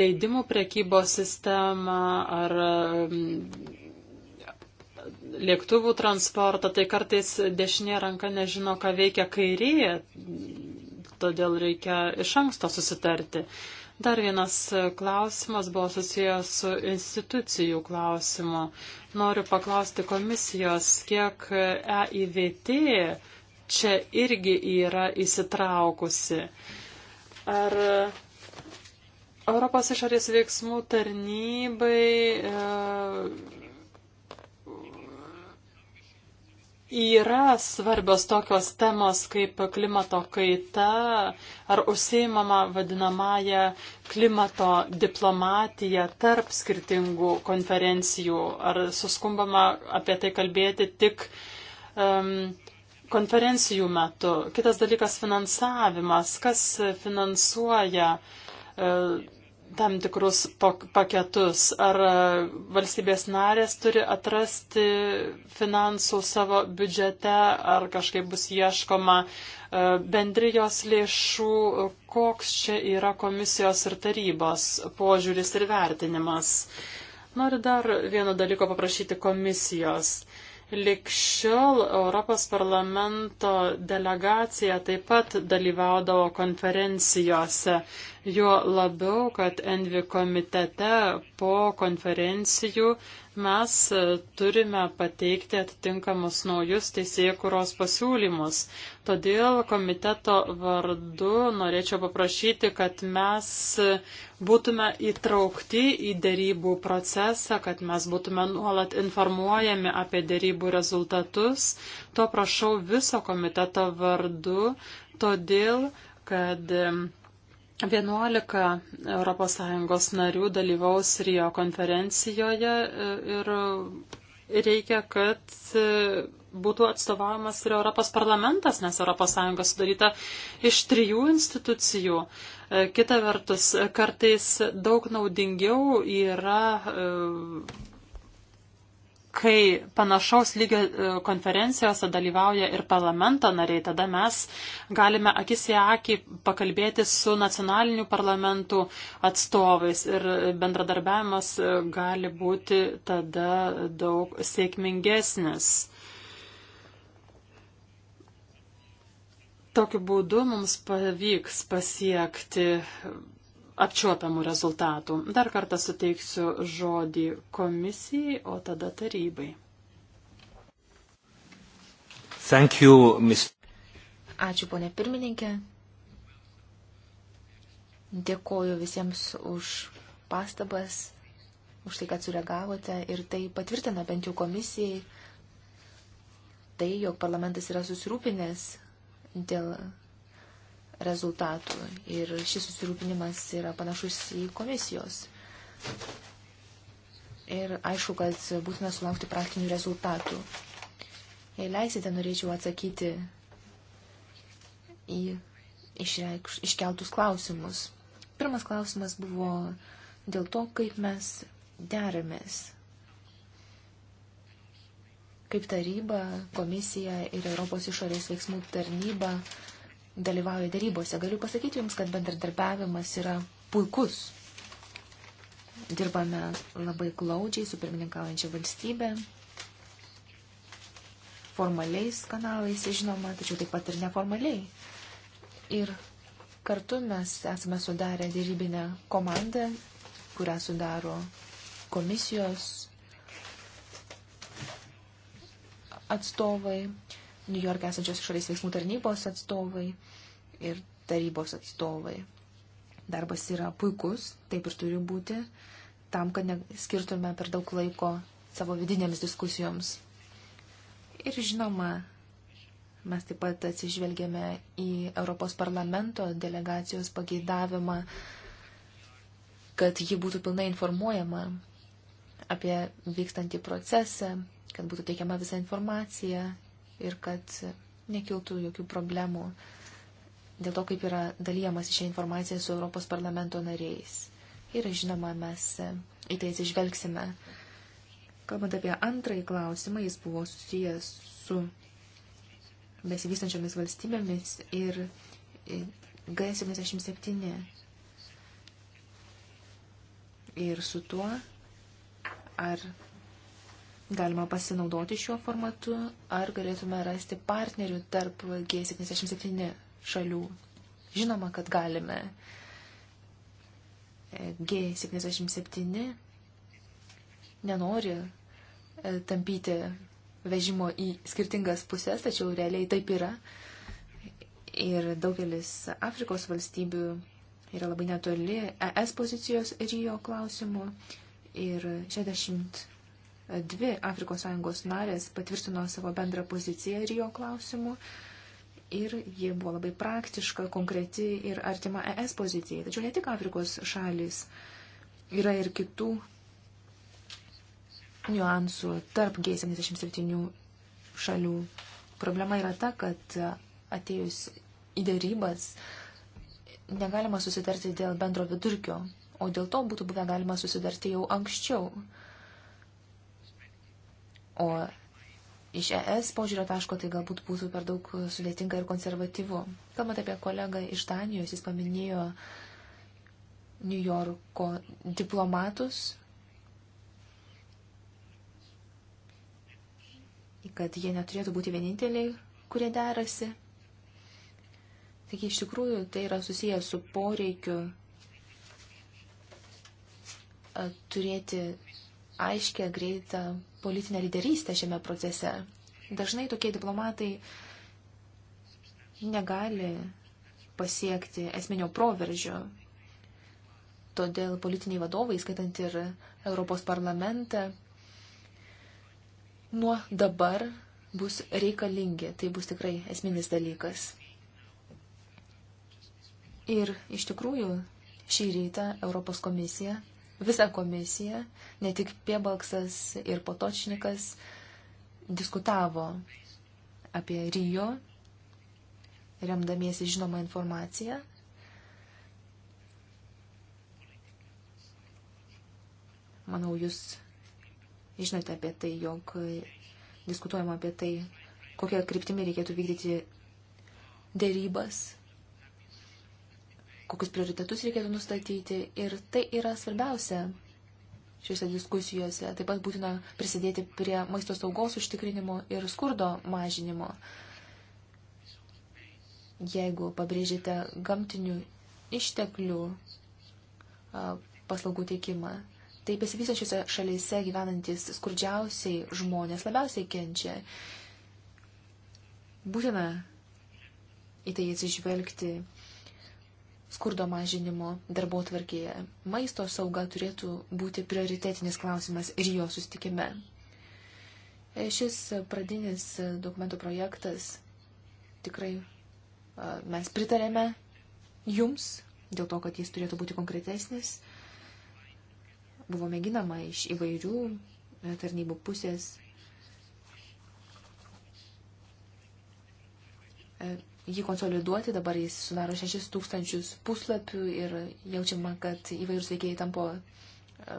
leidimų prekybos sistemą ar e, lėktuvų transportą, tai kartais dešinė ranka nežino, ką veikia kairėje, todėl reikia iš anksto susitarti. Dar vienas e, klausimas buvo susijęs su institucijų klausimu. Noriu paklausti komisijos, kiek EIVT e čia irgi yra įsitraukusi. Ar e, Europos išorės veiksmų tarnybai e, yra svarbios tokios temos kaip klimato kaita ar užsiimama vadinamąją klimato diplomatiją tarp skirtingų konferencijų, ar suskumbama apie tai kalbėti tik um, konferencijų metu. Kitas dalykas - finansavimas. Kas finansuoja? Uh, tam tikrus paketus? Ar e, valstybės narės turi atrasti finansų savo biudžete, ar kažkaip bus ieškoma e, bendrijos lėšų? Koks čia yra komisijos ir tarybos požiūris ir vertinimas? Noriu dar vieno dalyko paprašyti komisijos. Likščiol Europos parlamento delegacija taip pat dalyvaudavo konferencijose Jo labiau, kad Envi komitete po konferencijų mes e, turime pateikti atitinkamus naujus teisėkuros pasiūlymus. Todėl komiteto vardu norėčiau paprašyti, kad mes e, būtume įtraukti į dėrybų procesą, kad mes būtume nuolat informuojami apie dėrybų rezultatus. To prašau viso komiteto vardu, todėl kad e, 11 ES narių dalyvaus Rio konferencijoje e, ir e, reikia, kad e, būtų atstovavimas ir Europos parlamentas, nes ES sudaryta iš trijų institucijų. Kita vertus, kartais daug naudingiau yra kai panašaus lygio e, konferencijose dalyvauja ir parlamento nariai, tada mes galime akis į akį pakalbėti su nacionaliniu parlamentu atstovais ir bendradarbiavimas e, gali būti tada daug sėkmingesnis. Tokiu būdu mums pavyks pasiekti apčiuopiamų rezultatų. Dar kartą suteiksiu žodį komisijai, o tada tarybai. Thank you, Ms. Ačiū, ponė pirmininkė. Dėkoju visiems už pastabas, už tai, kad sureagavote ir tai patvirtina bent jau komisijai tai, jog parlamentas yra susirūpinęs dėl rezultatų. Ir šis susirūpinimas yra panašus į komisijos. Ir aišku, kad būtina sulaukti praktinių rezultatų. Jei leisite, norėčiau atsakyti į išreikš, iškeltus klausimus. Pirmas klausimas buvo dėl to, kaip mes deramės. Kaip taryba, komisija ir Europos išorės veiksmų tarnyba dalyvauja darybose. Galiu pasakyti Jums, kad bendradarbiavimas yra puikus. Dirbame labai glaudžiai su pirmininkaujančia valstybė, formaliais kanalais, žinoma, tačiau taip pat ir neformaliai. Ir kartu mes esame sudarę dėrybinę komandą, kurią sudaro komisijos atstovai, New York esančios išorės veiksmų tarnybos atstovai ir tarybos atstovai. Darbas yra puikus, taip ir turi būti, tam, kad neskirtume per daug laiko savo vidinėms diskusijoms. Ir žinoma, mes taip pat atsižvelgėme į Europos parlamento delegacijos pageidavimą, kad ji būtų pilnai informuojama apie vykstantį procesą, kad būtų teikiama visa informacija ir kad nekiltų jokių problemų dėl to, kaip yra dalyjamas šią informaciją su Europos parlamento nariais. Ir žinoma, mes į tai atsižvelgsime. Kalbant apie antrąjį klausimą, jis buvo susijęs su besivystančiomis valstybėmis ir G77 ir su tuo, ar galima pasinaudoti šiuo formatu, ar galėtume rasti partnerių tarp G77 šalių. Žinoma, kad galime. G77 nenori e, tampyti vežimo į skirtingas pusės, tačiau realiai taip yra. Ir daugelis Afrikos valstybių yra labai netoli ES pozicijos Rijo klausimu. Ir 60 Dvi Afrikos Sąjungos narės patvirtino savo bendrą poziciją Rio klausimu ir ji buvo labai praktiška, konkreti ir artima ES pozicijai. Tačiau ne tik Afrikos šalis, yra ir kitų niuansų tarp G77 šalių. Problema yra ta, kad atėjus į dėrybas negalima susitarti dėl bendro vidurkio, o dėl to būtų buvę galima susitarti jau anksčiau. O iš ES požiūrio taško tai galbūt būtų per daug sudėtinga ir konservatyvu. Kalbant apie kolegą iš Danijos, jis paminėjo New Yorko diplomatus, kad jie neturėtų būti vieninteliai, kurie derasi. Taigi iš tikrųjų tai yra susijęs su poreikiu turėti aiškę, greitą politinę lyderystę šiame procese. Dažnai tokie diplomatai negali pasiekti esminio proveržio. Todėl politiniai vadovai, skaitant ir Europos parlamentą, nuo dabar bus reikalingi. Tai bus tikrai esminis dalykas. Ir iš tikrųjų šį rytą Europos komisija Visa komisija, ne tik Piebalksas ir Potočnikas, diskutavo apie Rijo, remdamiesi žinomą informaciją. Manau, jūs žinote apie tai, jog diskutuojama apie tai, kokią kryptimį reikėtų vykdyti dėrybas kokius prioritetus reikėtų nustatyti. Ir tai yra svarbiausia šiuose diskusijose. Taip pat būtina prisidėti prie maisto saugos užtikrinimo ir skurdo mažinimo. Jeigu pabrėžite gamtinių išteklių paslaugų teikimą, tai besivysančiose šalyse gyvenantis skurdžiausiai žmonės labiausiai kenčia. Būtina į tai atsižvelgti skurdo mažinimo darbo tvarkėje. Maisto sauga turėtų būti prioritetinis klausimas ir jo sustikime. E, šis pradinis dokumentų projektas tikrai e, mes pritarėme jums, dėl to, kad jis turėtų būti konkretesnis. Buvo mėginama iš įvairių e, tarnybų pusės jį konsoliduoti, dabar jis sudaro 6 tūkstančius puslapių ir jaučiama, kad įvairūs veikėjai tampo e,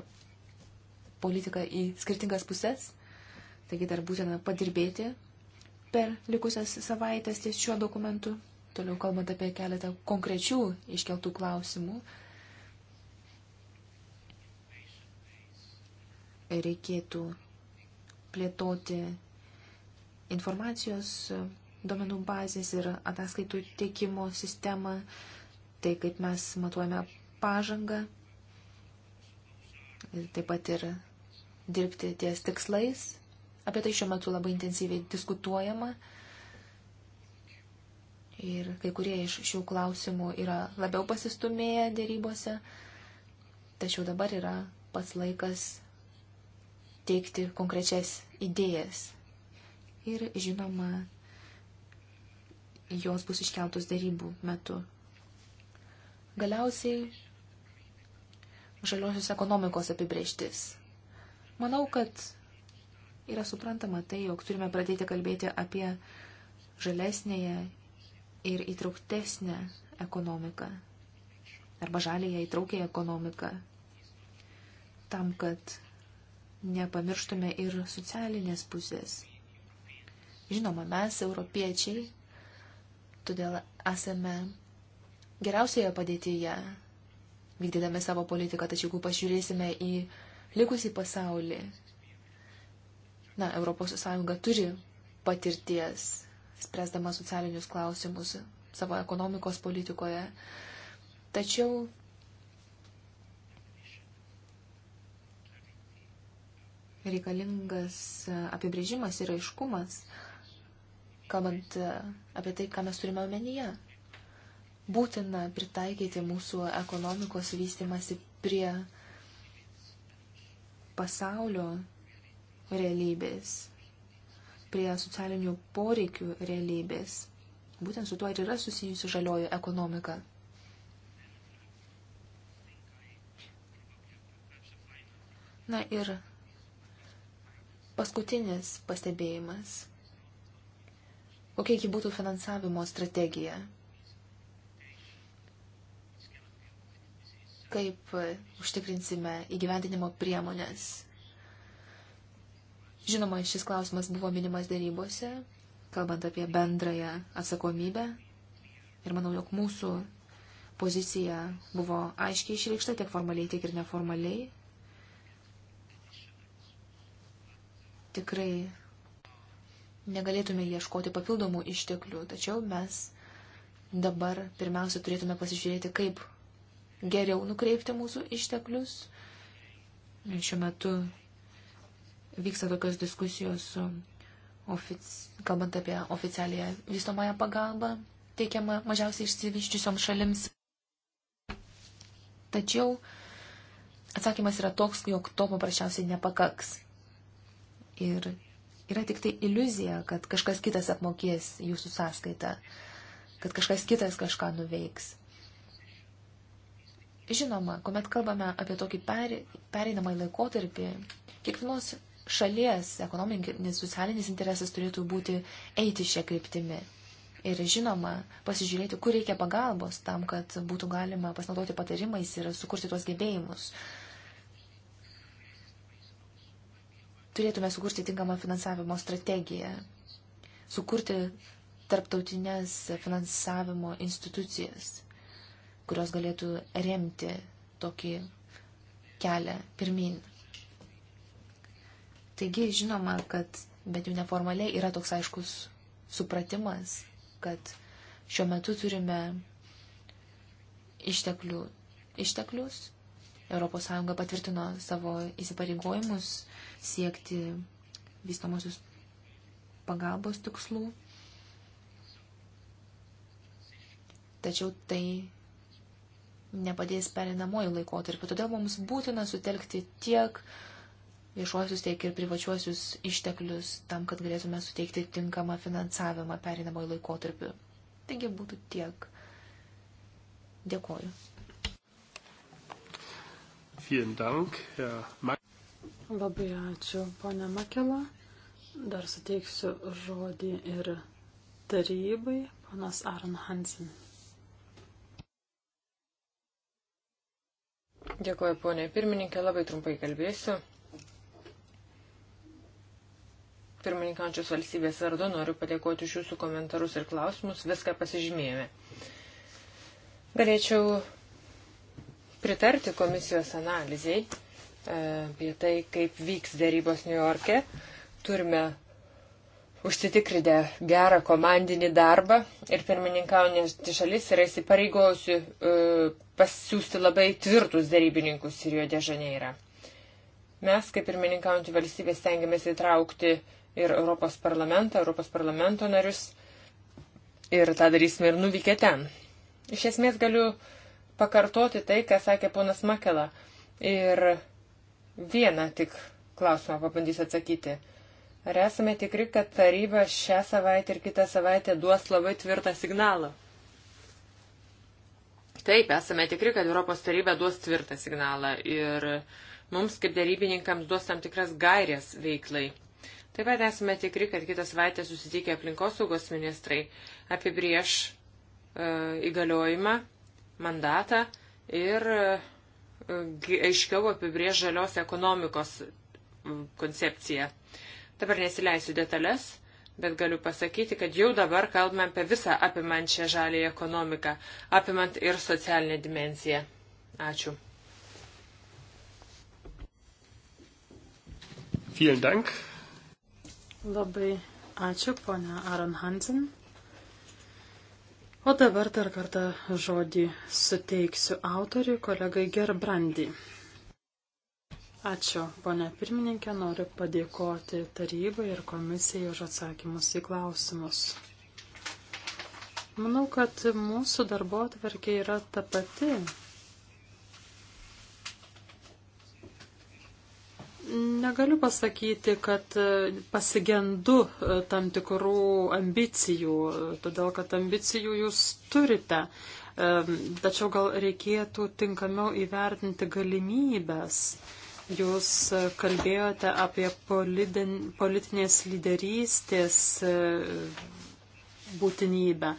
politiką į skirtingas puses, taigi dar būtina padirbėti per likusias savaitės ties šiuo dokumentu, toliau kalbant apie keletą konkrečių iškeltų klausimų. Reikėtų plėtoti informacijos duomenų bazės ir ataskaitų teikimo sistemą, tai kaip mes matuojame pažangą, ir taip pat ir dirbti ties tikslais. Apie tai šiuo metu labai intensyviai diskutuojama. Ir kai kurie iš šių klausimų yra labiau pasistumėję dėrybose, tačiau dabar yra pats laikas teikti konkrečias idėjas. Ir žinoma, jos bus iškeltos darybų metu. Galiausiai žaliosios ekonomikos apibrieštis. Manau, kad yra suprantama tai, jog turime pradėti kalbėti apie žalesnėje ir įtrauktesnę ekonomiką arba žalėje įtraukėją ekonomiką, tam, kad nepamirštume ir socialinės pusės. Žinoma, mes, europiečiai, Todėl esame geriausioje padėtyje, vykdydami savo politiką, tačiau jeigu pažiūrėsime į likusį pasaulį, na, ES turi patirties, spręsdama socialinius klausimus savo ekonomikos politikoje. Tačiau reikalingas apibrėžimas ir aiškumas, kalbant e, apie tai, ką mes turime omenyje. Būtina pritaikyti mūsų ekonomikos vystimasi prie pasaulio realybės, prie socialinių poreikių realybės. Būtent su tuo ir yra susijusi žalioji ekonomika. Na ir paskutinis pastebėjimas – kokia ji būtų finansavimo strategija. Kaip užtikrinsime įgyvendinimo priemonės. Žinoma, šis klausimas buvo minimas dėrybose, kalbant apie bendrąją atsakomybę. Ir manau, jog mūsų pozicija buvo aiškiai išreikšta tiek formaliai, tiek ir neformaliai. Tikrai negalėtume ieškoti papildomų išteklių, tačiau mes dabar pirmiausia turėtume pasižiūrėti, kaip geriau nukreipti mūsų išteklius. Šiuo metu vyksta tokios diskusijos su, ofic... kalbant apie oficialią vystomąją pagalbą, teikiamą mažiausiai išsivyščiusioms šalims. Tačiau atsakymas yra toks, jog to paprasčiausiai nepakaks. Ir yra tik tai iliuzija, kad kažkas kitas apmokės jūsų sąskaitą, kad kažkas kitas kažką nuveiks. Žinoma, kuomet kalbame apie tokį per, pereinamą laikotarpį, kiekvienos šalies ekonominis, socialinis interesas turėtų būti eiti šią kryptimį. Ir žinoma, pasižiūrėti, kur reikia pagalbos tam, kad būtų galima pasinaudoti patarimais ir sukurti tuos gebėjimus, turėtume sukurti tinkamą finansavimo strategiją, sukurti tarptautinės finansavimo institucijas, kurios galėtų remti tokį kelią pirmin. Taigi žinoma, kad bent jau neformaliai yra toks aiškus supratimas, kad šiuo metu turime išteklių, išteklius. ES patvirtino savo įsipareigojimus siekti vystamosius pagalbos tikslų. Tačiau tai nepadės perinamojų laikotarpių. Todėl mums būtina sutelkti tiek viešuosius, tiek ir privačiuosius išteklius tam, kad galėtume suteikti tinkamą finansavimą perinamojų laikotarpių. Taigi būtų tiek. Dėkuoju. Vielen Dank, Herr Labai ačiū, ponė Makela. Dar suteiksiu žodį ir tarybai, ponas Aron Hansen. Dėkuoju, ponė pirmininkė, labai trumpai kalbėsiu. Pirmininkančios valstybės vardu noriu padėkoti už jūsų komentarus ir klausimus, viską pasižymėjome. Galėčiau pritarti komisijos analizai apie tai, kaip vyks dėrybos New York'e. Turime užsitikrinę gerą komandinį darbą ir pirmininkaujantį šalis yra įsipareigojusi e, pasiūsti labai tvirtus dėrybininkus ir jo dėžanė yra. Mes, kaip pirmininkaujantį valstybę, stengiamės įtraukti ir Europos parlamentą, Europos parlamento narius ir tą darysime ir nuvykę ten. Iš esmės galiu pakartoti tai, ką sakė ponas Makela ir vieną tik klausimą pabandysiu atsakyti. Ar esame tikri, kad taryba šią savaitę ir kitą savaitę duos labai tvirtą signalą? Taip, esame tikri, kad Europos taryba duos tvirtą signalą ir mums kaip darybininkams duos tam tikras gairės veiklai. Taip pat esame tikri, kad kitą savaitę susitikę aplinkosaugos ministrai apibrieš e, įgaliojimą, mandatą ir e, aiškiau apibrėž žalios ekonomikos koncepciją. Dabar nesileisiu detalės, bet galiu pasakyti, kad jau dabar kalbame apie visą apimančią žalį ekonomiką, apimant ir socialinę dimenciją. Ačiū. Vielen Dank. Labai ačiū, ponia Aron Hansen. O dabar dar kartą žodį suteiksiu autoriui, kolegai Gerbrandį. Ačiū, ponė pirmininkė, noriu padėkoti tarybai ir komisijai už atsakymus į klausimus. Manau, kad mūsų darbo atvarkė yra ta pati, Negaliu pasakyti, kad e, pasigendu e, tam tikrų ambicijų, todėl kad ambicijų jūs turite. E, tačiau gal reikėtų tinkamiau įvertinti galimybės. Jūs kalbėjote apie politinės lyderystės būtinybę.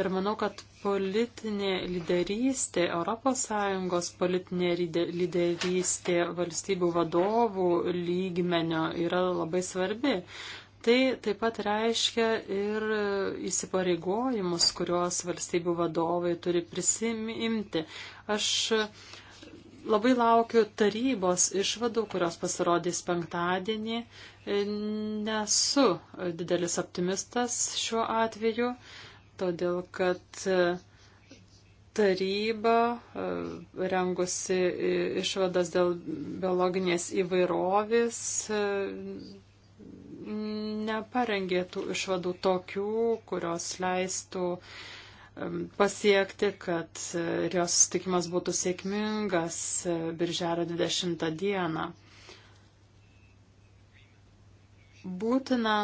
Ir manau, kad politinė lyderystė, ES politinė lyderystė valstybių vadovų lygmenio yra labai svarbi. Tai taip pat reiškia ir įsipareigojimus, kuriuos valstybių vadovai turi prisimti. Aš labai laukiu tarybos išvadų, kurios pasirodys penktadienį. Nesu didelis optimistas šiuo atveju todėl kad e, taryba e, rengusi išvadas dėl biologinės įvairovės e, neparengė tų išvadų tokių, kurios leistų pasiekti, kad jos sutikimas būtų sėkmingas birželio 20 dieną. Būtina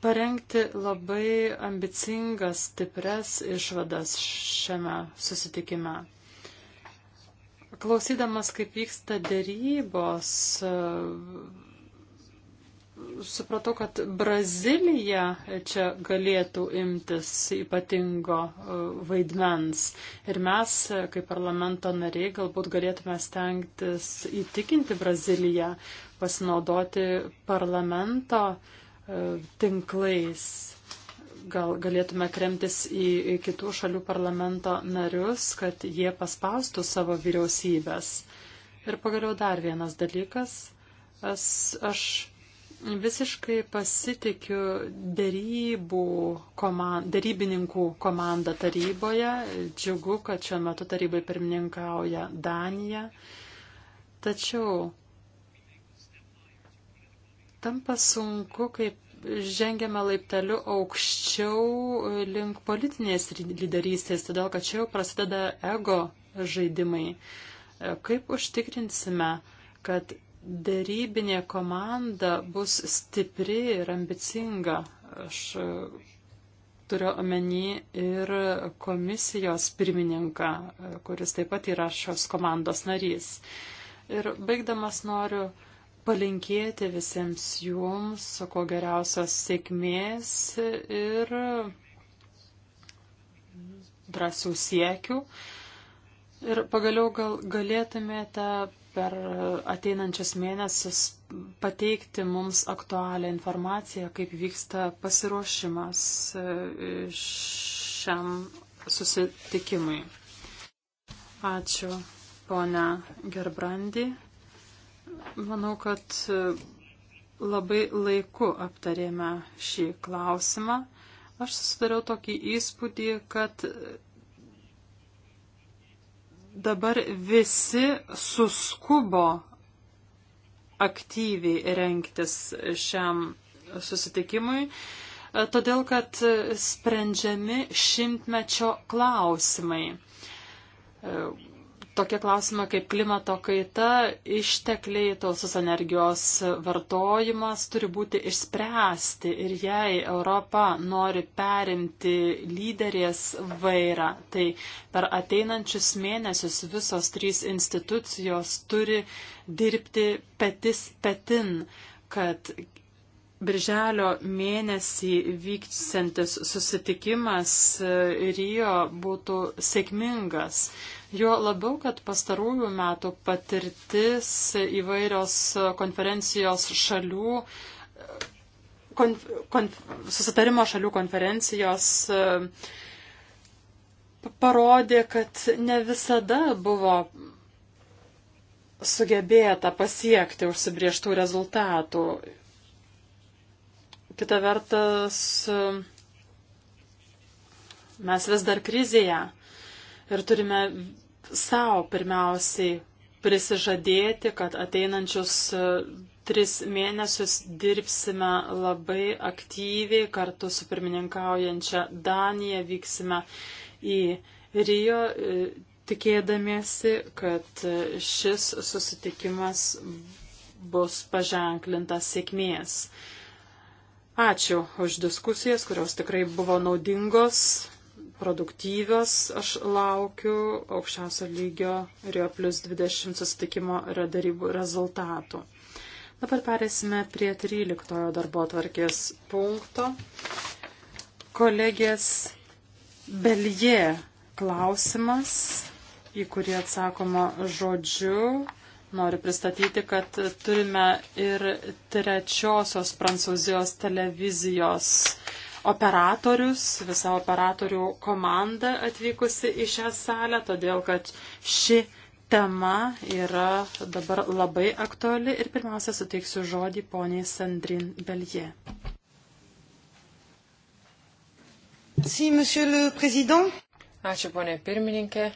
parengti labai ambicingas, stipres išvadas šiame susitikime. Klausydamas, kaip vyksta dėrybos, supratau, kad Brazilija čia galėtų imtis ypatingo e, vaidmens. Ir mes, kaip parlamento nariai, galbūt galėtume stengtis įtikinti Braziliją pasinaudoti parlamento uh, tinklais. Gal galėtume kremtis į kitų šalių parlamento narius, kad jie paspaustų savo vyriausybės. Ir pagaliau dar vienas dalykas. As, aš visiškai pasitikiu dėrybų komand, dėrybininkų komanda taryboje. Džiugu, kad šiuo metu tarybai pirmininkauja Danija. Tačiau tampa sunku, kaip žengiame laipteliu aukščiau link politinės lyderystės, todėl kad čia jau prasideda ego žaidimai. E, kaip užtikrinsime, kad dėrybinė komanda bus stipri ir ambicinga? Aš e, turiu omeny ir komisijos pirmininką, e, kuris taip pat yra šios komandos narys. Ir baigdamas noriu palinkėti visiems jums, ko geriausios sėkmės ir drąsių siekių. Ir pagaliau gal galėtumėte per ateinančius mėnesius pateikti mums aktualią informaciją, kaip vyksta pasiruošimas e, šiam susitikimui. Ačiū, ponia Gerbrandi. Manau, kad e, labai laiku aptarėme šį klausimą. Aš susidariau tokį įspūdį, kad e, dabar visi suskubo aktyviai renktis šiam susitikimui, e, todėl kad sprendžiami šimtmečio klausimai tokie klausimai kaip klimato kaita, ištekliai, tausus energijos vartojimas turi būti išspręsti ir jei Europa nori perimti lyderės vairą, tai per ateinančius mėnesius visos trys institucijos turi dirbti petis petin, kad Birželio mėnesį vyksiantis susitikimas e, Rijo būtų sėkmingas. Jo labiau, kad pastarųjų metų patirtis įvairios konferencijos šalių, konf, e, konf, susitarimo šalių konferencijos e, parodė, kad ne visada buvo sugebėta pasiekti užsibrieštų rezultatų. Kita vertas, mes vis dar krizėje ir turime savo pirmiausiai prisižadėti, kad ateinančius e, tris mėnesius dirbsime labai aktyviai kartu su pirmininkaujančia Danija, vyksime į Rijo, e, tikėdamiesi, kad e, šis susitikimas bus paženklintas sėkmės. Ačiū už diskusijas, kurios tikrai buvo naudingos, produktyvios. Aš laukiu aukščiausio lygio Rio plus 20 susitikimo darybų rezultatų. Dabar perėsime prie 13 darbo tvarkės punkto. Kolegės Belie klausimas, į kurį atsakoma žodžiu Noriu pristatyti, kad turime ir trečiosios Prancūzijos televizijos operatorius, visa operatorių komanda atvykusi į šią salę, todėl kad ši tema yra dabar labai aktuali ir pirmiausia suteiksiu žodį poniai Sandrin Belje. Si, Ačiū, ponė pirmininkė.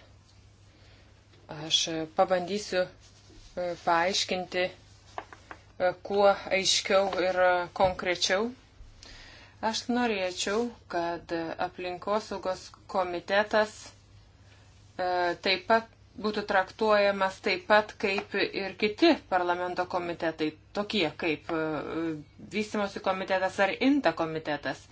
Aš pabandysiu E, paaiškinti e, kuo aiškiau ir konkrečiau. Aš norėčiau, kad aplinkosaugos komitetas e, taip pat būtų traktuojamas taip pat kaip ir kiti parlamento komitetai, tokie kaip vystimosi komitetas ar inta komitetas.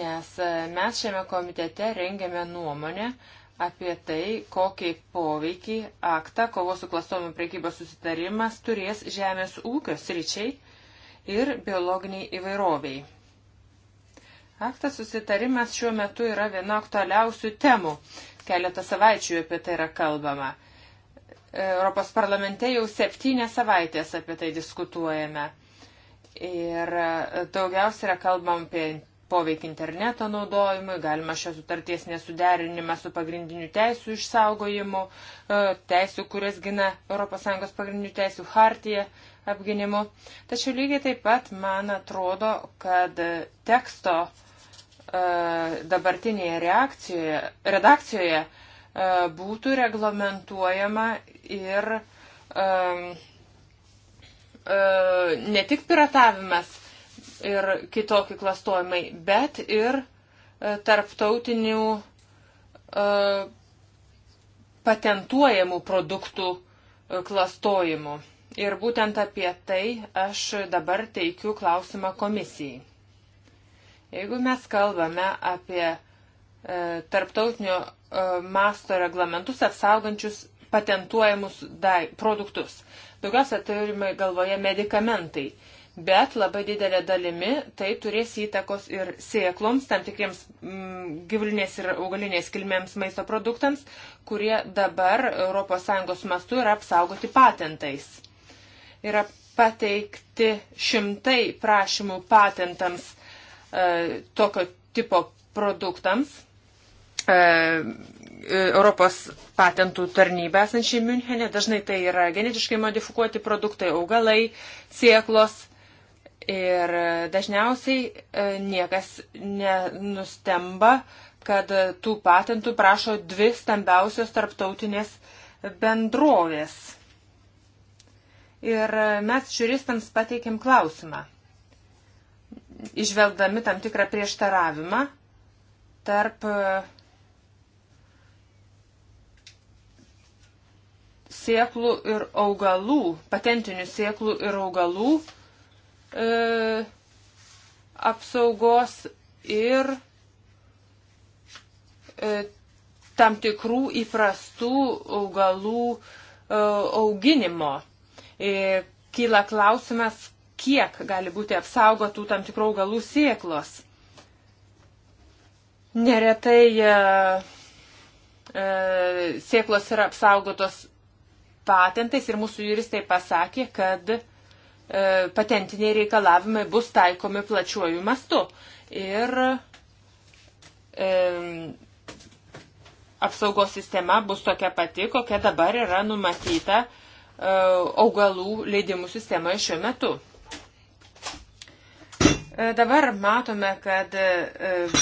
Nes mes šiame komitete rengiame nuomonę apie tai, kokį poveikį aktą kovos su klastojimu priekybos susitarimas turės žemės ūkio sričiai ir biologiniai įvairoviai. Aktas susitarimas šiuo metu yra viena aktualiausių temų. Keletą savaičių apie tai yra kalbama. Europos parlamente jau septynės savaitės apie tai diskutuojame. Ir daugiausia yra kalbam apie poveikį interneto naudojimui, galima šios sutarties nesuderinimą su pagrindiniu teisų išsaugojimu, e, teisų, kurias gina ES pagrindinių teisų hartija apginimu. Tačiau lygiai taip pat man atrodo, kad teksto e, dabartinėje reakcijoje, redakcijoje e, būtų reglamentuojama ir ne tik piratavimas, ir kitokie klastojimai, bet ir e, tarptautinių e, patentuojamų produktų e, klastojimų. Ir būtent apie tai aš dabar teikiu klausimą komisijai. Jeigu mes kalbame apie tarptautinio masto reglamentus apsaugančius patentuojamus produktus. Daugiausia turime galvoje medikamentai bet labai didelė dalimi tai turės įtakos ir sėkloms, tam tikriems mm, gyvulinės ir augalinės kilmėms maisto produktams, kurie dabar ES mastu yra apsaugoti patentais. Yra pateikti šimtai prašymų patentams e, tokio tipo produktams. E, e Europos patentų tarnybę esančiai Münchenė. Dažnai tai yra genetiškai modifikuoti produktai, augalai, sieklos. Ir dažniausiai e, niekas nenustemba, kad tų patentų prašo dvi stambiausios tarptautinės bendrovės. Ir e, mes žiūristams pateikėm klausimą, išvelgdami tam tikrą prieštaravimą tarp e, sieklų ir augalų, patentinių sieklų ir augalų e, apsaugos ir e, tam tikrų įprastų augalų e, auginimo. E, kyla klausimas, kiek gali būti apsaugotų tam tikrų augalų sieklos. Neretai e, e, sieklos yra apsaugotos patentais ir mūsų juristai pasakė, kad E, patentiniai reikalavimai bus taikomi plačiuoju mastu. Ir e, apsaugos sistema bus tokia pati, kokia dabar yra numatyta e, augalų leidimų sistemoje šiuo metu. E, dabar matome, kad e,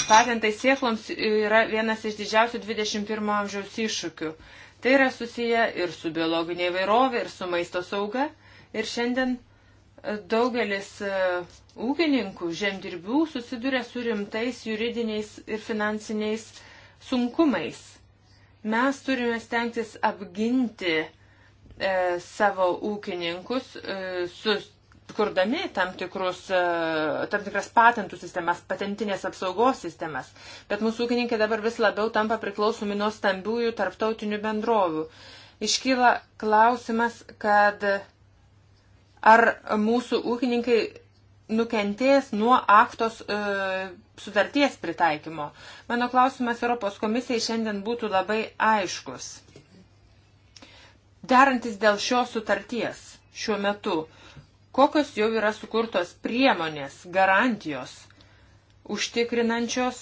patentai siekloms yra vienas iš didžiausių 21 amžiaus iššūkių. Tai yra susiję ir su biologinė įvairovė, ir su maisto sauga. Ir šiandien uh, daugelis e, ūkininkų, žemdirbių susiduria su rimtais juridiniais ir finansiniais sunkumais. Mes turime stengtis apginti e, savo ūkininkus, e, sukurdami tam, tikrus, e, tam tikras patentų sistemas, patentinės apsaugos sistemas. Bet mūsų ūkininkai dabar vis labiau tampa priklausomi nuo stambiųjų tarptautinių bendrovių. Iškyla klausimas, kad Ar mūsų ūkininkai nukentės nuo aktos e, sutarties pritaikymo? Mano klausimas Europos komisijai šiandien būtų labai aiškus. Darantis dėl šios sutarties šiuo metu, kokios jau yra sukurtos priemonės, garantijos, užtikrinančios,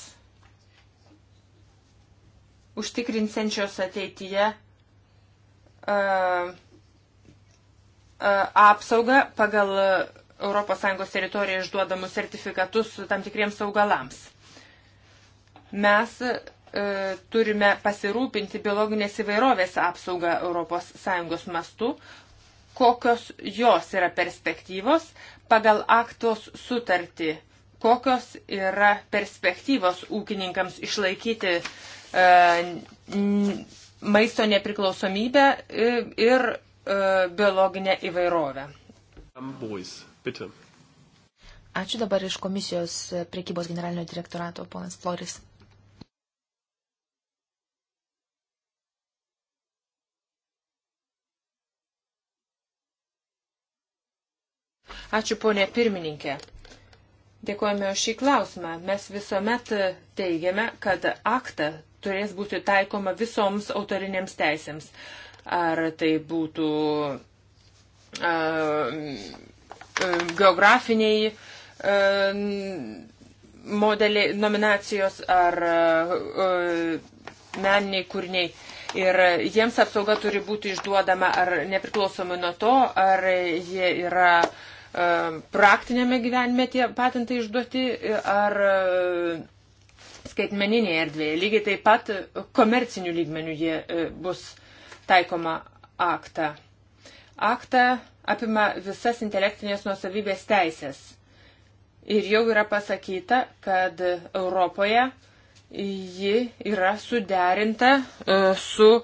užtikrinsiančios ateityje uh, e, apsaugą pagal ES teritoriją išduodamus sertifikatus tam tikriems augalams. Mes e, turime pasirūpinti biologinės įvairovės apsaugą ES mastu, kokios jos yra perspektyvos pagal aktos sutartį, kokios yra perspektyvos ūkininkams išlaikyti e, maisto nepriklausomybę e, ir E, biologinę įvairovę. Boys, bitte. Ačiū dabar iš komisijos priekybos generalinio direktorato, ponas Floris. Ačiū, ponė pirmininkė. Dėkojame už šį klausimą. Mes visuomet teigiame, kad aktą turės būti taikoma visoms autorinėms teisėms ar tai būtų geografiniai modeliai, nominacijos ar meniniai kūriniai. Ir jiems apsauga turi būti išduodama ar nepriklausomai nuo to, ar jie yra praktinėme gyvenime tie patentai išduoti, ar skaitmeninėje erdvėje. Lygiai taip pat komercinių lygmenių jie bus taikomą aktą. Aktą apima visas intelektinės nuosavybės teisės. Ir jau yra pasakyta, kad Europoje ji yra suderinta e, su e,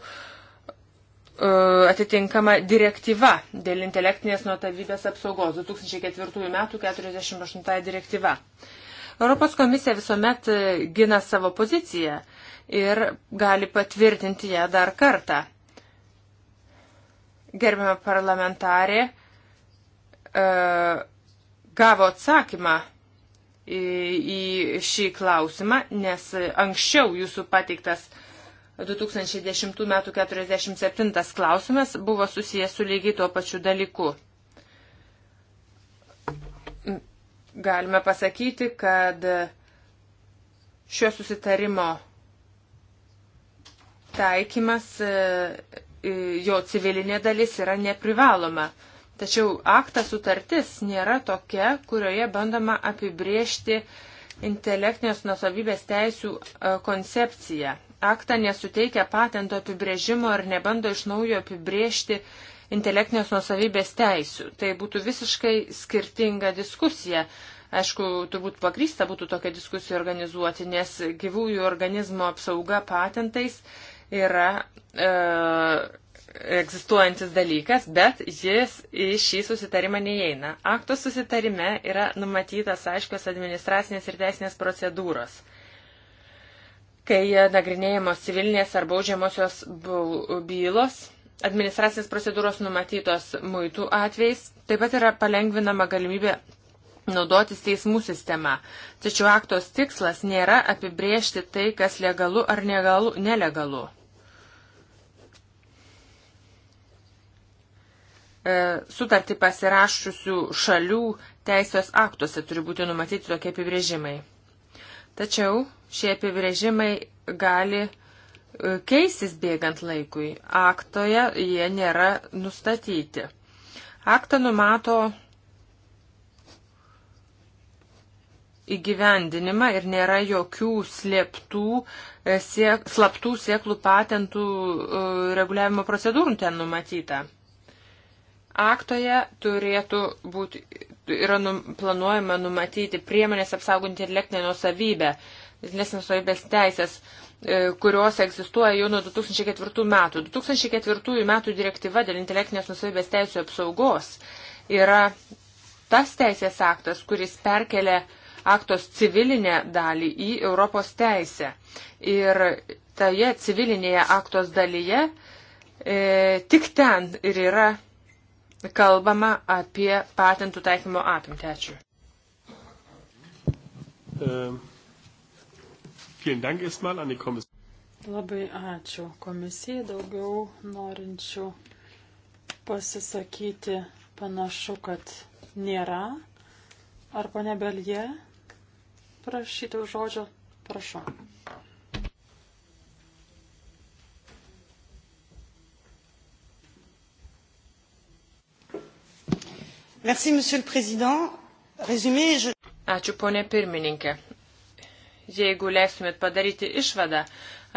atitinkama direktyva dėl intelektinės nuotavybės apsaugos 2004 m. 48 direktyva. Europos komisija visuomet e, gina savo poziciją ir gali patvirtinti ją dar kartą gerbiama parlamentarė e, gavo atsakymą į šį klausimą, nes anksčiau jūsų pateiktas 2010 m. 47 klausimas buvo susijęs su lygiai tuo pačiu dalyku. Galime pasakyti, kad šio susitarimo taikymas e, E, jo civilinė dalis yra neprivaloma. Tačiau aktas sutartis nėra tokia, kurioje bandoma apibriežti intelektinės nusavybės teisų e, koncepciją. Akta nesuteikia patento apibrėžimo ir nebando iš naujo apibriežti intelektinės nusavybės teisų. Tai būtų visiškai skirtinga diskusija. Aišku, turbūt pakrysta būtų tokia diskusija organizuoti, nes gyvųjų organizmo apsauga patentais yra e, egzistuojantis dalykas, bet jis į šį susitarimą neįeina. Akto susitarime yra numatytas aiškios administracinės ir teisinės procedūros kai nagrinėjamos civilinės ar baudžiamosios bylos, administracinės procedūros numatytos muitų atvejais, taip pat yra palengvinama galimybė naudotis teismų sistema. Tačiau aktos tikslas nėra apibriežti tai, kas legalu ar negalu, nelegalu. E, sutartį pasirašusių šalių teisės aktuose turi būti numatyti tokie apibrėžimai. Tačiau šie apibrėžimai gali e, keisis bėgant laikui. Aktoje jie nėra nustatyti. Aktą numato įgyvendinimą ir nėra jokių slėptų, e, siek, slaptų sieklų patentų reguliavimo procedūrų ten numatyta aktoje turėtų būti, yra num, planuojama numatyti priemonės apsauginti intelektinę nusavybę, nes nusavybės teisės, e, kurios egzistuoja jau nuo 2004 metų. 2004 metų direktyva dėl intelektinės nusavybės teisų apsaugos yra tas teisės aktas, kuris perkelia aktos civilinę dalį į Europos teisę. Ir toje civilinėje aktos dalyje e, tik ten ir yra kalbama apie patentų taikymo apimtį. Ačiū. Ehm, Labai ačiū komisijai, daugiau norinčių pasisakyti panašu, kad nėra. Ar ponia Belie prašytų žodžio? Prašau. Merci, monsieur le président. Résumé, je... Ačiū, ponė pirmininkė. Jeigu leistumėt padaryti išvadą,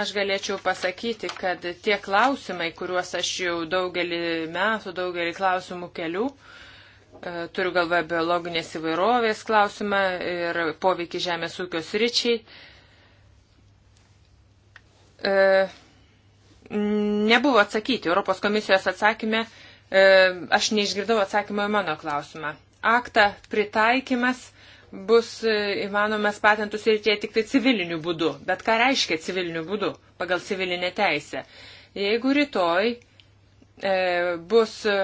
aš galėčiau pasakyti, kad tie klausimai, kuriuos aš jau daugelį metų, daugelį klausimų keliu, e, turiu galvoje biologinės įvairovės klausimą ir poveikį žemės ūkio sričiai, e, nebuvo atsakyti. Europos komisijos atsakymė E, aš neišgirdau atsakymą į mano klausimą. Akta pritaikymas bus e, įmanomas patentų srityje tik tai civiliniu būdu. Bet ką reiškia civiliniu būdu pagal civilinę teisę? Jeigu rytoj e, bus e,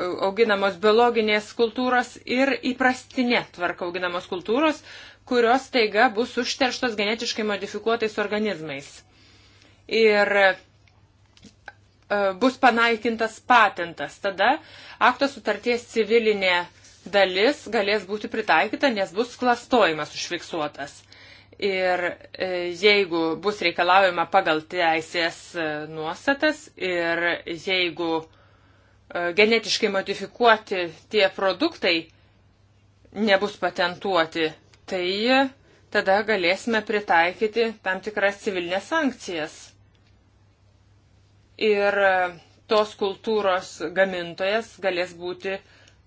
auginamos biologinės kultūros ir įprastinė tvarka auginamos kultūros, kurios taiga bus užterštos genetiškai modifikuotais organizmais. Ir E, bus panaikintas patentas. Tada akto sutarties civilinė dalis galės būti pritaikyta, nes bus klastojimas užfiksuotas. Ir e, jeigu bus reikalaujama pagal teisės e, nuostatas ir jeigu genetiškai modifikuoti tie produktai nebus patentuoti, tai tada galėsime pritaikyti tam tikras civilinės sankcijas ir e, tos kultūros gamintojas galės būti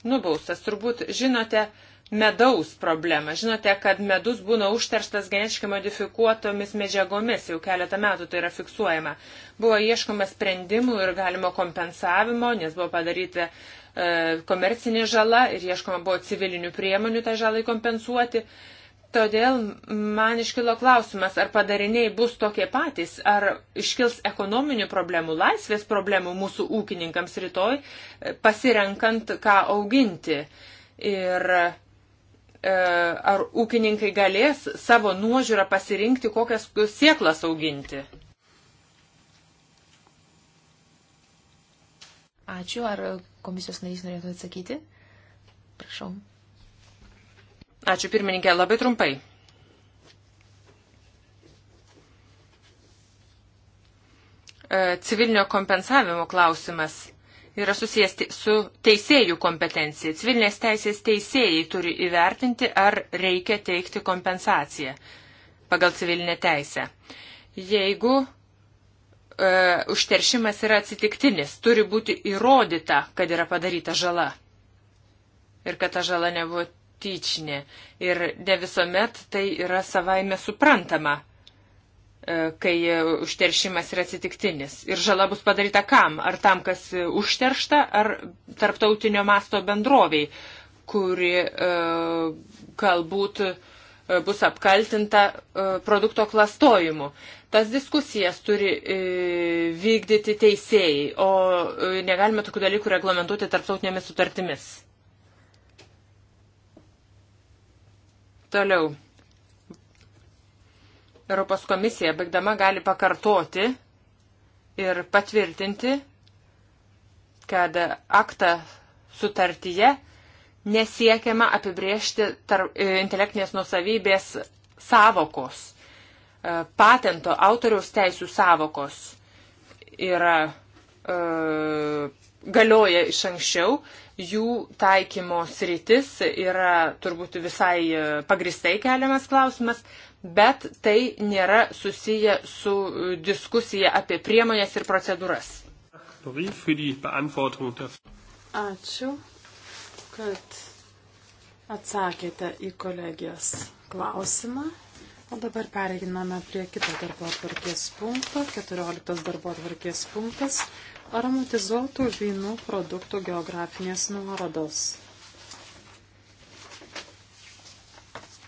nubaustas. Turbūt žinote medaus problemą. Žinote, kad medus būna užterštas genetiškai modifikuotomis medžiagomis, jau keletą metų tai yra fiksuojama. Buvo ieškoma sprendimų ir galimo kompensavimo, nes buvo padaryta e, komercinė žala ir ieškoma buvo civilinių priemonių tą žalai kompensuoti. E, Todėl man iškilo klausimas, ar padariniai bus tokie patys, ar iškils ekonominių problemų, laisvės problemų mūsų ūkininkams rytoj, e, pasirenkant, ką auginti. Ir e, ar ūkininkai galės savo nuožiūrą pasirinkti, kokias sieklas auginti. Ačiū, ar komisijos narys norėtų atsakyti? Prašau. Ačiū pirmininkė, labai trumpai. E, civilinio kompensavimo klausimas yra susijęs su teisėjų kompetencija. Civilinės teisės teisėjai turi įvertinti, ar reikia teikti kompensaciją pagal civilinę teisę. Jeigu e, užteršimas yra atsitiktinis, turi būti įrodyta, kad yra padaryta žala ir kad ta žala nebuvo tyčinė ir ne visuomet tai yra savaime suprantama, e, kai e, užteršimas yra atsitiktinis. Ir žala bus padaryta kam? Ar tam, kas e, užteršta, ar tarptautinio masto bendroviai, kuri galbūt bus apkaltinta produkto klastojimu. Tas diskusijas turi vykdyti teisėjai, o negalime tokių dalykų reglamentuoti tarptautinėmis sutartimis. Toliau. Europos komisija baigdama gali pakartoti ir patvirtinti, kad aktą sutartyje nesiekiama apibriežti tarp, e, intelektinės nusavybės savokos, e, patento autoriaus teisų savokos yra e, galioja iš anksčiau jų taikymo sritis yra turbūt visai e, pagristai keliamas klausimas, bet tai nėra susiję su e, diskusija apie priemonės ir procedūras. Ačiū, kad atsakėte į kolegijos klausimą. O dabar pereiginame prie kito darbo atvarkės punkto, 14 darbo atvarkės punktas, aromatizuotų vynų produktų geografinės nuorodos.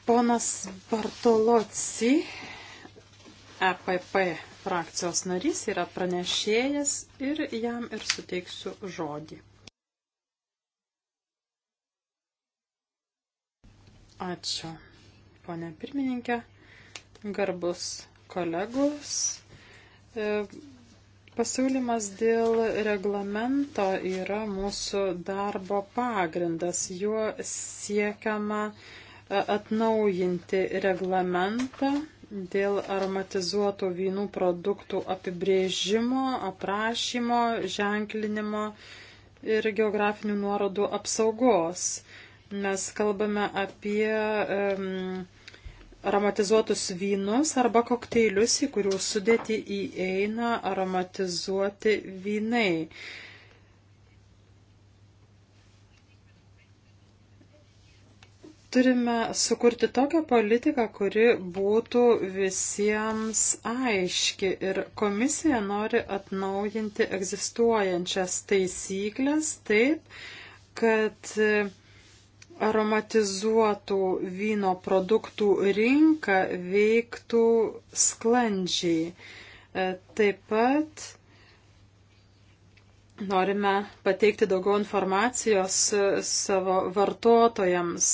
Ponas Bartoloci, EPP frakcijos narys, yra pranešėjas ir jam ir suteiksiu žodį. Ačiū, ponė pirmininkė, garbus kolegos. E, Pasiūlymas dėl reglamento yra mūsų darbo pagrindas. Juo siekiama e, atnaujinti reglamentą dėl aromatizuotų vynų produktų apibrėžimo, aprašymo, ženklinimo ir geografinių nuorodų apsaugos. Mes kalbame apie um, aromatizuotus vynus arba kokteilius, į kurių sudėti įeina aromatizuoti vynai. Turime sukurti tokią politiką, kuri būtų visiems aiški ir komisija nori atnaujinti egzistuojančias taisyklės taip, kad aromatizuotų vyno produktų rinka veiktų sklandžiai. E, taip pat norime pateikti daugiau informacijos e, savo vartotojams.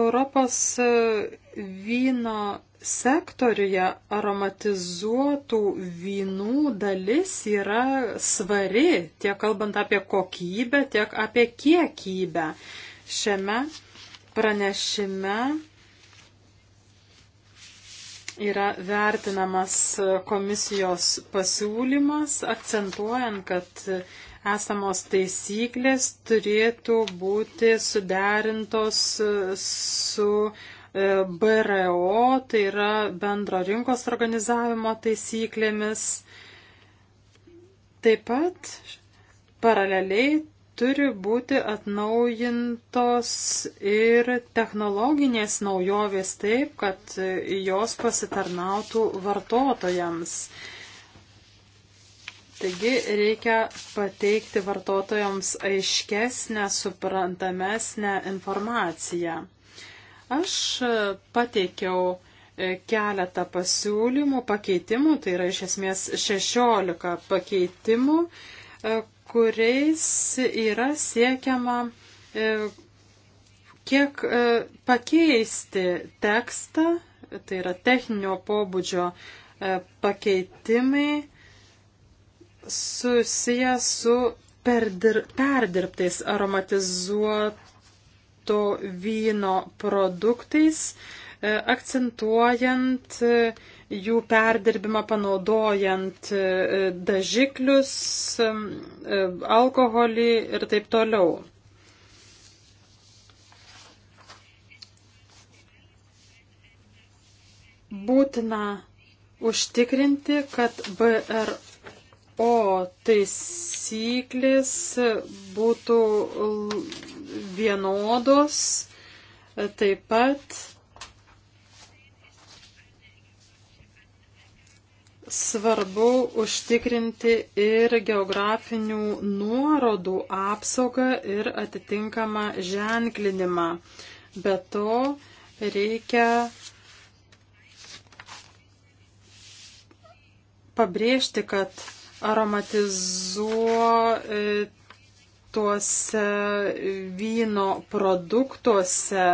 Europos e, vyno sektoriuje aromatizuotų vynų dalis yra svari, tiek kalbant apie kokybę, tiek apie kiekybę. Šiame pranešime yra vertinamas komisijos pasiūlymas, akcentuojant, kad esamos taisyklės turėtų būti suderintos su BRO, tai yra bendro rinkos organizavimo taisyklėmis. Taip pat paraleliai turi būti atnaujintos ir technologinės naujovės taip, kad jos pasitarnautų vartotojams. Taigi reikia pateikti vartotojams aiškesnę, suprantamesnę informaciją. Aš pateikiau e, keletą pasiūlymų, pakeitimų, tai yra iš esmės 16 pakeitimų, e, kuriais yra siekiama e, kiek pakeisti tekstą, tai yra techninio pobūdžio pakeitimai susijęs su perdir, perdirbtais aromatizuotais gaminto vyno produktais, e, akcentuojant e, jų perdirbimą, panaudojant e, dažiklius, alkoholį ir taip toliau. Būtina užtikrinti, kad BRO taisyklės būtų vienodos, taip pat svarbu užtikrinti ir geografinių nuorodų apsaugą ir atitinkamą ženklinimą. Be to reikia pabrėžti, kad aromatizuo tuose e, vyno produktuose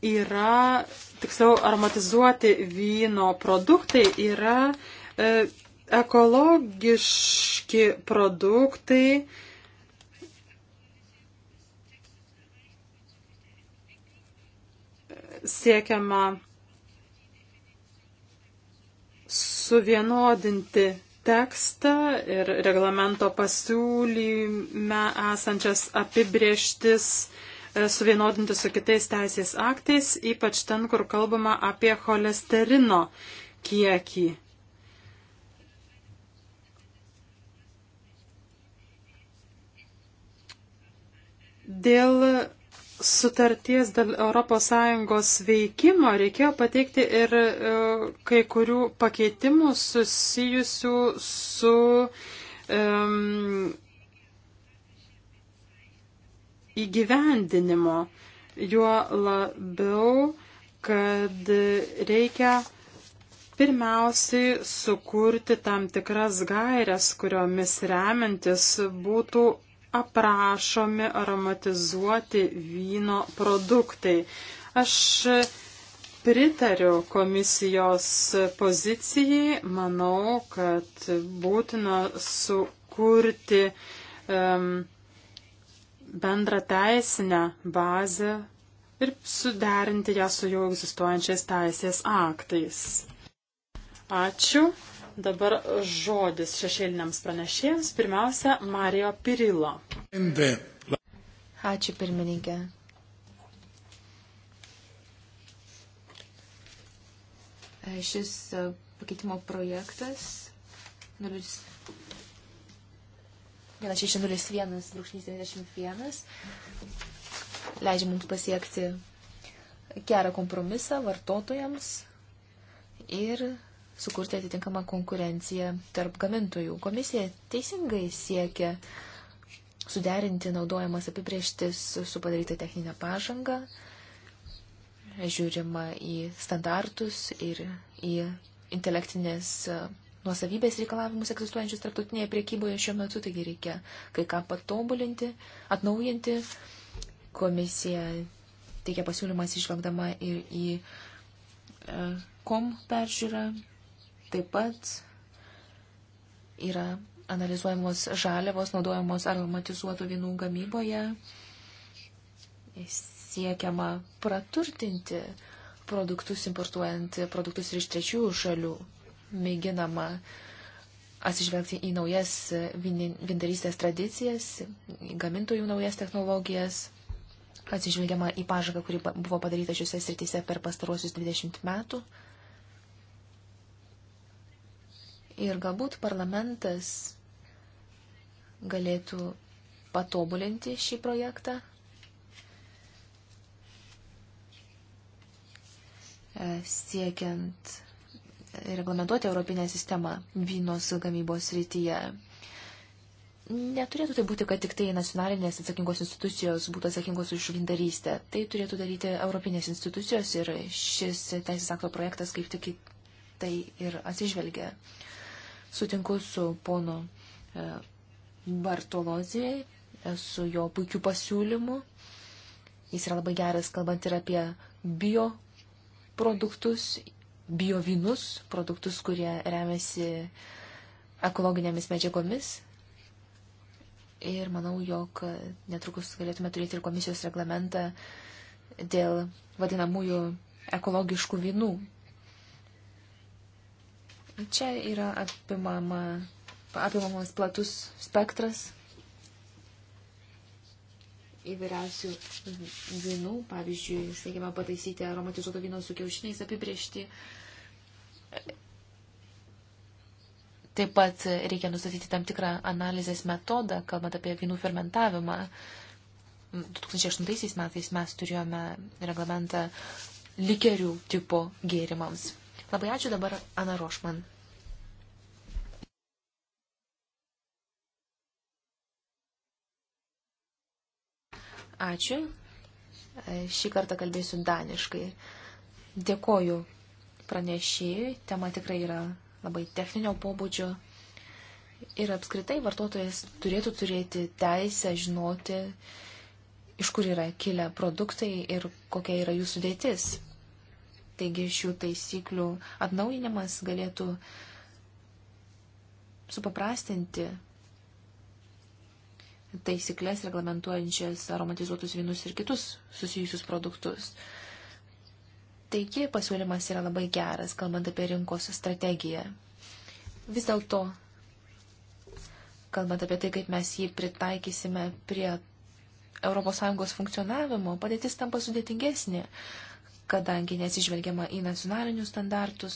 yra, tiksliau, aromatizuoti vyno produktai yra e, ekologiški produktai, siekiama suvienodinti tekstą ir reglamento pasiūlyme esančias apibrieštis e, suvienodinti su kitais teisės aktais, ypač ten, kur kalbama apie cholesterino kiekį. Dėl sutarties dėl ES veikimo reikėjo pateikti ir e, kai kurių pakeitimų susijusių su um, įgyvendinimo, juo labiau, kad reikia pirmiausiai sukurti tam tikras gairias, kuriomis remiantis būtų aprašomi aromatizuoti vyno produktai. Aš pritariu komisijos pozicijai, manau, kad būtina sukurti um, bendrą teisinę bazę ir suderinti ją su jau egzistuojančiais teisės aktais. Ačiū dabar žodis šešėliniams pranešėjams. Pirmiausia, Mario Pirilo. Ačiū pirmininkė. Šis e, pakeitimo projektas 1601-91 leidžia mums pasiekti gerą kompromisą vartotojams ir sukurti atitinkamą konkurenciją tarp gamintojų. Komisija teisingai siekia suderinti naudojamas apibrieštis su padaryta techninė pažanga, žiūrima į standartus ir į intelektinės e, nuosavybės reikalavimus egzistuojančius tarptautinėje priekyboje šiuo metu, taigi reikia kai ką patobulinti, atnaujinti. Komisija teikia pasiūlymas išvengdama ir į e, kom peržiūrą Taip pat yra analizuojamos žaliavos naudojamos aromatizuotų vynų gamyboje. Siekiama praturtinti produktus importuojant produktus ir iš trečiųjų šalių. Mėginama atsižvelgti į naujas vindarystės tradicijas, gamintojų naujas technologijas, atsižvelgiama į pažangą, kuri buvo padaryta šiuose srityse per pastaruosius 20 metų. Ir galbūt parlamentas galėtų patobulinti šį projektą. E, siekiant reglamentuoti Europinę sistemą vynos gamybos rytyje. Neturėtų tai būti, kad tik tai nacionalinės atsakingos institucijos būtų atsakingos už vindarystę. Tai turėtų daryti Europinės institucijos ir šis teisės akto projektas kaip tik tai ir atsižvelgia. Uh, Sutinku su ponu e, Bartolozijai, su jo puikiu pasiūlymu. Jis yra labai geras, kalbant ir apie bio produktus, bio vynus, produktus, kurie remiasi ekologinėmis medžiagomis. Ir manau, jog netrukus galėtume turėti ir komisijos reglamentą dėl vadinamųjų ekologiškų vynų. Čia yra apimama, apimamas platus spektras įvairiausių vynų, pavyzdžiui, siekiama pataisyti aromatizuoto vyno su kiaušiniais apibriežti. Taip pat reikia nustatyti tam tikrą analizės metodą, kalbant apie vynų fermentavimą. 2008 metais mes turėjome reglamentą likerių tipo gėrimams. Labai ačiū dabar Ana Rošman. Ačiū. Šį kartą kalbėsiu daniškai. Dėkoju pranešėjui. Tema tikrai yra labai techninio pobūdžio. Ir apskritai vartotojas turėtų turėti teisę žinoti, iš kur yra kilę produktai ir kokia yra jų sudėtis. Taigi šių taisyklių atnaujinimas galėtų supaprastinti taisyklės reglamentuojančias aromatizuotus vynus ir kitus susijusius produktus. Taigi pasiūlymas yra labai geras, kalbant apie rinkos strategiją. Vis dėlto, kalbant apie tai, kaip mes jį pritaikysime prie ES funkcionavimo, padėtis tampa sudėtingesnė kadangi nesižvelgiama į nacionalinius standartus.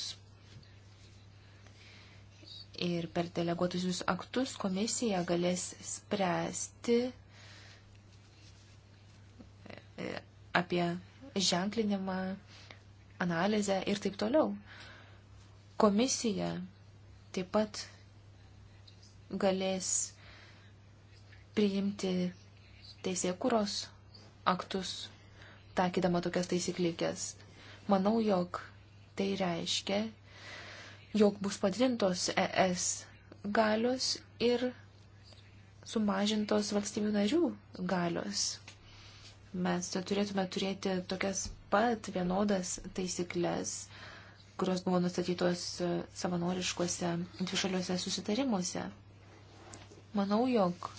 Ir per deleguotusius aktus komisija galės spręsti e, apie ženklinimą, analizę ir taip toliau. Komisija taip pat galės priimti teisėkuros aktus takydama tokias taisyklykės. Manau, jog tai reiškia, jog bus padrintos ES galios ir sumažintos valstybių narių galios. Mes turėtume turėti tokias pat vienodas taisyklės, kurios buvo nustatytos e, savanoriškuose dvišaliuose susitarimuose. Manau, jog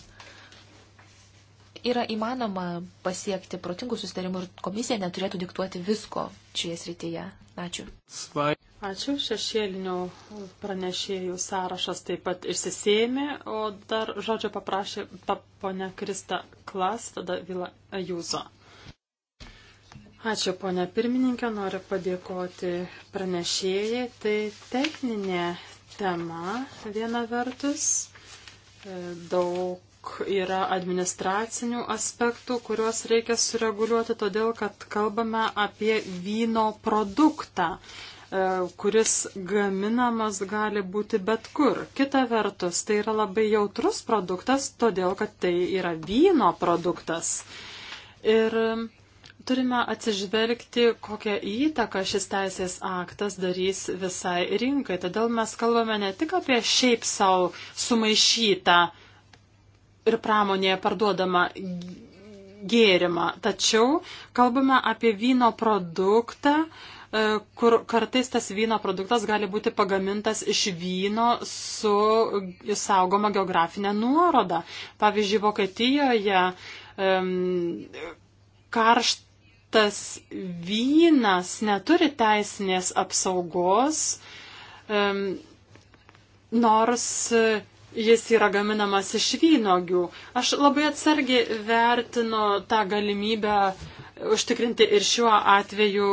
yra įmanoma pasiekti protingų susitarimų ir komisija neturėtų diktuoti visko šioje srityje. Ačiū. Svai. Ačiū. Šešėlinių pranešėjų sąrašas taip pat išsisėmė, o dar žodžio paprašė pa, ponia Krista Klas, tada Vila Jūzo. Ačiū, ponia pirmininkė, noriu padėkoti pranešėjai. Tai techninė tema viena vertus e, daug yra administracinių aspektų, kuriuos reikia sureguliuoti, todėl kad kalbame apie vyno produktą, e, kuris gaminamas gali būti bet kur. Kita vertus, tai yra labai jautrus produktas, todėl kad tai yra vyno produktas. Ir turime atsižvelgti, kokią įtaką šis teisės aktas darys visai rinkai. Todėl mes kalbame ne tik apie šiaip savo sumaišytą ir pramonėje parduodama gėrimą. Tačiau kalbame apie vyno produktą, e, kur kartais tas vyno produktas gali būti pagamintas iš vyno su saugoma geografinė nuoroda. Pavyzdžiui, Vokietijoje um, karštas vynas neturi teisinės apsaugos, um, nors jis yra gaminamas iš vynogių. Aš labai atsargiai vertinu tą galimybę užtikrinti ir šiuo atveju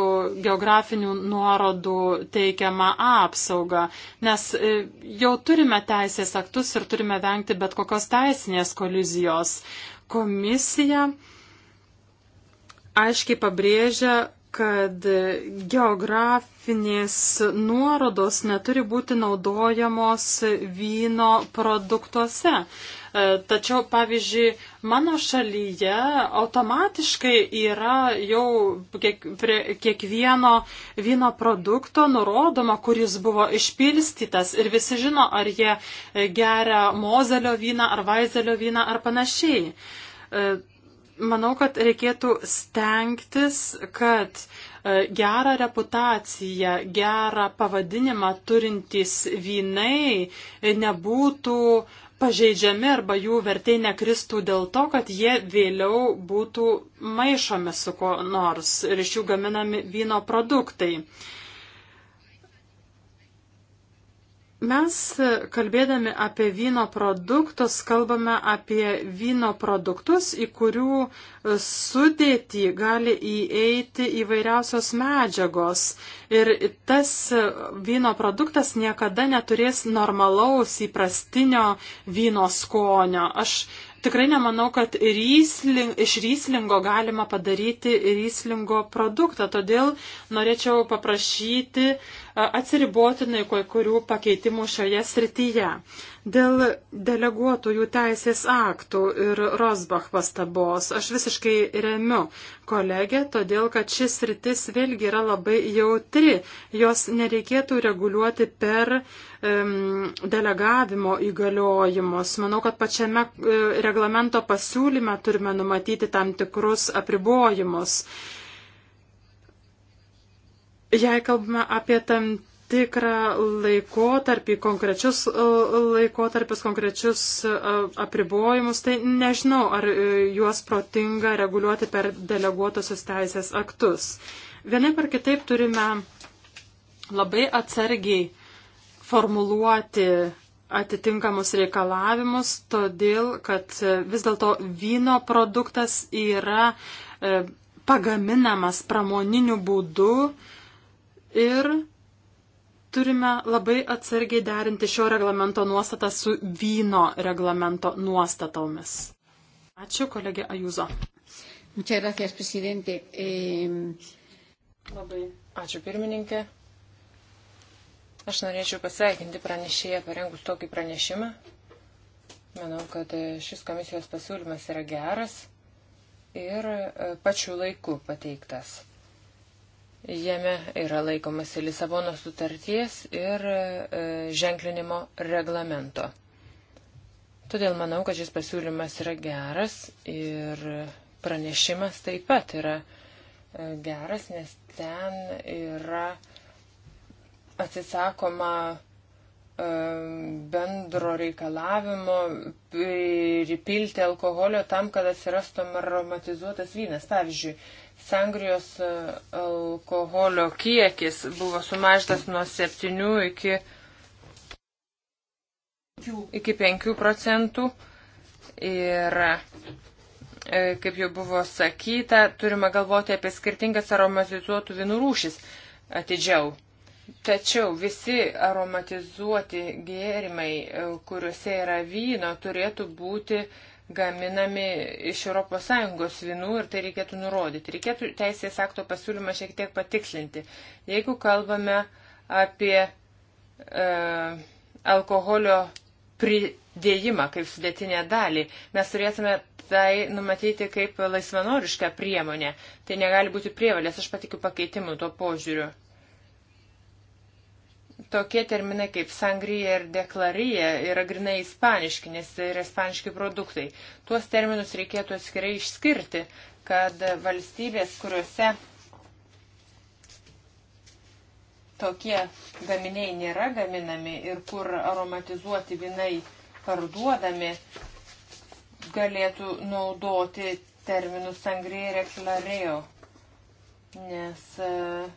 geografinių nuorodų teikiamą apsaugą, nes e, jau turime teisės aktus ir turime vengti bet kokios teisinės kolizijos. Komisija aiškiai pabrėžia, kad geografinės nuorodos neturi būti naudojamos vyno produktuose. E, tačiau, pavyzdžiui, mano šalyje automatiškai yra jau kiek, prie kiekvieno vyno produkto nurodoma, kuris buvo išpilstytas ir visi žino, ar jie geria mozelio vyną, ar vaizelio vyną, ar panašiai e, Manau, kad reikėtų stengtis, kad e, gerą reputaciją, gerą pavadinimą turintys vynai e, nebūtų pažeidžiami arba jų vertė nekristų dėl to, kad jie vėliau būtų maišomi su ko nors ir iš jų gaminami vyno produktai. Uh, Mes, kalbėdami apie vyno produktus, kalbame apie vyno produktus, į kurių e, sudėtį gali įeiti įvairiausios medžiagos. Ir tas e, vyno produktas niekada neturės normalaus įprastinio vyno skonio. Aš tikrai nemanau, kad rysling, iš ryslingo galima padaryti ryslingo produktą. Todėl norėčiau paprašyti atsiriboti nuo kai kurių pakeitimų šioje srityje. Dėl deleguotojų teisės aktų ir Rosbach pastabos aš visiškai remiu kolegę, todėl kad šis sritis vėlgi yra labai jautri. Jos nereikėtų reguliuoti per um, delegavimo įgaliojimus. Manau, kad pačiame e, reglamento pasiūlyme turime numatyti tam tikrus apribojimus. Uh, jei kalbame apie tam tikrą laikotarpį, konkrečius e, laikotarpius, konkrečius e, apribojimus, tai nežinau, ar e, juos protinga reguliuoti per deleguotosios teisės aktus. Vienaip ar kitaip turime labai atsargiai formuluoti atitinkamus reikalavimus, todėl kad vis dėlto vyno produktas yra pagaminamas pramoniniu būdu, ir turime labai atsargiai derinti šio reglamento nuostatą su vyno reglamento nuostatomis. Ačiū, kolegė Ajuzo. Muchas gracias, presidente. E... Labai ačiū, pirmininkė. Aš norėčiau pasveikinti pranešėją parengus tokį pranešimą. Manau, kad e, šis komisijos pasiūlymas yra geras ir e, pačiu laiku pateiktas. Jame yra laikomasi Lisabono sutarties ir e, ženklinimo reglamento. Todėl manau, kad šis pasiūlymas yra geras ir pranešimas taip pat yra e, geras, nes ten yra atsisakoma e, bendro reikalavimo pripilti alkoholio tam, kad atsirastų aromatizuotas vynas. Pavyzdžiui, Sangrijos e, alkoholio kiekis buvo sumažtas nuo 7 iki, iki 5 procentų. Ir e, kaip jau buvo sakyta, turime galvoti apie skirtingas aromatizuotų vinų rūšis atidžiau. Tačiau visi aromatizuoti gėrimai, e, kuriuose yra vyno, turėtų būti uh, gaminami iš ES vynų ir tai reikėtų nurodyti. Reikėtų teisės akto pasiūlymą šiek tiek patikslinti. Jeigu kalbame apie e, alkoholio pridėjimą kaip sudėtinę dalį, mes turėtume tai numatyti kaip laisvanorišką priemonę. Tai negali būti prievalės, aš patikiu pakeitimu tuo požiūriu tokie terminai kaip sangrija ir deklarija yra grinai ispaniški, nes tai yra ispaniški produktai. Tuos terminus reikėtų atskirai išskirti, kad valstybės, kuriuose tokie gaminiai nėra gaminami ir kur aromatizuoti vinai parduodami, galėtų naudoti terminus sangrija ir deklarėjo. Nes uh,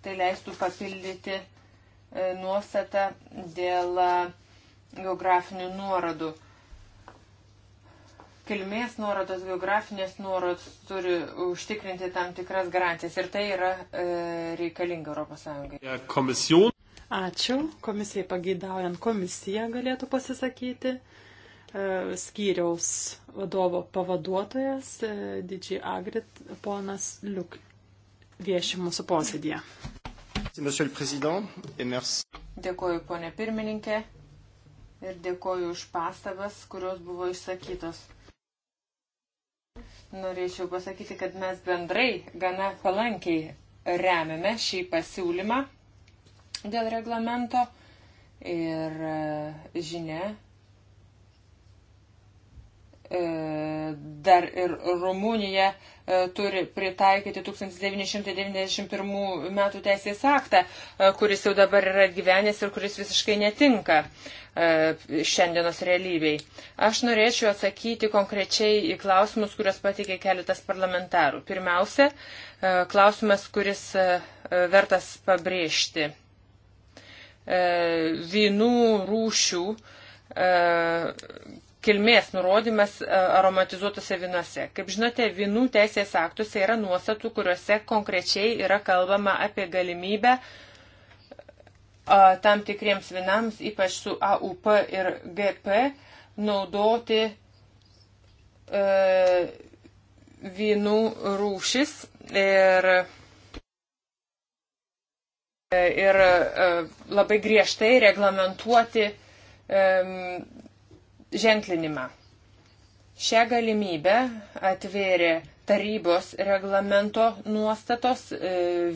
Tai leistų papildyti e, nuostatą dėl e, geografinių nuorodų. Kilmės nuorodos, geografinės nuorodos turi užtikrinti tam tikras garantijas ir tai yra e, reikalinga ES. Ačiū. Komisijai pageidaujant komisiją galėtų pasisakyti e, skyriaus vadovo pavaduotojas, didžiai agrit, ponas Liuk vieši mūsų posėdėje. Dėkuoju, ponė pirmininkė, ir dėkuoju už pastabas, kurios buvo išsakytos. Norėčiau pasakyti, kad mes bendrai gana palankiai remiame šį pasiūlymą dėl reglamento ir e, žinia, E, dar ir Rumunija e, turi pritaikyti 1991 metų teisės aktą, e, kuris jau dabar yra gyvenęs ir kuris visiškai netinka šiandienos realybei. Aš norėčiau atsakyti konkrečiai į klausimus, kuriuos pateikė keletas parlamentarų. Pirmiausia, klausimas, kuris vertas pabrėžti. Vynų rūšių kilmės nurodymas e, aromatizuotose vinuose. Kaip žinote, vinų teisės aktuose yra nuostatų, kuriuose konkrečiai yra kalbama apie galimybę tam tikriems vinams, ypač su AUP ir GP, naudoti e, vynų rūšis ir, e, ir labai griežtai reglamentuoti ženklinimą. Šią galimybę atvėrė tarybos reglamento nuostatos, e,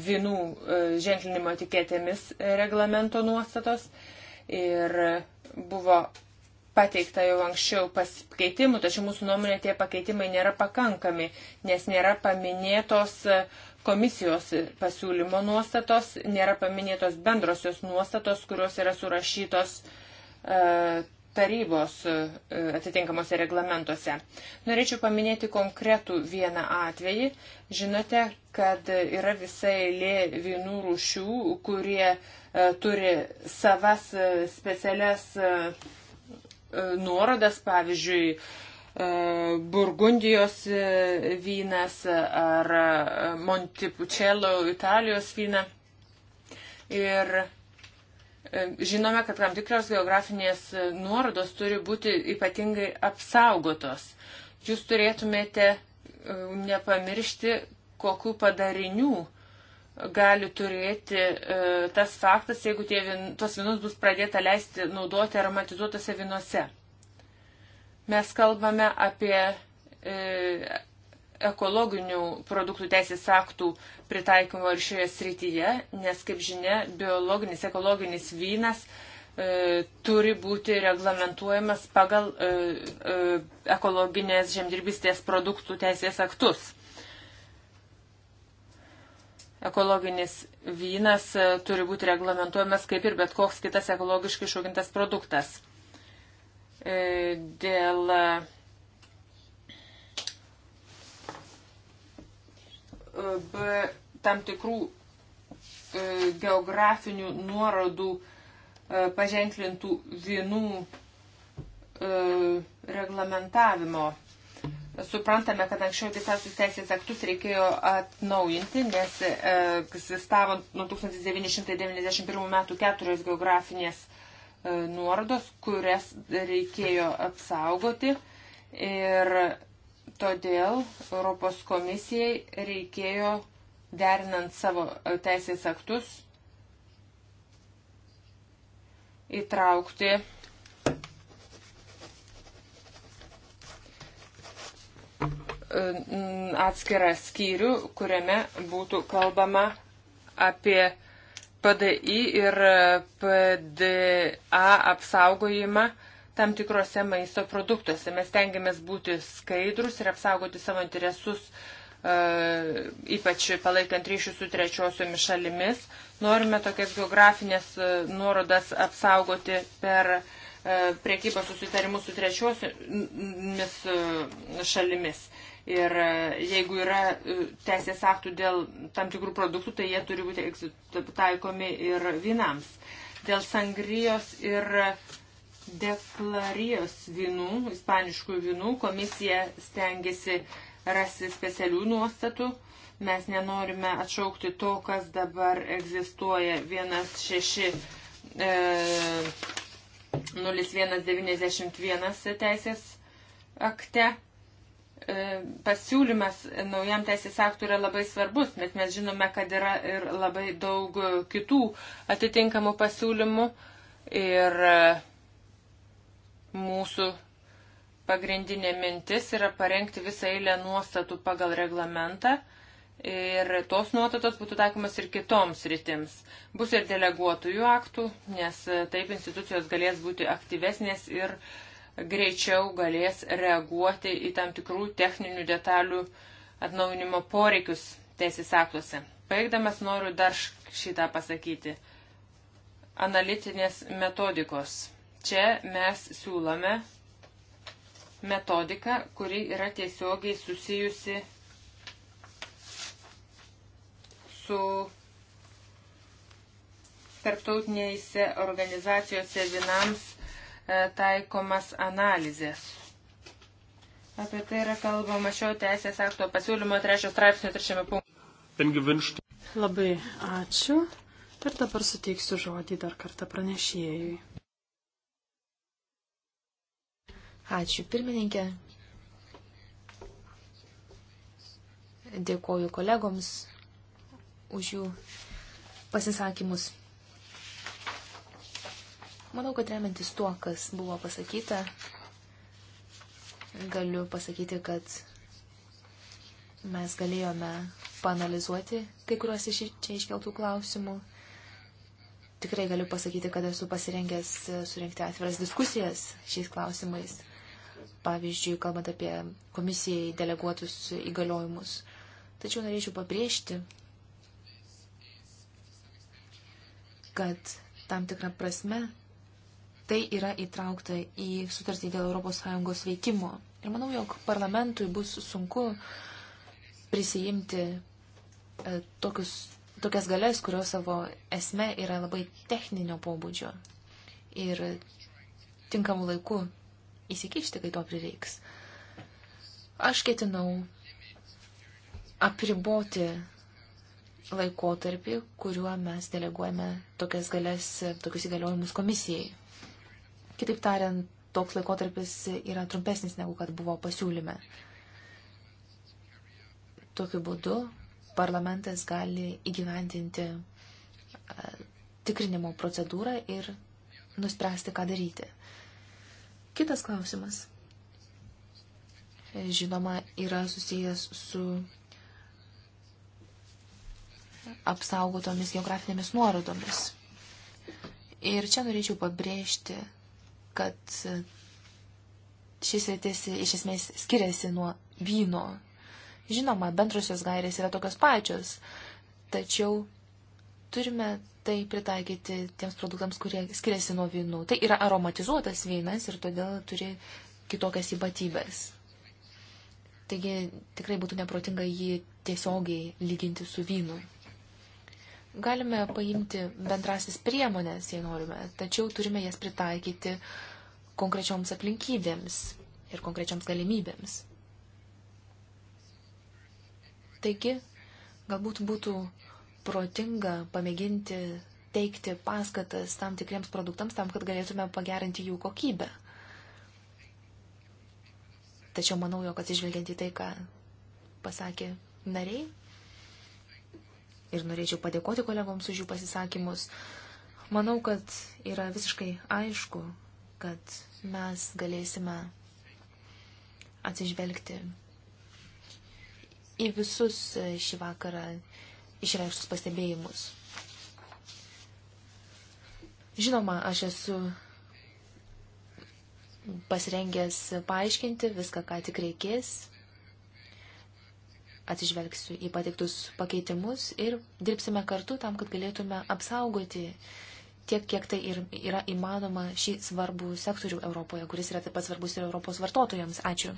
vinų e, ženklinimo etiketėmis reglamento nuostatos ir buvo pateikta jau anksčiau pasikeitimų, tačiau mūsų nuomonė tie pakeitimai nėra pakankami, nes nėra paminėtos komisijos pasiūlymo nuostatos, nėra paminėtos bendrosios nuostatos, kurios yra surašytos e, tarybos e, atitinkamuose reglamentuose. Norėčiau paminėti konkretų vieną atvejį. Žinote, kad yra visai lė vynų rūšių, kurie e, turi savas e, specialias nuorodas, pavyzdžiui, Burgundijos vynas ar Montipučelo Italijos vyną. Ir E, žinome, kad tam tikros geografinės e, nuorodos turi būti ypatingai apsaugotos. Jūs turėtumėte e, nepamiršti, kokiu padarinių gali turėti tas faktas, jeigu tie vin, tos vinus bus pradėta leisti naudoti aromatizuotose vinuose. Mes kalbame apie ekologinių produktų teisės aktų pritaikymo ir šioje srityje, nes, kaip žinia, biologinis, ekologinis vynas e, turi būti reglamentuojamas pagal e, e, ekologinės žemdirbystės produktų teisės aktus. Ekologinis vynas e, turi būti reglamentuojamas kaip ir bet koks kitas ekologiškai išaugintas produktas. E, dėl e, B tam tikrų e, geografinių nuorodų e, paženklintų vienų e, reglamentavimo. Suprantame, kad anksčiau visasus teisės aktus reikėjo atnaujinti, nes egzistavo nuo 1991 metų keturios geografinės nuorodos, kurias reikėjo apsaugoti. Ir Todėl Europos komisijai reikėjo, derinant savo e, teisės aktus, įtraukti e, atskirą skyrių, kuriame būtų kalbama apie PDI ir PDA apsaugojimą tam tikrose maisto produktuose. Mes tengiamės būti skaidrus ir apsaugoti savo interesus, e, ypač palaikant ryšius su trečiosiomis šalimis. Norime tokias geografinės e, nuorodas apsaugoti per e, priekybos susitarimus su trečiosiomis e, šalimis. Ir e, jeigu yra teisės aktų dėl tam tikrų produktų, tai jie turi būti taikomi ir vynams. Dėl sangrijos ir uh, deklarijos vynų, ispaniškų vynų, komisija stengiasi rasti specialių nuostatų. Mes nenorime atšaukti to, kas dabar egzistuoja 16.0191 e, teisės akte. E, pasiūlymas naujam teisės aktų yra labai svarbus, nes mes žinome, kad yra ir labai daug kitų atitinkamų pasiūlymų. Ir uh, Mūsų pagrindinė mintis yra parengti visą eilę nuostatų pagal reglamentą ir tos nuotatos būtų taikomas ir kitoms rytims. Bus ir deleguotųjų aktų, nes taip institucijos galės būti aktyvesnės ir greičiau galės reaguoti į tam tikrų techninių detalių atnaujinimo poreikius teisės aktuose. Paigdamas noriu dar šitą pasakyti. Analitinės metodikos Čia mes siūlome metodiką, kuri yra tiesiogiai susijusi su tarptautinėse organizacijose vinams e, taikomas analizės. Apie tai yra kalbama šio teisės akto pasiūlymo trečio straipsnio trečiame punkte. Labai ačiū. Ir dabar suteiksiu žodį dar kartą pranešėjui. Ačiū pirmininkė. Dėkoju kolegoms už jų pasisakymus. Manau, kad remiantis tuo, kas buvo pasakyta, galiu pasakyti, kad mes galėjome panalizuoti kai kuriuos iš čia iškeltų klausimų. Tikrai galiu pasakyti, kad esu pasirengęs surinkti atviras diskusijas šiais klausimais pavyzdžiui, kalbant apie komisijai deleguotus įgaliojimus. Tačiau norėčiau pabrėžti, kad tam tikrą prasme tai yra įtraukta į sutartį dėl ES veikimo. Ir manau, jog parlamentui bus sunku prisijimti e, tokius, tokias galės, kurios savo esme yra labai techninio pobūdžio ir tinkamų laikų įsikišti, kai to prireiks. Aš ketinau apriboti laikotarpį, kuriuo mes deleguojame tokias galės, tokius įgaliojimus komisijai. Kitaip tariant, toks laikotarpis yra trumpesnis negu kad buvo pasiūlyme. Tokiu būdu parlamentas gali įgyvendinti e, tikrinimo procedūrą ir nuspręsti, ką daryti. Kitas klausimas. Žinoma, yra susijęs su apsaugotomis geografinėmis nuorodomis. Ir čia norėčiau pabrėžti, kad šis rytis iš esmės skiriasi nuo vyno. Žinoma, bendrosios gairės yra tokios pačios, tačiau turime tai pritaikyti tiems produktams, kurie skiriasi nuo vynų. Tai yra aromatizuotas vynas ir todėl turi kitokias ypatybės. Taigi tikrai būtų neprotinga jį tiesiogiai lyginti su vynu. Galime paimti bendrasis priemonės, jei norime, tačiau turime jas pritaikyti konkrečioms aplinkybėms ir konkrečioms galimybėms. Taigi, galbūt būtų protinga pamėginti teikti paskatas tam tikriems produktams, tam, kad galėtume pagerinti jų kokybę. Tačiau manau, jog atsižvelgiant į tai, ką pasakė nariai, ir norėčiau padėkoti kolegoms už jų pasisakymus, manau, kad yra visiškai aišku, kad mes galėsime atsižvelgti į visus šį vakarą išreikštus pastebėjimus. Žinoma, aš esu pasirengęs paaiškinti viską, ką tik reikės. Atsižvelgsiu į pateiktus pakeitimus ir dirbsime kartu tam, kad galėtume apsaugoti tiek, kiek tai ir yra įmanoma šį svarbų sektorių Europoje, kuris yra taip pat svarbus ir Europos vartotojams. Ačiū.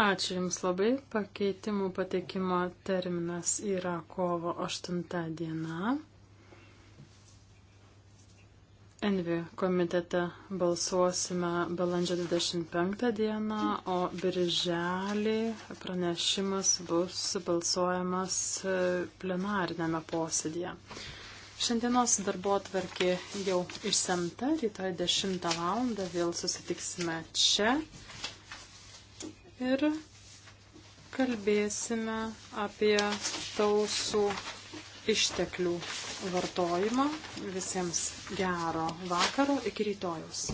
Ačiū Jums labai. Pakeitimų pateikimo terminas yra kovo 8 diena. Envi komitete balsuosime balandžio 25 dieną, o birželį pranešimas bus balsuojamas e, plenarinėme posėdėje. Šiandienos darbo atvarkė jau išsemta, rytoj 10 val. vėl susitiksime čia ir kalbėsime apie tausų išteklių vartojimą. Visiems gero vakaro iki rytojus.